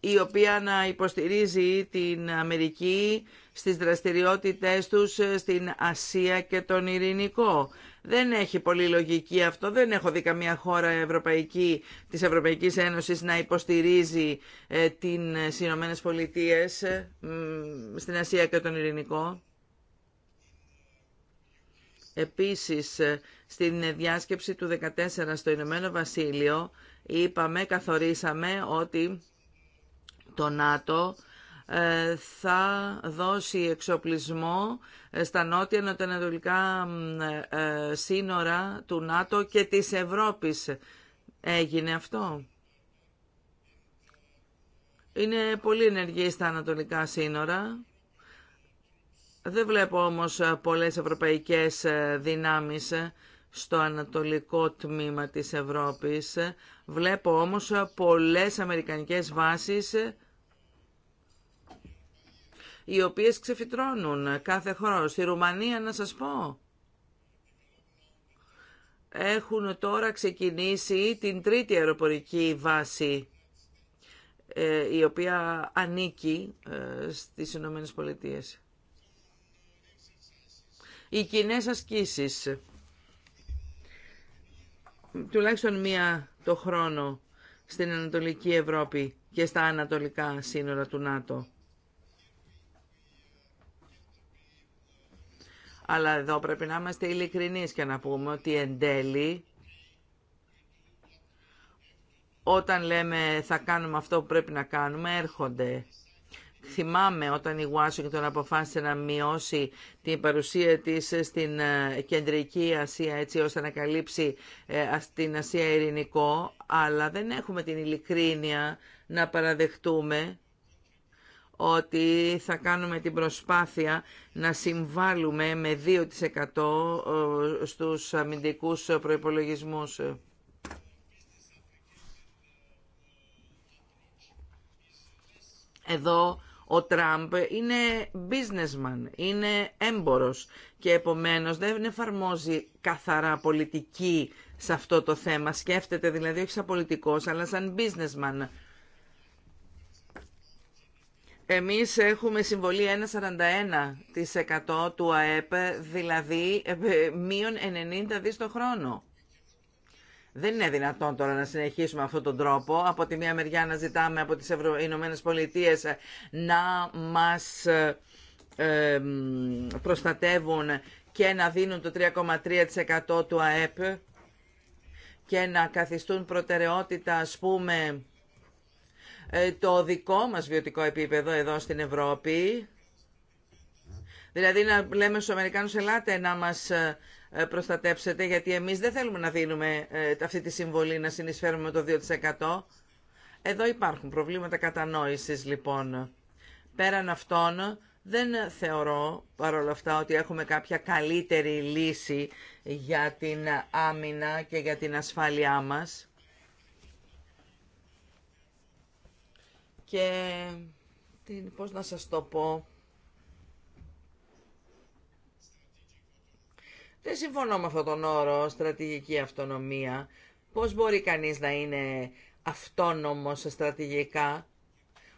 η οποία να υποστηρίζει την Αμερική στις δραστηριότητές τους στην Ασία και τον Ειρηνικό. Δεν έχει πολύ λογική αυτό. Δεν έχω δει καμία χώρα ευρωπαϊκή, της Ευρωπαϊκής Ένωσης να υποστηρίζει ε, την, ε, συνωμένες Πολιτείες, ε, στην Ασία και τον Ειρηνικό. Επίσης, ε, στην διάσκεψη του 14 στο Ηνωμένο Βασίλειο, είπαμε, καθορίσαμε ότι το ΝΑΤΟ ε, θα δώσει εξοπλισμό ε, στα νότια ανατολικά ε, σύνορα του ΝΑΤΟ και της Ευρώπης. Έγινε αυτό. Είναι πολύ ενεργή στα ανατολικά σύνορα. Δεν βλέπω όμως πολλές ευρωπαϊκές δυνάμεις στο ανατολικό τμήμα της Ευρώπης. Βλέπω όμως πολλές αμερικανικές βάσεις οι οποίες ξεφυτρώνουν κάθε χρόνο. Στη Ρουμανία να σας πω έχουν τώρα ξεκινήσει την τρίτη αεροπορική βάση ε, η οποία ανήκει ε, στις Ηνωμένες Πολιτείες. Οι κοινέ ασκήσεις, τουλάχιστον μία το χρόνο στην Ανατολική Ευρώπη και στα Ανατολικά σύνορα του ΝΑΤΟ. Αλλά εδώ πρέπει να είμαστε ειλικρινείς και να πούμε ότι εν τέλει, όταν λέμε θα κάνουμε αυτό που πρέπει να κάνουμε, έρχονται. Θυμάμαι όταν η Washington αποφάσισε να μειώσει την παρουσία της στην ε, κεντρική Ασία έτσι ώστε να καλύψει ε, την Ασία ειρηνικό, αλλά δεν έχουμε την ειλικρίνεια να παραδεχτούμε ότι θα κάνουμε την προσπάθεια να συμβάλλουμε με 2% ε, στους αμυντικούς προϋπολογισμούς. Εδώ ο Τραμπ είναι businessman, είναι έμπορος και επομένως δεν εφαρμόζει καθαρά πολιτική σε αυτό το θέμα. Σκέφτεται δηλαδή όχι σαν πολιτικός αλλά σαν businessman. Εμείς έχουμε συμβολή 1,41% του ΑΕΠ, δηλαδή ε, μείον 90 δις το χρόνο. Δεν είναι δυνατόν τώρα να συνεχίσουμε αυτόν τον τρόπο. Από τη μία μεριά να ζητάμε από τις Ευρω... Πολιτείε Πολιτείες να μας ε, προστατεύουν και να δίνουν το 3,3% του ΑΕΠ και να καθιστούν προτεραιότητα, ας πούμε, ε, το δικό μας βιωτικό επίπεδο εδώ στην Ευρώπη. Δηλαδή να λέμε στους Αμερικάνους ελάτε να μας ε, ε, προστατέψετε γιατί εμείς δεν θέλουμε να δίνουμε αυτή τη συμβολή να συνεισφέρουμε το 2%. Εδώ υπάρχουν προβλήματα κατανόησης λοιπόν. Πέραν αυτών δεν θεωρώ παρόλα αυτά ότι έχουμε κάποια καλύτερη λύση για την άμυνα και για την ασφάλειά μας. και την, πώς να σας το πω, Δεν συμφωνώ με αυτόν τον όρο, στρατηγική αυτονομία. Πώς μπορεί κανείς να είναι αυτόνομος στρατηγικά,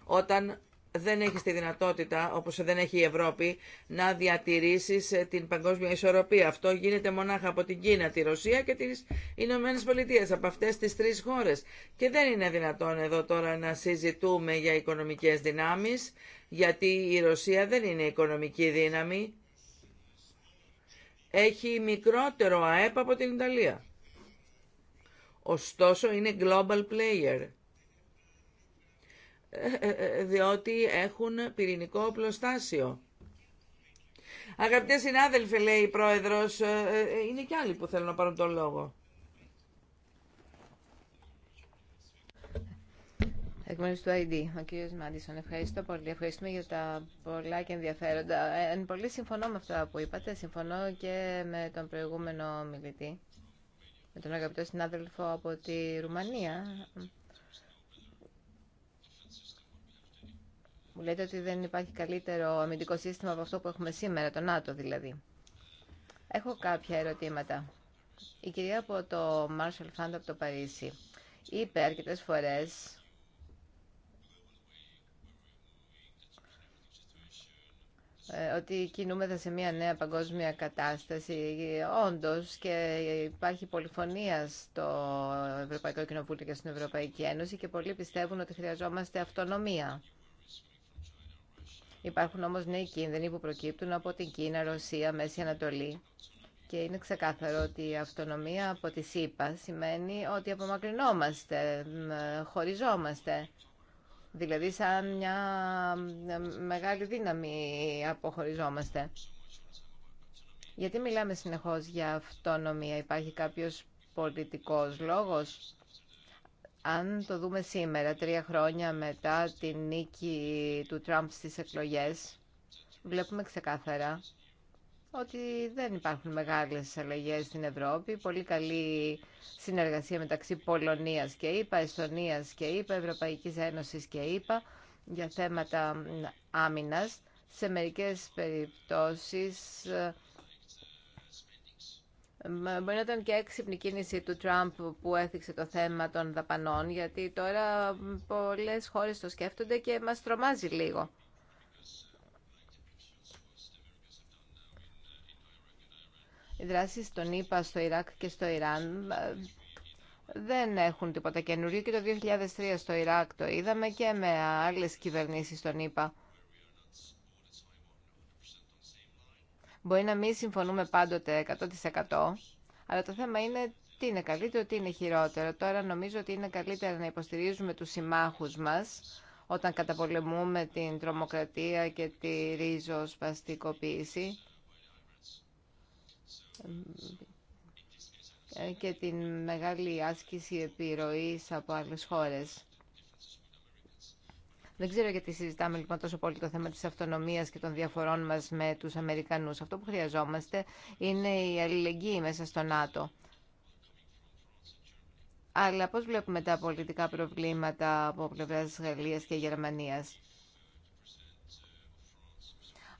όταν δεν έχεις τη δυνατότητα, όπως δεν έχει η Ευρώπη, να διατηρήσεις ε, την παγκόσμια ισορροπία. Αυτό γίνεται μονάχα από την Κίνα, τη Ρωσία και τις Ηνωμένε Πολιτείε, από αυτές τις τρεις χώρες. Και δεν είναι δυνατόν εδώ τώρα να συζητούμε για οικονομικές δυνάμεις, γιατί η Ρωσία δεν είναι οικονομική δύναμη. Έχει μικρότερο ΑΕΠ από την Ιταλία. Ωστόσο είναι global player διότι έχουν πυρηνικό οπλοστάσιο. Αγαπητέ συνάδελφε, λέει η πρόεδρος, ε, ε, είναι και άλλοι που θέλουν να πάρουν τον λόγο. Εκ μέρου του ID, ο κύριο Μάντισον, ευχαριστώ πολύ. Ευχαριστούμε για τα πολλά και ενδιαφέροντα. Ε, εν πολύ συμφωνώ με αυτά που είπατε. Συμφωνώ και με τον προηγούμενο μιλητή, με τον αγαπητό συνάδελφο από τη Ρουμανία. Μου λέτε ότι δεν υπάρχει καλύτερο αμυντικό σύστημα από αυτό που έχουμε σήμερα, το ΝΑΤΟ δηλαδή. Έχω κάποια ερωτήματα. Η κυρία από το Marshall Fund από το Παρίσι είπε αρκετέ φορέ ε, ότι κινούμεθα σε μια νέα παγκόσμια κατάσταση. Όντως και υπάρχει πολυφωνία στο Ευρωπαϊκό Κοινοβούλιο και στην Ευρωπαϊκή Ένωση και πολλοί πιστεύουν ότι χρειαζόμαστε αυτονομία. Υπάρχουν όμως νέοι κίνδυνοι που προκύπτουν από την Κίνα, Ρωσία, Μέση Ανατολή. Και είναι ξεκάθαρο ότι η αυτονομία από τη ΣΥΠΑ σημαίνει ότι απομακρυνόμαστε, χωριζόμαστε. Δηλαδή σαν μια μεγάλη δύναμη αποχωριζόμαστε. Γιατί μιλάμε συνεχώς για αυτονομία. Υπάρχει κάποιος πολιτικός λόγος. Αν το δούμε σήμερα, τρία χρόνια μετά την νίκη του Τραμπ στις εκλογές, βλέπουμε ξεκάθαρα ότι δεν υπάρχουν μεγάλες αλλαγές στην Ευρώπη. Πολύ καλή συνεργασία μεταξύ Πολωνίας και ΕΠΑ, Εστονίας και ΕΕ, Ευρωπαϊκής Ένωσης και ΕΠΑ για θέματα άμυνας. Σε μερικές περιπτώσεις Μπορεί να ήταν και έξυπνη κίνηση του Τραμπ που έθιξε το θέμα των δαπανών, γιατί τώρα πολλές χώρες το σκέφτονται και μας τρομάζει λίγο. Οι δράσει των ΗΠΑ στο Ιράκ και στο Ιράν ε, δεν έχουν τίποτα καινούριο και το 2003 στο Ιράκ το είδαμε και με άλλες κυβερνήσεις των ΗΠΑ. Μπορεί να μην συμφωνούμε πάντοτε 100%, αλλά το θέμα είναι τι είναι καλύτερο, τι είναι χειρότερο. Τώρα νομίζω ότι είναι καλύτερα να υποστηρίζουμε τους συμμάχους μας όταν καταπολεμούμε την τρομοκρατία και τη ρίζοσπαστικοποίηση ε, και την μεγάλη άσκηση επιρροής από άλλες χώρες. Δεν ξέρω γιατί συζητάμε λοιπόν τόσο πολύ το θέμα της αυτονομίας και των διαφορών μας με τους Αμερικανούς. Αυτό που χρειαζόμαστε είναι η αλληλεγγύη μέσα στο ΝΑΤΟ. Αλλά πώς βλέπουμε τα πολιτικά προβλήματα από της Γαλλία και Γερμανίας.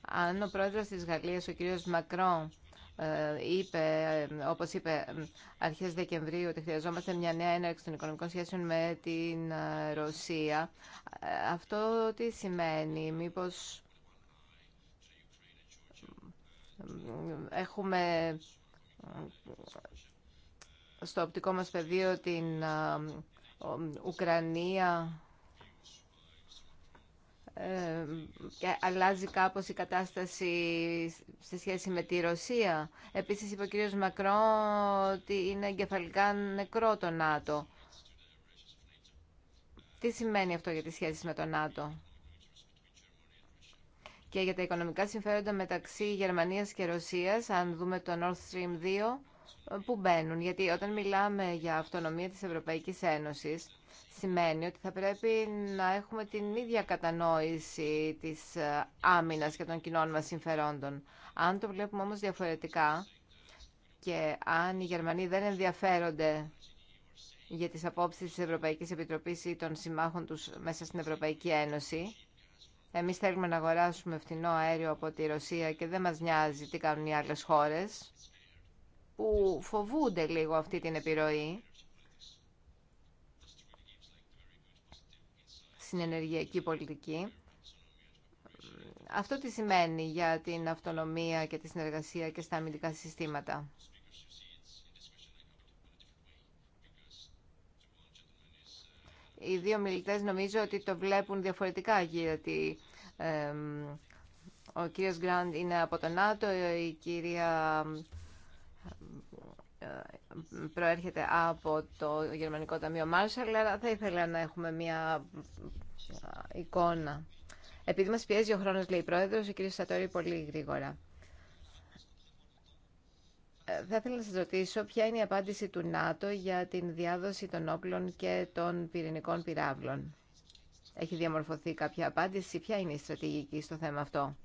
Αν ο πρόεδρος της Γαλλίας, ο κύριος Μακρόν, ε, είπε, όπως είπε αρχές Δεκεμβρίου ότι χρειαζόμαστε μια νέα έναρξη των οικονομικών σχέσεων με την ε, Ρωσία. Ε, αυτό τι σημαίνει, μήπως έχουμε στο οπτικό μας πεδίο την Ουκρανία και αλλάζει κάπως η κατάσταση σε σχέση με τη Ρωσία. Επίσης είπε ο κ. Μακρό ότι είναι εγκεφαλικά νεκρό το ΝΑΤΟ. Τι σημαίνει αυτό για τις σχέσεις με το ΝΑΤΟ και για τα οικονομικά συμφέροντα μεταξύ Γερμανίας και Ρωσίας, αν δούμε το Nord Stream 2, που μπαίνουν. Γιατί όταν μιλάμε για αυτονομία της Ευρωπαϊκής Ένωσης, σημαίνει ότι θα πρέπει να έχουμε την ίδια κατανόηση της ε, άμυνας και των κοινών μας συμφερόντων. Αν το βλέπουμε όμως διαφορετικά και αν οι Γερμανοί δεν ενδιαφέρονται για τις απόψεις της Ευρωπαϊκής Επιτροπής ή των συμμάχων τους μέσα στην Ευρωπαϊκή Ένωση, εμείς θέλουμε να αγοράσουμε φθηνό αέριο από τη Ρωσία και δεν μας νοιάζει τι κάνουν οι άλλες χώρες που φοβούνται λίγο αυτή την επιρροή στην ενεργειακή πολιτική. Αυτό τι σημαίνει για την αυτονομία και τη συνεργασία και στα αμυντικά συστήματα. Οι δύο μιλητές νομίζω ότι το βλέπουν διαφορετικά γιατί ο κύριος Γκραντ είναι από το ΝΑΤΟ, η κυρία προέρχεται από το Γερμανικό Ταμείο Μάρσαλ, αλλά θα ήθελα να έχουμε μια εικόνα. Επειδή μας πιέζει ο χρόνος, λέει η Πρόεδρος, ο κ. Σατόρη πολύ γρήγορα. Ε, θα ήθελα να σας ρωτήσω ποια είναι η απάντηση του ΝΑΤΟ για την διάδοση των όπλων και των πυρηνικών πυράβλων. Έχει διαμορφωθεί κάποια απάντηση. Ποια είναι η στρατηγική στο θέμα αυτό.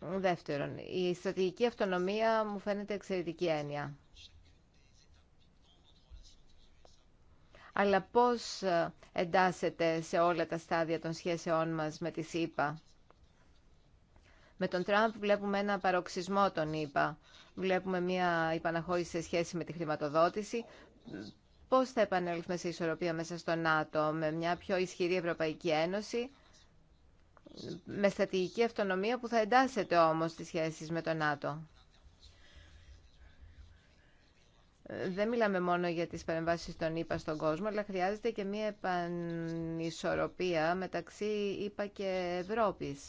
Δεύτερον, η στρατηγική αυτονομία μου φαίνεται εξαιρετική έννοια. Αλλά πώς ε, εντάσσεται σε όλα τα στάδια των σχέσεών μας με τη ΣΥΠΑ. Με τον Τραμπ βλέπουμε ένα παροξισμό των ΗΠΑ. Βλέπουμε μια υπαναχώρηση σε σχέση με τη χρηματοδότηση. Πώς θα επανέλθουμε σε ισορροπία μέσα στο ΝΑΤΟ με μια πιο ισχυρή Ευρωπαϊκή Ένωση με στρατηγική αυτονομία που θα εντάσσεται όμως στις σχέσεις με το ΝΑΤΟ. Δεν μιλάμε μόνο για τις παρεμβάσεις των ΗΠΑ στον κόσμο, αλλά χρειάζεται και μια επανισορροπία μεταξύ ΗΠΑ και Ευρώπης.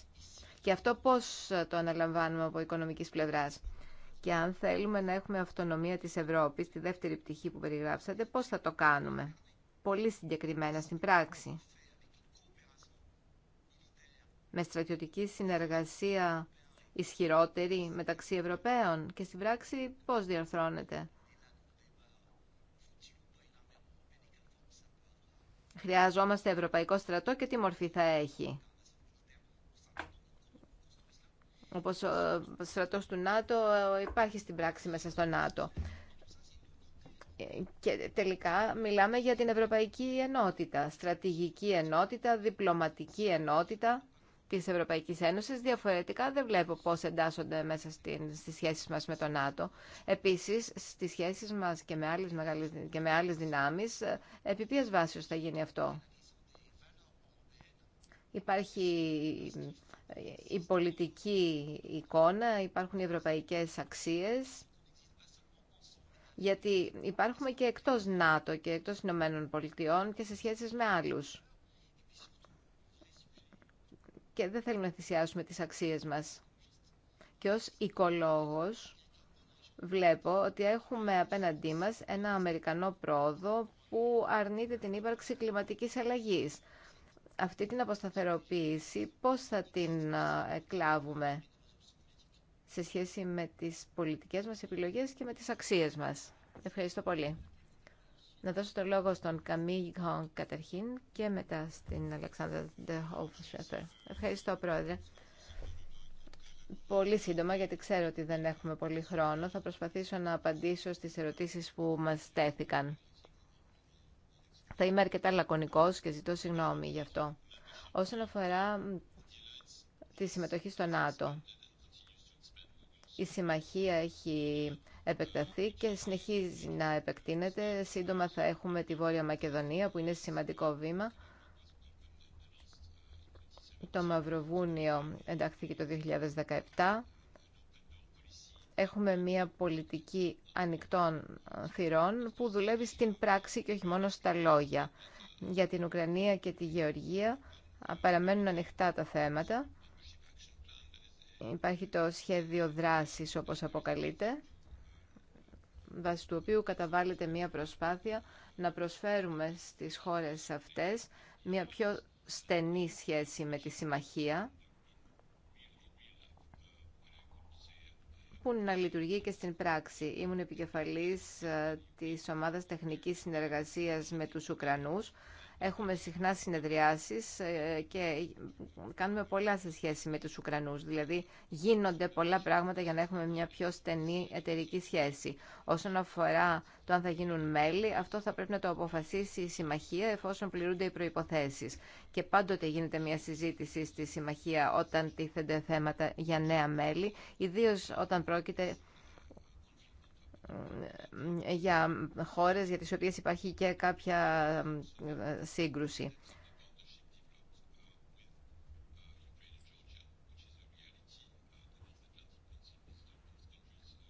Και αυτό πώς το αναλαμβάνουμε από οικονομικής πλευράς. Και αν θέλουμε να έχουμε αυτονομία της Ευρώπης, τη δεύτερη πτυχή που περιγράψατε, πώς θα το κάνουμε. Πολύ συγκεκριμένα στην πράξη με στρατιωτική συνεργασία ισχυρότερη μεταξύ Ευρωπαίων και στην πράξη πώς διαρθρώνεται. Χρειαζόμαστε ευρωπαϊκό στρατό και τι μορφή θα έχει. Όπως ο στρατός του ΝΑΤΟ ε, υπάρχει στην πράξη μέσα στο ΝΑΤΟ. Και τελικά μιλάμε για την Ευρωπαϊκή Ενότητα, στρατηγική ενότητα, διπλωματική ενότητα της Ευρωπαϊκής Ένωσης. Διαφορετικά δεν βλέπω πώς εντάσσονται μέσα στις σχέσεις μας με το ΝΑΤΟ. Επίσης, στις σχέσεις μας και με άλλες, μεγάλες, και με άλλες δυνάμεις, ε, επί ποιες βάσεις θα γίνει αυτό. Υπάρχει ε, η πολιτική εικόνα, υπάρχουν οι ευρωπαϊκές αξίες, γιατί υπάρχουμε και εκτός ΝΑΤΟ και εκτός Ηνωμένων Πολιτειών και σε σχέσεις με άλλους και δεν θέλουμε να θυσιάσουμε τις αξίες μας. Και ως οικολόγος βλέπω ότι έχουμε απέναντί μας ένα Αμερικανό πρόοδο που αρνείται την ύπαρξη κλιματικής αλλαγής. Αυτή την αποσταθεροποίηση πώς θα την εκλάβουμε σε σχέση με τις πολιτικές μας επιλογές και με τις αξίες μας. Ευχαριστώ πολύ. Να δώσω το λόγο στον Καμί καταρχήν και μετά στην Αλεξάνδρα Ντεχόφουσέφερ. Ευχαριστώ, Πρόεδρε. Πολύ σύντομα, γιατί ξέρω ότι δεν έχουμε πολύ χρόνο. Θα προσπαθήσω να απαντήσω στις ερωτήσεις που μας στέθηκαν. Θα είμαι αρκετά λακωνικός και ζητώ συγγνώμη γι' αυτό. Όσον αφορά τη συμμετοχή στο ΝΑΤΟ, η συμμαχία έχει επεκταθεί και συνεχίζει να επεκτείνεται. Σύντομα θα έχουμε τη Βόρεια Μακεδονία που είναι σημαντικό βήμα. Το Μαυροβούνιο εντάχθηκε το 2017. Έχουμε μια πολιτική ανοιχτών θυρών που δουλεύει στην πράξη και όχι μόνο στα λόγια. Για την Ουκρανία και τη Γεωργία παραμένουν ανοιχτά τα θέματα. Υπάρχει το σχέδιο δράσης όπως αποκαλείται βάσει του οποίου καταβάλλεται μια προσπάθεια να προσφέρουμε στις χώρες αυτές μια πιο στενή σχέση με τη συμμαχία που να λειτουργεί και στην πράξη. Ήμουν επικεφαλής ε, της ομάδας τεχνικής συνεργασίας με τους Ουκρανούς Έχουμε συχνά συνεδριάσεις ε, και κάνουμε πολλά σε σχέση με τους Ουκρανούς. Δηλαδή γίνονται πολλά πράγματα για να έχουμε μια πιο στενή εταιρική σχέση. Όσον αφορά το αν θα γίνουν μέλη, αυτό θα πρέπει να το αποφασίσει η Συμμαχία εφόσον πληρούνται οι προϋποθέσεις. Και πάντοτε γίνεται μια συζήτηση στη Συμμαχία όταν τίθενται θέματα για νέα μέλη, ιδίως όταν πρόκειται για χώρες για τις οποίες υπάρχει και κάποια ε, σύγκρουση.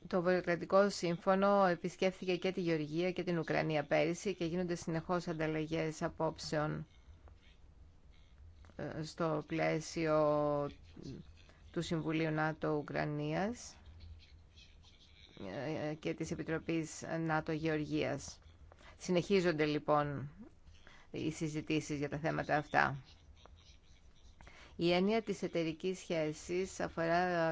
Το Βορειοκρατικό Σύμφωνο επισκέφθηκε και τη Γεωργία και την Ουκρανία πέρυσι και γίνονται συνεχώς ανταλλαγές απόψεων ε, στο πλαίσιο του Συμβουλίου ΝΑΤΟ Ουκρανίας και της Επιτροπής ΝΑΤΟ Γεωργίας. Συνεχίζονται λοιπόν οι συζητήσεις για τα θέματα αυτά. Η έννοια της εταιρικής σχέσης αφορά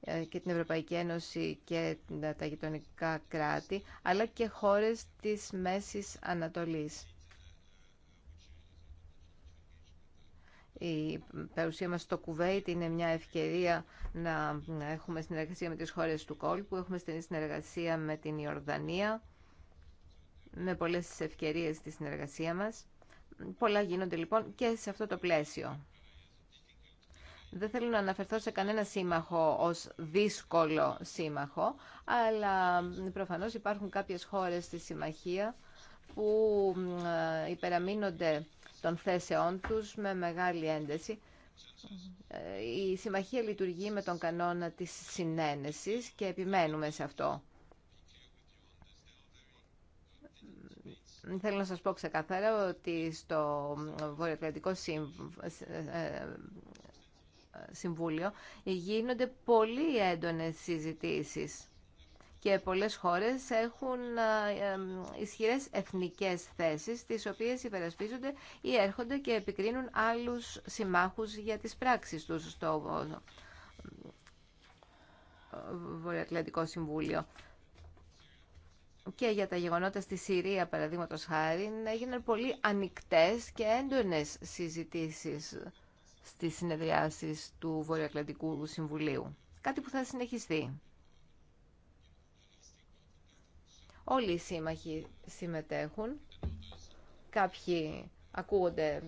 ε, και την Ευρωπαϊκή Ένωση και τα γειτονικά κράτη, αλλά και χώρες της Μέσης Ανατολής. Η παρουσία μας στο Κουβέιτ είναι μια ευκαιρία να έχουμε συνεργασία με τις χώρες του κόλπου, έχουμε στενή συνεργασία με την Ιορδανία, με πολλές ευκαιρίες στη συνεργασία μας. Πολλά γίνονται λοιπόν και σε αυτό το πλαίσιο. Δεν θέλω να αναφερθώ σε κανένα σύμμαχο ως δύσκολο σύμμαχο, αλλά προφανώς υπάρχουν κάποιες χώρες στη συμμαχία που ε, υπεραμείνονται των θέσεών τους με μεγάλη ένταση. Η Συμμαχία λειτουργεί με τον κανόνα της συνένεσης και επιμένουμε σε αυτό. Θέλω να σας πω ξεκαθαρά ότι στο Βορειοατλαντικό Συμβούλιο γίνονται πολύ έντονες συζητήσεις και πολλές χώρες έχουν ε, ισχυρές εθνικές θέσεις τις οποίες υπερασπίζονται ή έρχονται και επικρίνουν άλλους συμμάχους για τις πράξεις τους στο ε, Βορειοατλαντικό Συμβούλιο. Και για τα γεγονότα στη Συρία, παραδείγματο χάρη, έγιναν πολύ ανοιχτέ και έντονε συζητήσεις στι συνεδριάσει του Βορειοατλαντικού Συμβουλίου. Κάτι που θα συνεχιστεί. Όλοι οι σύμμαχοι συμμετέχουν. Κάποιοι ακούγονται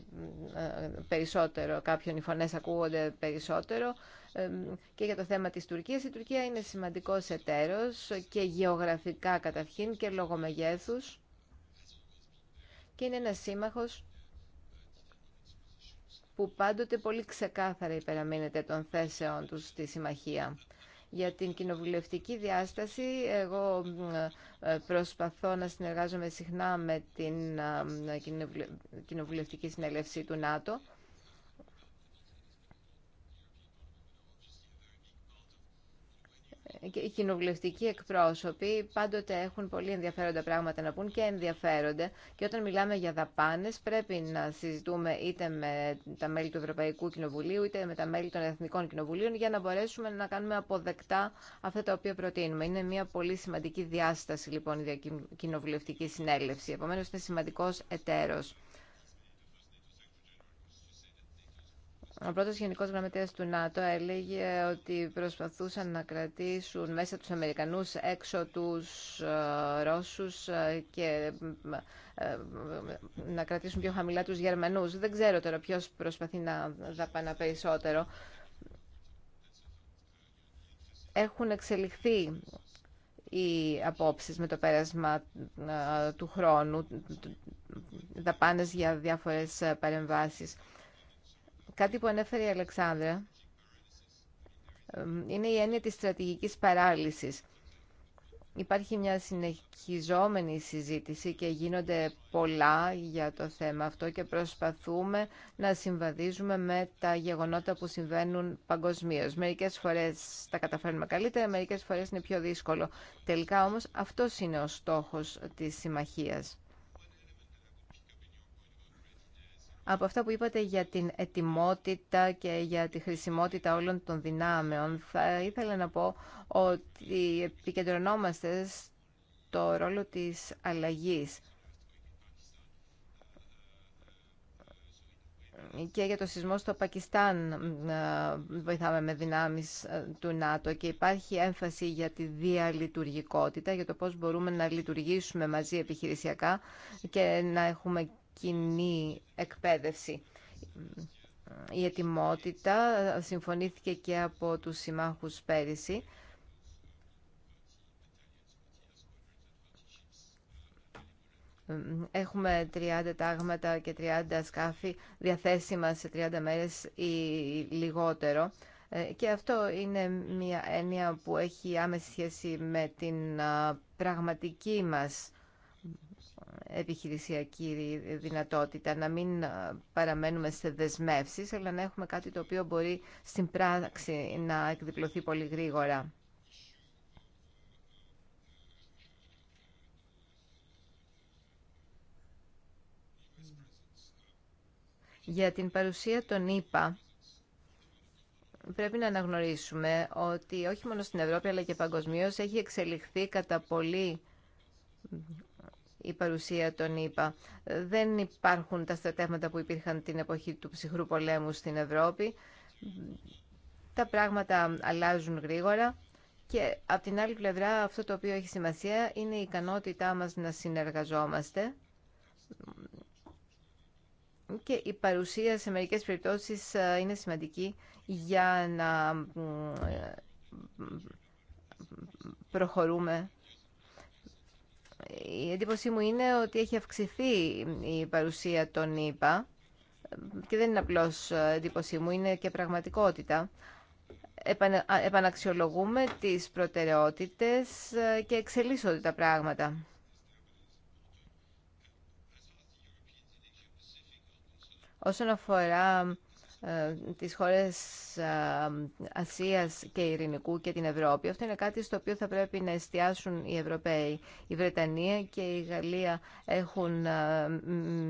ε, περισσότερο, κάποιον οι φωνές ακούγονται περισσότερο ε, και για το θέμα της Τουρκίας. Η Τουρκία είναι σημαντικός εταίρος και γεωγραφικά καταρχήν και λόγω μεγέθους και είναι ένας σύμμαχος που πάντοτε πολύ ξεκάθαρα υπεραμείνεται των θέσεων τους στη συμμαχία. Για την κοινοβουλευτική διάσταση, εγώ ε, προσπαθώ να συνεργάζομαι συχνά με την κοινοβουλευτική συνέλευση του ΝΑΤΟ οι κοινοβουλευτικοί εκπρόσωποι πάντοτε έχουν πολύ ενδιαφέροντα πράγματα να πούν και ενδιαφέρονται. Και όταν μιλάμε για δαπάνε, πρέπει να συζητούμε είτε με τα μέλη του Ευρωπαϊκού Κοινοβουλίου, είτε με τα μέλη των Εθνικών Κοινοβουλίων, για να μπορέσουμε να κάνουμε αποδεκτά αυτά τα οποία προτείνουμε. Είναι μια πολύ σημαντική διάσταση, λοιπόν, η διακοινοβουλευτική συνέλευση. Επομένω, είναι σημαντικό εταίρο. Ο πρώτο Γενικός Γραμματέας του ΝΑΤΟ έλεγε ότι προσπαθούσαν να κρατήσουν μέσα τους Αμερικανούς, έξω τους ε, Ρώσους ε, και ε, να κρατήσουν πιο χαμηλά τους Γερμανούς. Δεν ξέρω τώρα ποιος προσπαθεί να δαπανά περισσότερο. Έχουν εξελιχθεί οι απόψεις με το πέρασμα του χρόνου, δαπάνες για διάφορες παρεμβάσεις. Κάτι που ανέφερε η Αλεξάνδρα είναι η έννοια της στρατηγικής παράλυσης. Υπάρχει μια συνεχιζόμενη συζήτηση και γίνονται πολλά για το θέμα αυτό και προσπαθούμε να συμβαδίζουμε με τα γεγονότα που συμβαίνουν παγκοσμίω. Μερικές φορές τα καταφέρνουμε καλύτερα, μερικές φορές είναι πιο δύσκολο. Τελικά όμως αυτό είναι ο στόχος της συμμαχίας. από αυτά που είπατε για την ετοιμότητα και για τη χρησιμότητα όλων των δυνάμεων. Θα ήθελα να πω ότι επικεντρωνόμαστε στο ρόλο της αλλαγής. και για το σεισμό στο Πακιστάν ε, βοηθάμε με δυνάμεις ε, του ΝΑΤΟ και υπάρχει έμφαση για τη διαλειτουργικότητα, για το πώς μπορούμε να λειτουργήσουμε μαζί επιχειρησιακά και να έχουμε κοινή εκπαίδευση. Η ετοιμότητα συμφωνήθηκε και από τους συμμάχους πέρυσι. Έχουμε 30 τάγματα και 30 σκάφη διαθέσιμα σε 30 μέρες ή λιγότερο. Ε, και αυτό είναι μια έννοια που έχει άμεση σχέση με την πραγματική μας επιχειρησιακή δυνατότητα, να μην ε, παραμένουμε σε δεσμεύσεις, αλλά να έχουμε κάτι το οποίο μπορεί στην πράξη να εκδιπλωθεί πολύ γρήγορα. Για την παρουσία των ΗΠΑ, πρέπει να αναγνωρίσουμε ότι όχι μόνο στην Ευρώπη αλλά και παγκοσμίως έχει εξελιχθεί κατά πολύ η παρουσία των ΗΠΑ. Δεν υπάρχουν τα στρατεύματα που υπήρχαν την εποχή του ψυχρού πολέμου στην Ευρώπη. Τα πράγματα αλλάζουν γρήγορα και από την άλλη πλευρά αυτό το οποίο έχει σημασία είναι η ικανότητά μας να συνεργαζόμαστε και η παρουσία σε μερικές περιπτώσεις ε, είναι σημαντική για να προχωρούμε η εντύπωσή μου είναι ότι έχει αυξηθεί η παρουσία των ήπα και δεν είναι απλώς εντύπωσή μου, είναι και πραγματικότητα. Επαναξιολογούμε τις προτεραιότητες και εξελίσσονται τα πράγματα. Όσον αφορά ε, τις χώρες ε, Ασίας και Ειρηνικού και την Ευρώπη. Αυτό είναι κάτι στο οποίο θα πρέπει να εστιάσουν οι Ευρωπαίοι. Η Βρετανία και η Γαλλία έχουν ε,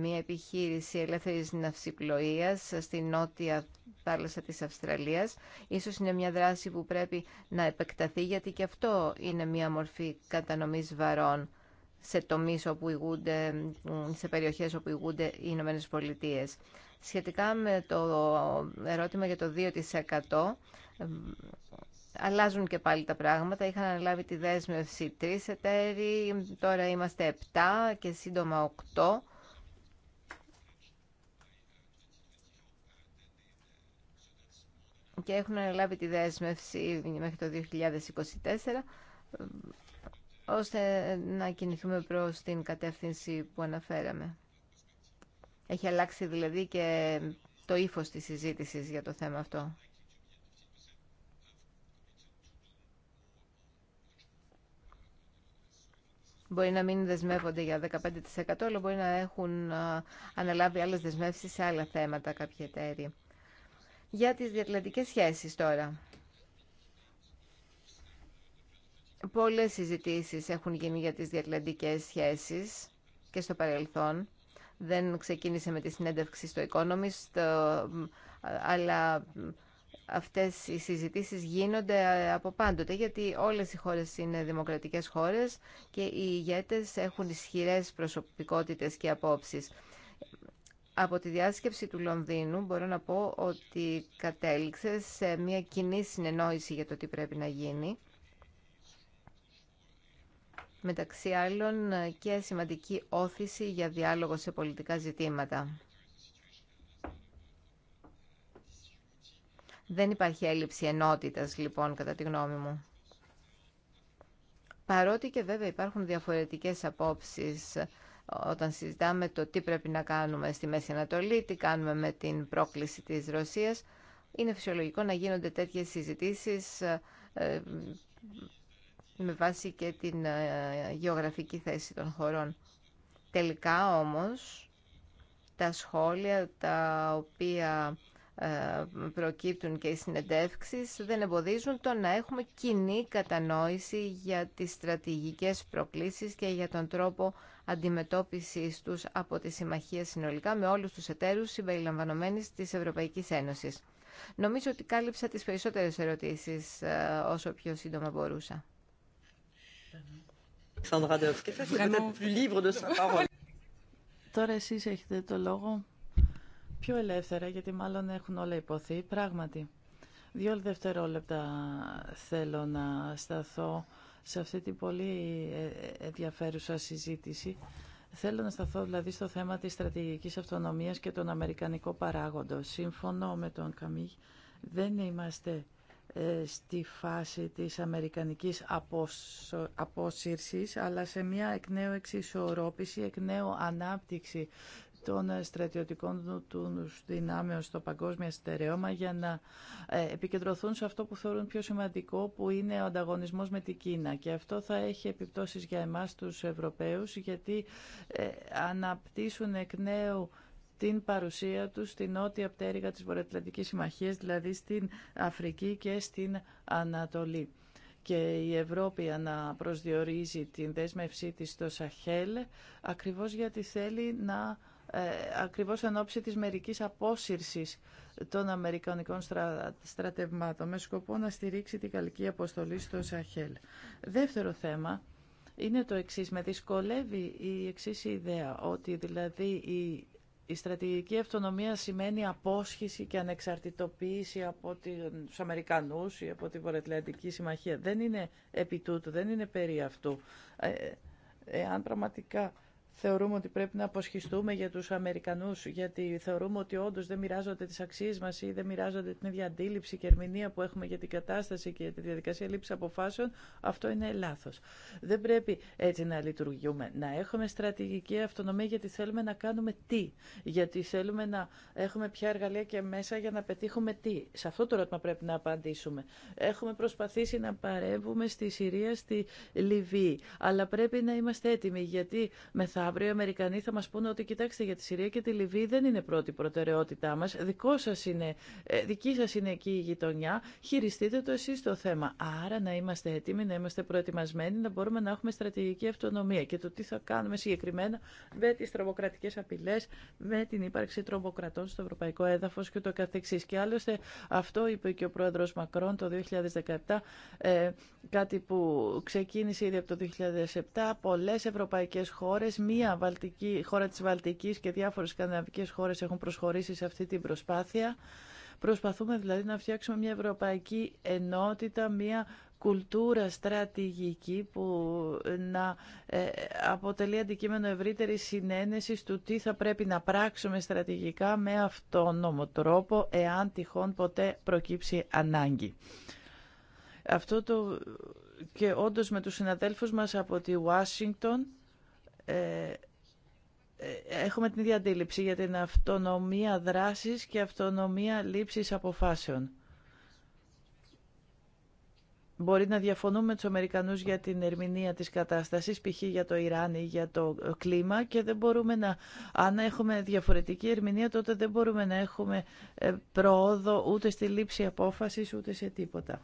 μια επιχείρηση ελεύθερης ναυσιπλοείας στη νότια θάλασσα της Αυστραλίας. Ίσως είναι μια δράση που πρέπει να επεκταθεί γιατί και αυτό είναι μια μορφή κατανομής βαρών σε τομείς όπου ηγούνται, σε περιοχές όπου ηγούνται οι Ηνωμένε Πολιτείε. Σχετικά με το ερώτημα για το 2%, αλλάζουν και πάλι τα πράγματα. Είχαν αναλάβει τη δέσμευση τρει εταίροι, τώρα είμαστε 7 και σύντομα 8. και έχουν αναλάβει τη δέσμευση μέχρι το 2024 ώστε να κινηθούμε προς την κατεύθυνση που αναφέραμε. Έχει αλλάξει δηλαδή και το ύφος της συζήτησης για το θέμα αυτό. Μπορεί να μην δεσμεύονται για 15% αλλά μπορεί να έχουν αναλάβει άλλες δεσμεύσεις σε άλλα θέματα κάποια εταίροι. Για τις διατλαντικές σχέσεις τώρα. Πολλές συζητήσεις έχουν γίνει για τις διατλαντικές σχέσεις και στο παρελθόν. Δεν ξεκίνησε με τη συνέντευξη στο Economist, αλλά αυτές οι συζητήσεις γίνονται από πάντοτε, γιατί όλες οι χώρες είναι δημοκρατικές χώρες και οι ηγέτες έχουν ισχυρές προσωπικότητες και απόψεις. Από τη διάσκεψη του Λονδίνου μπορώ να πω ότι κατέληξε σε μια κοινή συνεννόηση για το τι πρέπει να γίνει μεταξύ άλλων ε, και σημαντική όθηση για διάλογο σε πολιτικά ζητήματα. Δεν υπάρχει έλλειψη ενότητας, λοιπόν, κατά τη γνώμη μου. Παρότι και βέβαια υπάρχουν διαφορετικές απόψεις ε, όταν συζητάμε το τι πρέπει να κάνουμε στη Μέση Ανατολή, τι κάνουμε με την πρόκληση της Ρωσίας, είναι φυσιολογικό να γίνονται τέτοιες συζητήσεις ε, με βάση και την ε, γεωγραφική θέση των χωρών. Τελικά όμως, τα σχόλια τα οποία ε, προκύπτουν και οι συνεντεύξεις δεν εμποδίζουν το να έχουμε κοινή κατανόηση για τις στρατηγικές προκλήσεις και για τον τρόπο αντιμετώπισης τους από τη Συμμαχία συνολικά με όλους τους εταίρους συμπεριλαμβανομένης της Ευρωπαϊκής Ένωσης. Νομίζω ότι κάλυψα τις περισσότερες ερωτήσεις ε, όσο πιο σύντομα μπορούσα. Τώρα εσεί έχετε το λόγο πιο ελεύθερα, γιατί μάλλον έχουν όλα υποθεί. Πράγματι, δύο δευτερόλεπτα θέλω να σταθώ σε αυτή την πολύ ε, ε, ενδιαφέρουσα συζήτηση. Θέλω να σταθώ δηλαδή στο θέμα της στρατηγικής αυτονομίας και τον αμερικανικό παράγοντο. Σύμφωνο με τον Καμίγ, δεν είμαστε ε, στη φάση της αμερικανικής απόσυρσης, αλλά σε μια εκ νέου εξισορρόπηση, εκ νέου ανάπτυξη των στρατιωτικών του δυνάμεων στο παγκόσμιο στερεώμα για να ε, επικεντρωθούν σε αυτό που θεωρούν πιο σημαντικό που είναι ο ανταγωνισμός με την Κίνα και αυτό θα έχει επιπτώσεις για εμάς τους Ευρωπαίους γιατί ε, αναπτύσσουν εκ νέου την παρουσία τους στην νότια πτέρυγα της Βορειοατλαντικής Συμμαχίας, δηλαδή στην Αφρική και στην Ανατολή. Και η Ευρώπη αναπροσδιορίζει την δέσμευσή της στο Σαχέλ, ακριβώς γιατί θέλει να ε, ακριβώς εν ώψη της μερικής απόσυρσης των Αμερικανικών στρατευμάτων με σκοπό να στηρίξει την καλική αποστολή στο Σαχέλ. Δεύτερο θέμα είναι το εξής. Με δυσκολεύει η εξής ιδέα ότι δηλαδή η η στρατηγική αυτονομία σημαίνει απόσχηση και ανεξαρτητοποίηση από τους Αμερικανούς ή από την Βορειοατλαντική Συμμαχία. Δεν είναι επί τούτου, δεν είναι περί αυτού. Ε, εάν πραγματικά θεωρούμε ότι πρέπει να αποσχιστούμε για τους Αμερικανούς, γιατί θεωρούμε ότι όντως δεν μοιράζονται τις αξίες μας ή δεν μοιράζονται την ίδια αντίληψη και ερμηνεία που έχουμε για την κατάσταση και τη διαδικασία λήψη αποφάσεων, αυτό είναι λάθος. Δεν πρέπει έτσι να λειτουργούμε. Να έχουμε στρατηγική αυτονομία γιατί θέλουμε να κάνουμε τι, γιατί θέλουμε να έχουμε πια εργαλεία και μέσα για να πετύχουμε τι. Σε αυτό το ρώτημα πρέπει να απαντήσουμε. Έχουμε προσπαθήσει να παρεύουμε στη Συρία, στη Λιβύη, αλλά πρέπει να είμαστε έτοιμοι γιατί με Αύριο οι Αμερικανοί θα μας πούνε ότι κοιτάξτε για τη Συρία και τη Λιβύη δεν είναι πρώτη προτεραιότητά μας, ε, δική σας είναι εκεί η γειτονιά, χειριστείτε το εσείς το θέμα. Άρα να είμαστε έτοιμοι, να είμαστε προετοιμασμένοι, να μπορούμε να έχουμε στρατηγική αυτονομία και το τι θα κάνουμε συγκεκριμένα με τις τρομοκρατικές απειλές, με την ύπαρξη τρομοκρατών στο ευρωπαϊκό έδαφος και το καθεξής. Και άλλωστε αυτό είπε και ο πρόεδρος Μακρόν το 2017, ε, κάτι που ξεκίνησε ήδη από το 2007, πολλές ευρωπαϊκές χώρες μία Βαλτική, χώρα της Βαλτικής και διάφορες σκανδιναβικές χώρες έχουν προσχωρήσει σε αυτή την προσπάθεια. Προσπαθούμε δηλαδή να φτιάξουμε μια ευρωπαϊκή ενότητα, μια κουλτούρα στρατηγική που να ε, αποτελεί αντικείμενο ευρύτερη συνένεση του τι θα πρέπει να πράξουμε στρατηγικά με αυτόνομο τρόπο, εάν τυχόν ποτέ προκύψει ανάγκη. Αυτό το και όντως με τους συναδέλφους μας από τη Ουάσιγκτον ε, ε, έχουμε την ίδια αντίληψη για την αυτονομία δράσης και αυτονομία λήψης αποφάσεων. Μπορεί να διαφωνούμε με τους Αμερικανούς για την ερμηνεία της κατάστασης, π.χ. για το Ιράν ή για το κλίμα και δεν μπορούμε να, αν έχουμε διαφορετική ερμηνεία, τότε δεν μπορούμε να έχουμε ε, πρόοδο ούτε στη λήψη απόφασης ούτε σε τίποτα.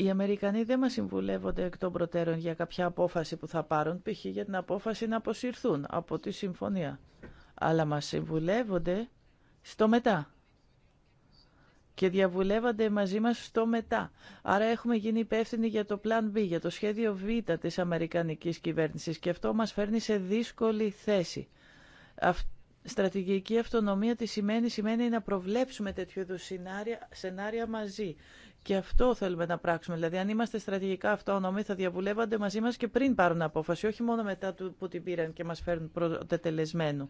Οι Αμερικανοί δεν μας συμβουλεύονται εκ των προτέρων για κάποια απόφαση που θα πάρουν, π.χ. για την απόφαση να αποσυρθούν από τη συμφωνία. Αλλά μας συμβουλεύονται στο μετά και διαβουλεύονται μαζί μας στο μετά. Άρα έχουμε γίνει υπεύθυνοι για το Plan B, για το σχέδιο Β της Αμερικανικής κυβέρνησης και αυτό μας φέρνει σε δύσκολη θέση. Αυτό Στρατηγική αυτονομία τι σημαίνει, σημαίνει να προβλέψουμε τέτοιου είδους σενάρια, σενάρια μαζί. Και αυτό θέλουμε να πράξουμε. Δηλαδή, αν είμαστε στρατηγικά αυτόνομοι, θα διαβουλεύονται μαζί μα και πριν πάρουν απόφαση, όχι μόνο μετά που την πήραν και μα φέρνουν προτετελεσμένου.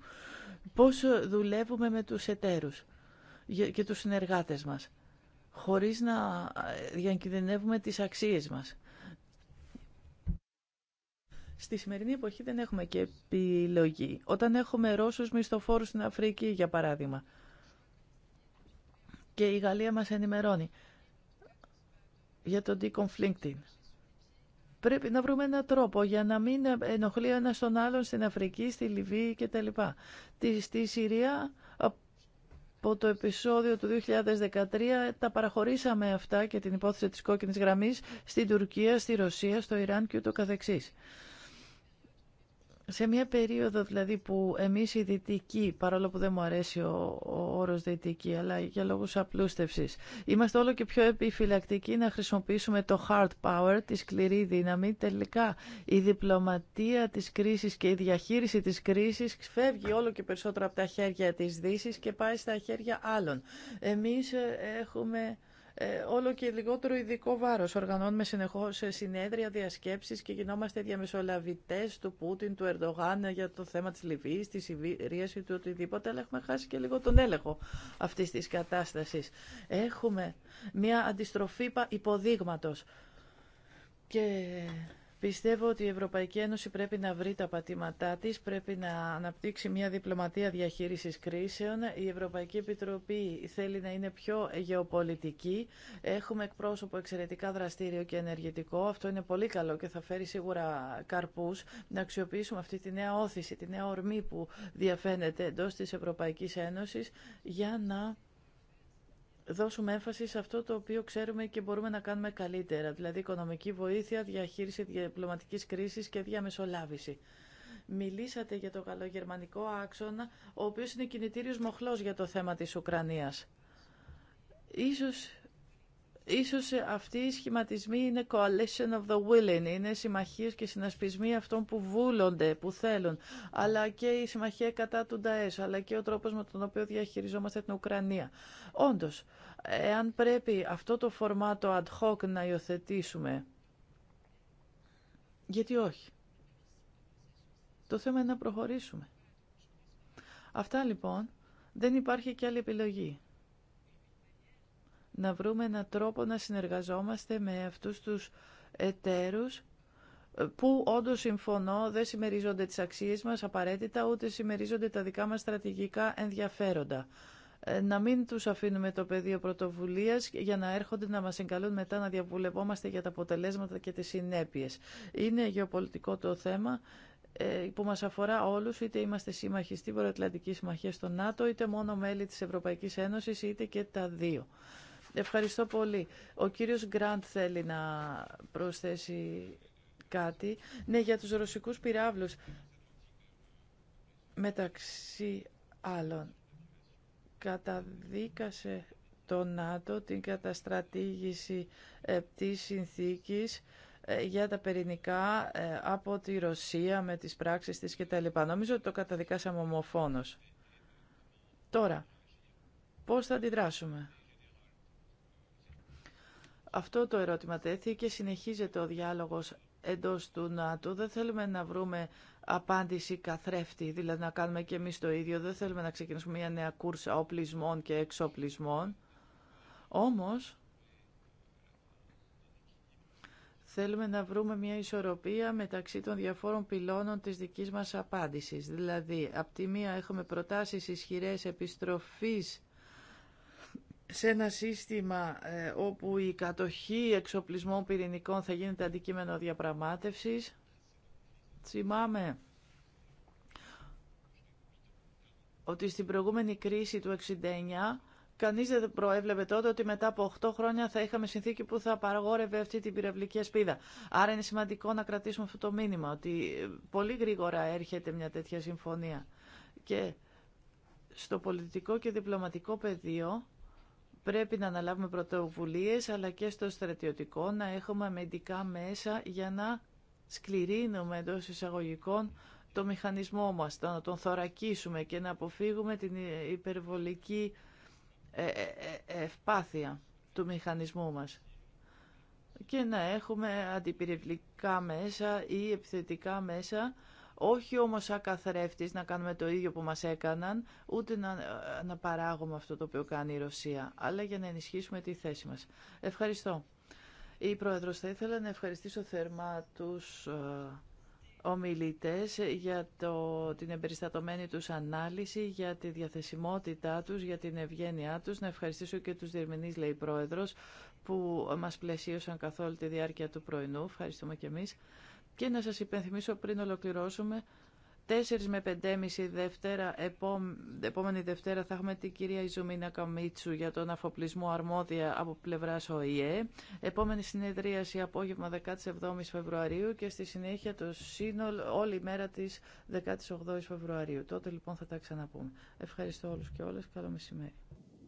Πώ δουλεύουμε με του εταίρου και του συνεργάτε μα, χωρί να ε, διακινδυνεύουμε τι αξίε μα. Στη σημερινή εποχή δεν έχουμε και επιλογή. Όταν έχουμε Ρώσους μισθοφόρους στην Αφρική, για παράδειγμα, και η Γαλλία μας ενημερώνει για τον deconflicting. Πρέπει να βρούμε έναν τρόπο για να μην ενοχλεί ο ένας τον άλλον στην Αφρική, στη Λιβύη κτλ. Στη Συρία από το επεισόδιο του 2013 τα παραχωρήσαμε αυτά και την υπόθεση της κόκκινης γραμμής στην Τουρκία, στη Ρωσία, στο Ιράν και ούτω καθεξής σε μια περίοδο δηλαδή που εμείς οι δυτικοί, παρόλο που δεν μου αρέσει ο, ο όρος δυτικοί, αλλά για λόγους απλούστευσης, είμαστε όλο και πιο επιφυλακτικοί να χρησιμοποιήσουμε το hard power, τη σκληρή δύναμη. Τελικά η διπλωματία της κρίσης και η διαχείριση της κρίσης φεύγει όλο και περισσότερο από τα χέρια της δύση και πάει στα χέρια άλλων. Εμείς ε, έχουμε ε, όλο και λιγότερο ειδικό βάρο. Οργανώνουμε συνεχώς ε, συνέδρια, διασκέψει και γινόμαστε διαμεσολαβητές του Πούτιν, του Ερντογάν ε, για το θέμα της Λιβύης, τη Ιβυρία ή του οτιδήποτε, αλλά έχουμε χάσει και λίγο τον έλεγχο αυτή τη κατάσταση. Έχουμε μια αντιστροφή υποδείγματο. Και Πιστεύω ότι η Ευρωπαϊκή Ένωση πρέπει να βρει τα πατήματά της, πρέπει να αναπτύξει μια διπλωματία διαχείρισης κρίσεων. Η Ευρωπαϊκή Επιτροπή θέλει να είναι πιο γεωπολιτική. Έχουμε εκπρόσωπο εξαιρετικά δραστήριο και ενεργητικό. Αυτό είναι πολύ καλό και θα φέρει σίγουρα καρπούς να αξιοποιήσουμε αυτή τη νέα όθηση, τη νέα ορμή που διαφαίνεται εντός της Ευρωπαϊκής Ένωσης για να δώσουμε έμφαση σε αυτό το οποίο ξέρουμε και μπορούμε να κάνουμε καλύτερα, δηλαδή οικονομική βοήθεια, διαχείριση διαπλωματικής κρίσης και διαμεσολάβηση. Μιλήσατε για το γαλλογερμανικό άξονα, ο οποίος είναι κινητήριος μοχλός για το θέμα της Ουκρανίας. Ίσως Ίσως αυτοί οι σχηματισμοί είναι coalition of the willing, είναι συμμαχίες και συνασπισμοί αυτών που βούλονται, που θέλουν, αλλά και η συμμαχία κατά του Νταές, αλλά και ο τρόπος με τον οποίο διαχειριζόμαστε την Ουκρανία. Όντως, εάν πρέπει αυτό το φορμάτο ad hoc να υιοθετήσουμε, γιατί όχι. Το θέμα είναι να προχωρήσουμε. Αυτά λοιπόν, δεν υπάρχει και άλλη επιλογή να βρούμε έναν τρόπο να συνεργαζόμαστε με αυτούς τους εταίρους ε, που όντω συμφωνώ δεν συμμερίζονται τις αξίες μας απαραίτητα ούτε συμμερίζονται τα δικά μας στρατηγικά ενδιαφέροντα. Ε, να μην τους αφήνουμε το πεδίο πρωτοβουλίας για να έρχονται να μας εγκαλούν μετά να διαβουλευόμαστε για τα αποτελέσματα και τις συνέπειες. Είναι γεωπολιτικό το θέμα ε, που μας αφορά όλους, είτε είμαστε σύμμαχοι στην Βορειοατλαντική Συμμαχία στο ΝΑΤΟ, είτε μόνο μέλη της Ευρωπαϊκής Ένωσης, είτε και τα δύο. Ευχαριστώ πολύ. Ο κύριος Γκραντ θέλει να προσθέσει κάτι. Ναι, για τους ρωσικούς πυράβλους. Μεταξύ άλλων, καταδίκασε το ΝΑΤΟ την καταστρατήγηση ε, της συνθήκης ε, για τα περινικά ε, από τη Ρωσία με τις πράξεις της κτλ. Νομίζω ότι το καταδικάσαμε ομοφόνος. Τώρα, πώς θα αντιδράσουμε. Αυτό το ερώτημα τέθηκε και συνεχίζεται ο διάλογος εντός του ΝΑΤΟ. Δεν θέλουμε να βρούμε απάντηση καθρέφτη, δηλαδή να κάνουμε και εμείς το ίδιο. Δεν θέλουμε να ξεκινήσουμε μια νέα κούρσα οπλισμών και εξοπλισμών. Όμως, θέλουμε να βρούμε μια ισορροπία μεταξύ των διαφόρων πυλώνων της δικής μας απάντησης. Δηλαδή, από τη μία έχουμε προτάσεις ισχυρές επιστροφής σε ένα σύστημα ε, όπου η κατοχή εξοπλισμών πυρηνικών θα γίνεται αντικείμενο διαπραγμάτευσης. Θυμάμαι ότι στην προηγούμενη κρίση του 1969 κανείς δεν προέβλεπε τότε ότι μετά από 8 χρόνια θα είχαμε συνθήκη που θα παραγόρευε αυτή την πυραυλική ασπίδα. Άρα είναι σημαντικό να κρατήσουμε αυτό το μήνυμα ότι ε, πολύ γρήγορα έρχεται μια τέτοια συμφωνία. Και στο πολιτικό και διπλωματικό πεδίο Πρέπει να αναλάβουμε πρωτοβουλίες αλλά και στο στρατιωτικό να έχουμε αμυντικά μέσα για να σκληρύνουμε εντό εισαγωγικών το μηχανισμό μας, να τον θωρακίσουμε και να αποφύγουμε την υπερβολική ε, ε, ε, ευπάθεια του μηχανισμού μας και να έχουμε αντιπυρευλικά μέσα ή επιθετικά μέσα όχι όμως σαν να κάνουμε το ίδιο που μας έκαναν, ούτε να, να παράγουμε αυτό το οποίο κάνει η Ρωσία, αλλά για να ενισχύσουμε τη θέση μας. Ευχαριστώ. Η Πρόεδρος θα ήθελα να ευχαριστήσω θερμά τους ε, ομιλητές για το, την εμπεριστατωμένη τους ανάλυση, για τη διαθεσιμότητά τους, για την ευγένειά τους. Να ευχαριστήσω και τους διερμηνείς, λέει η Πρόεδρος, που μας πλαισίωσαν καθ' τη διάρκεια του πρωινού. Ευχαριστούμε και εμείς. Και να σας υπενθυμίσω πριν ολοκληρώσουμε, 4 με 5.30 Δευτέρα, επόμενη Δευτέρα θα έχουμε την κυρία Ιζουμίνα Καμίτσου για τον αφοπλισμό αρμόδια από πλευρά ΟΗΕ. Επόμενη συνεδρίαση απόγευμα 17 Φεβρουαρίου και στη συνέχεια το σύνολο όλη η μέρα της 18 Φεβρουαρίου. Τότε λοιπόν θα τα ξαναπούμε. Ευχαριστώ όλους και όλες. Καλό μεσημέρι.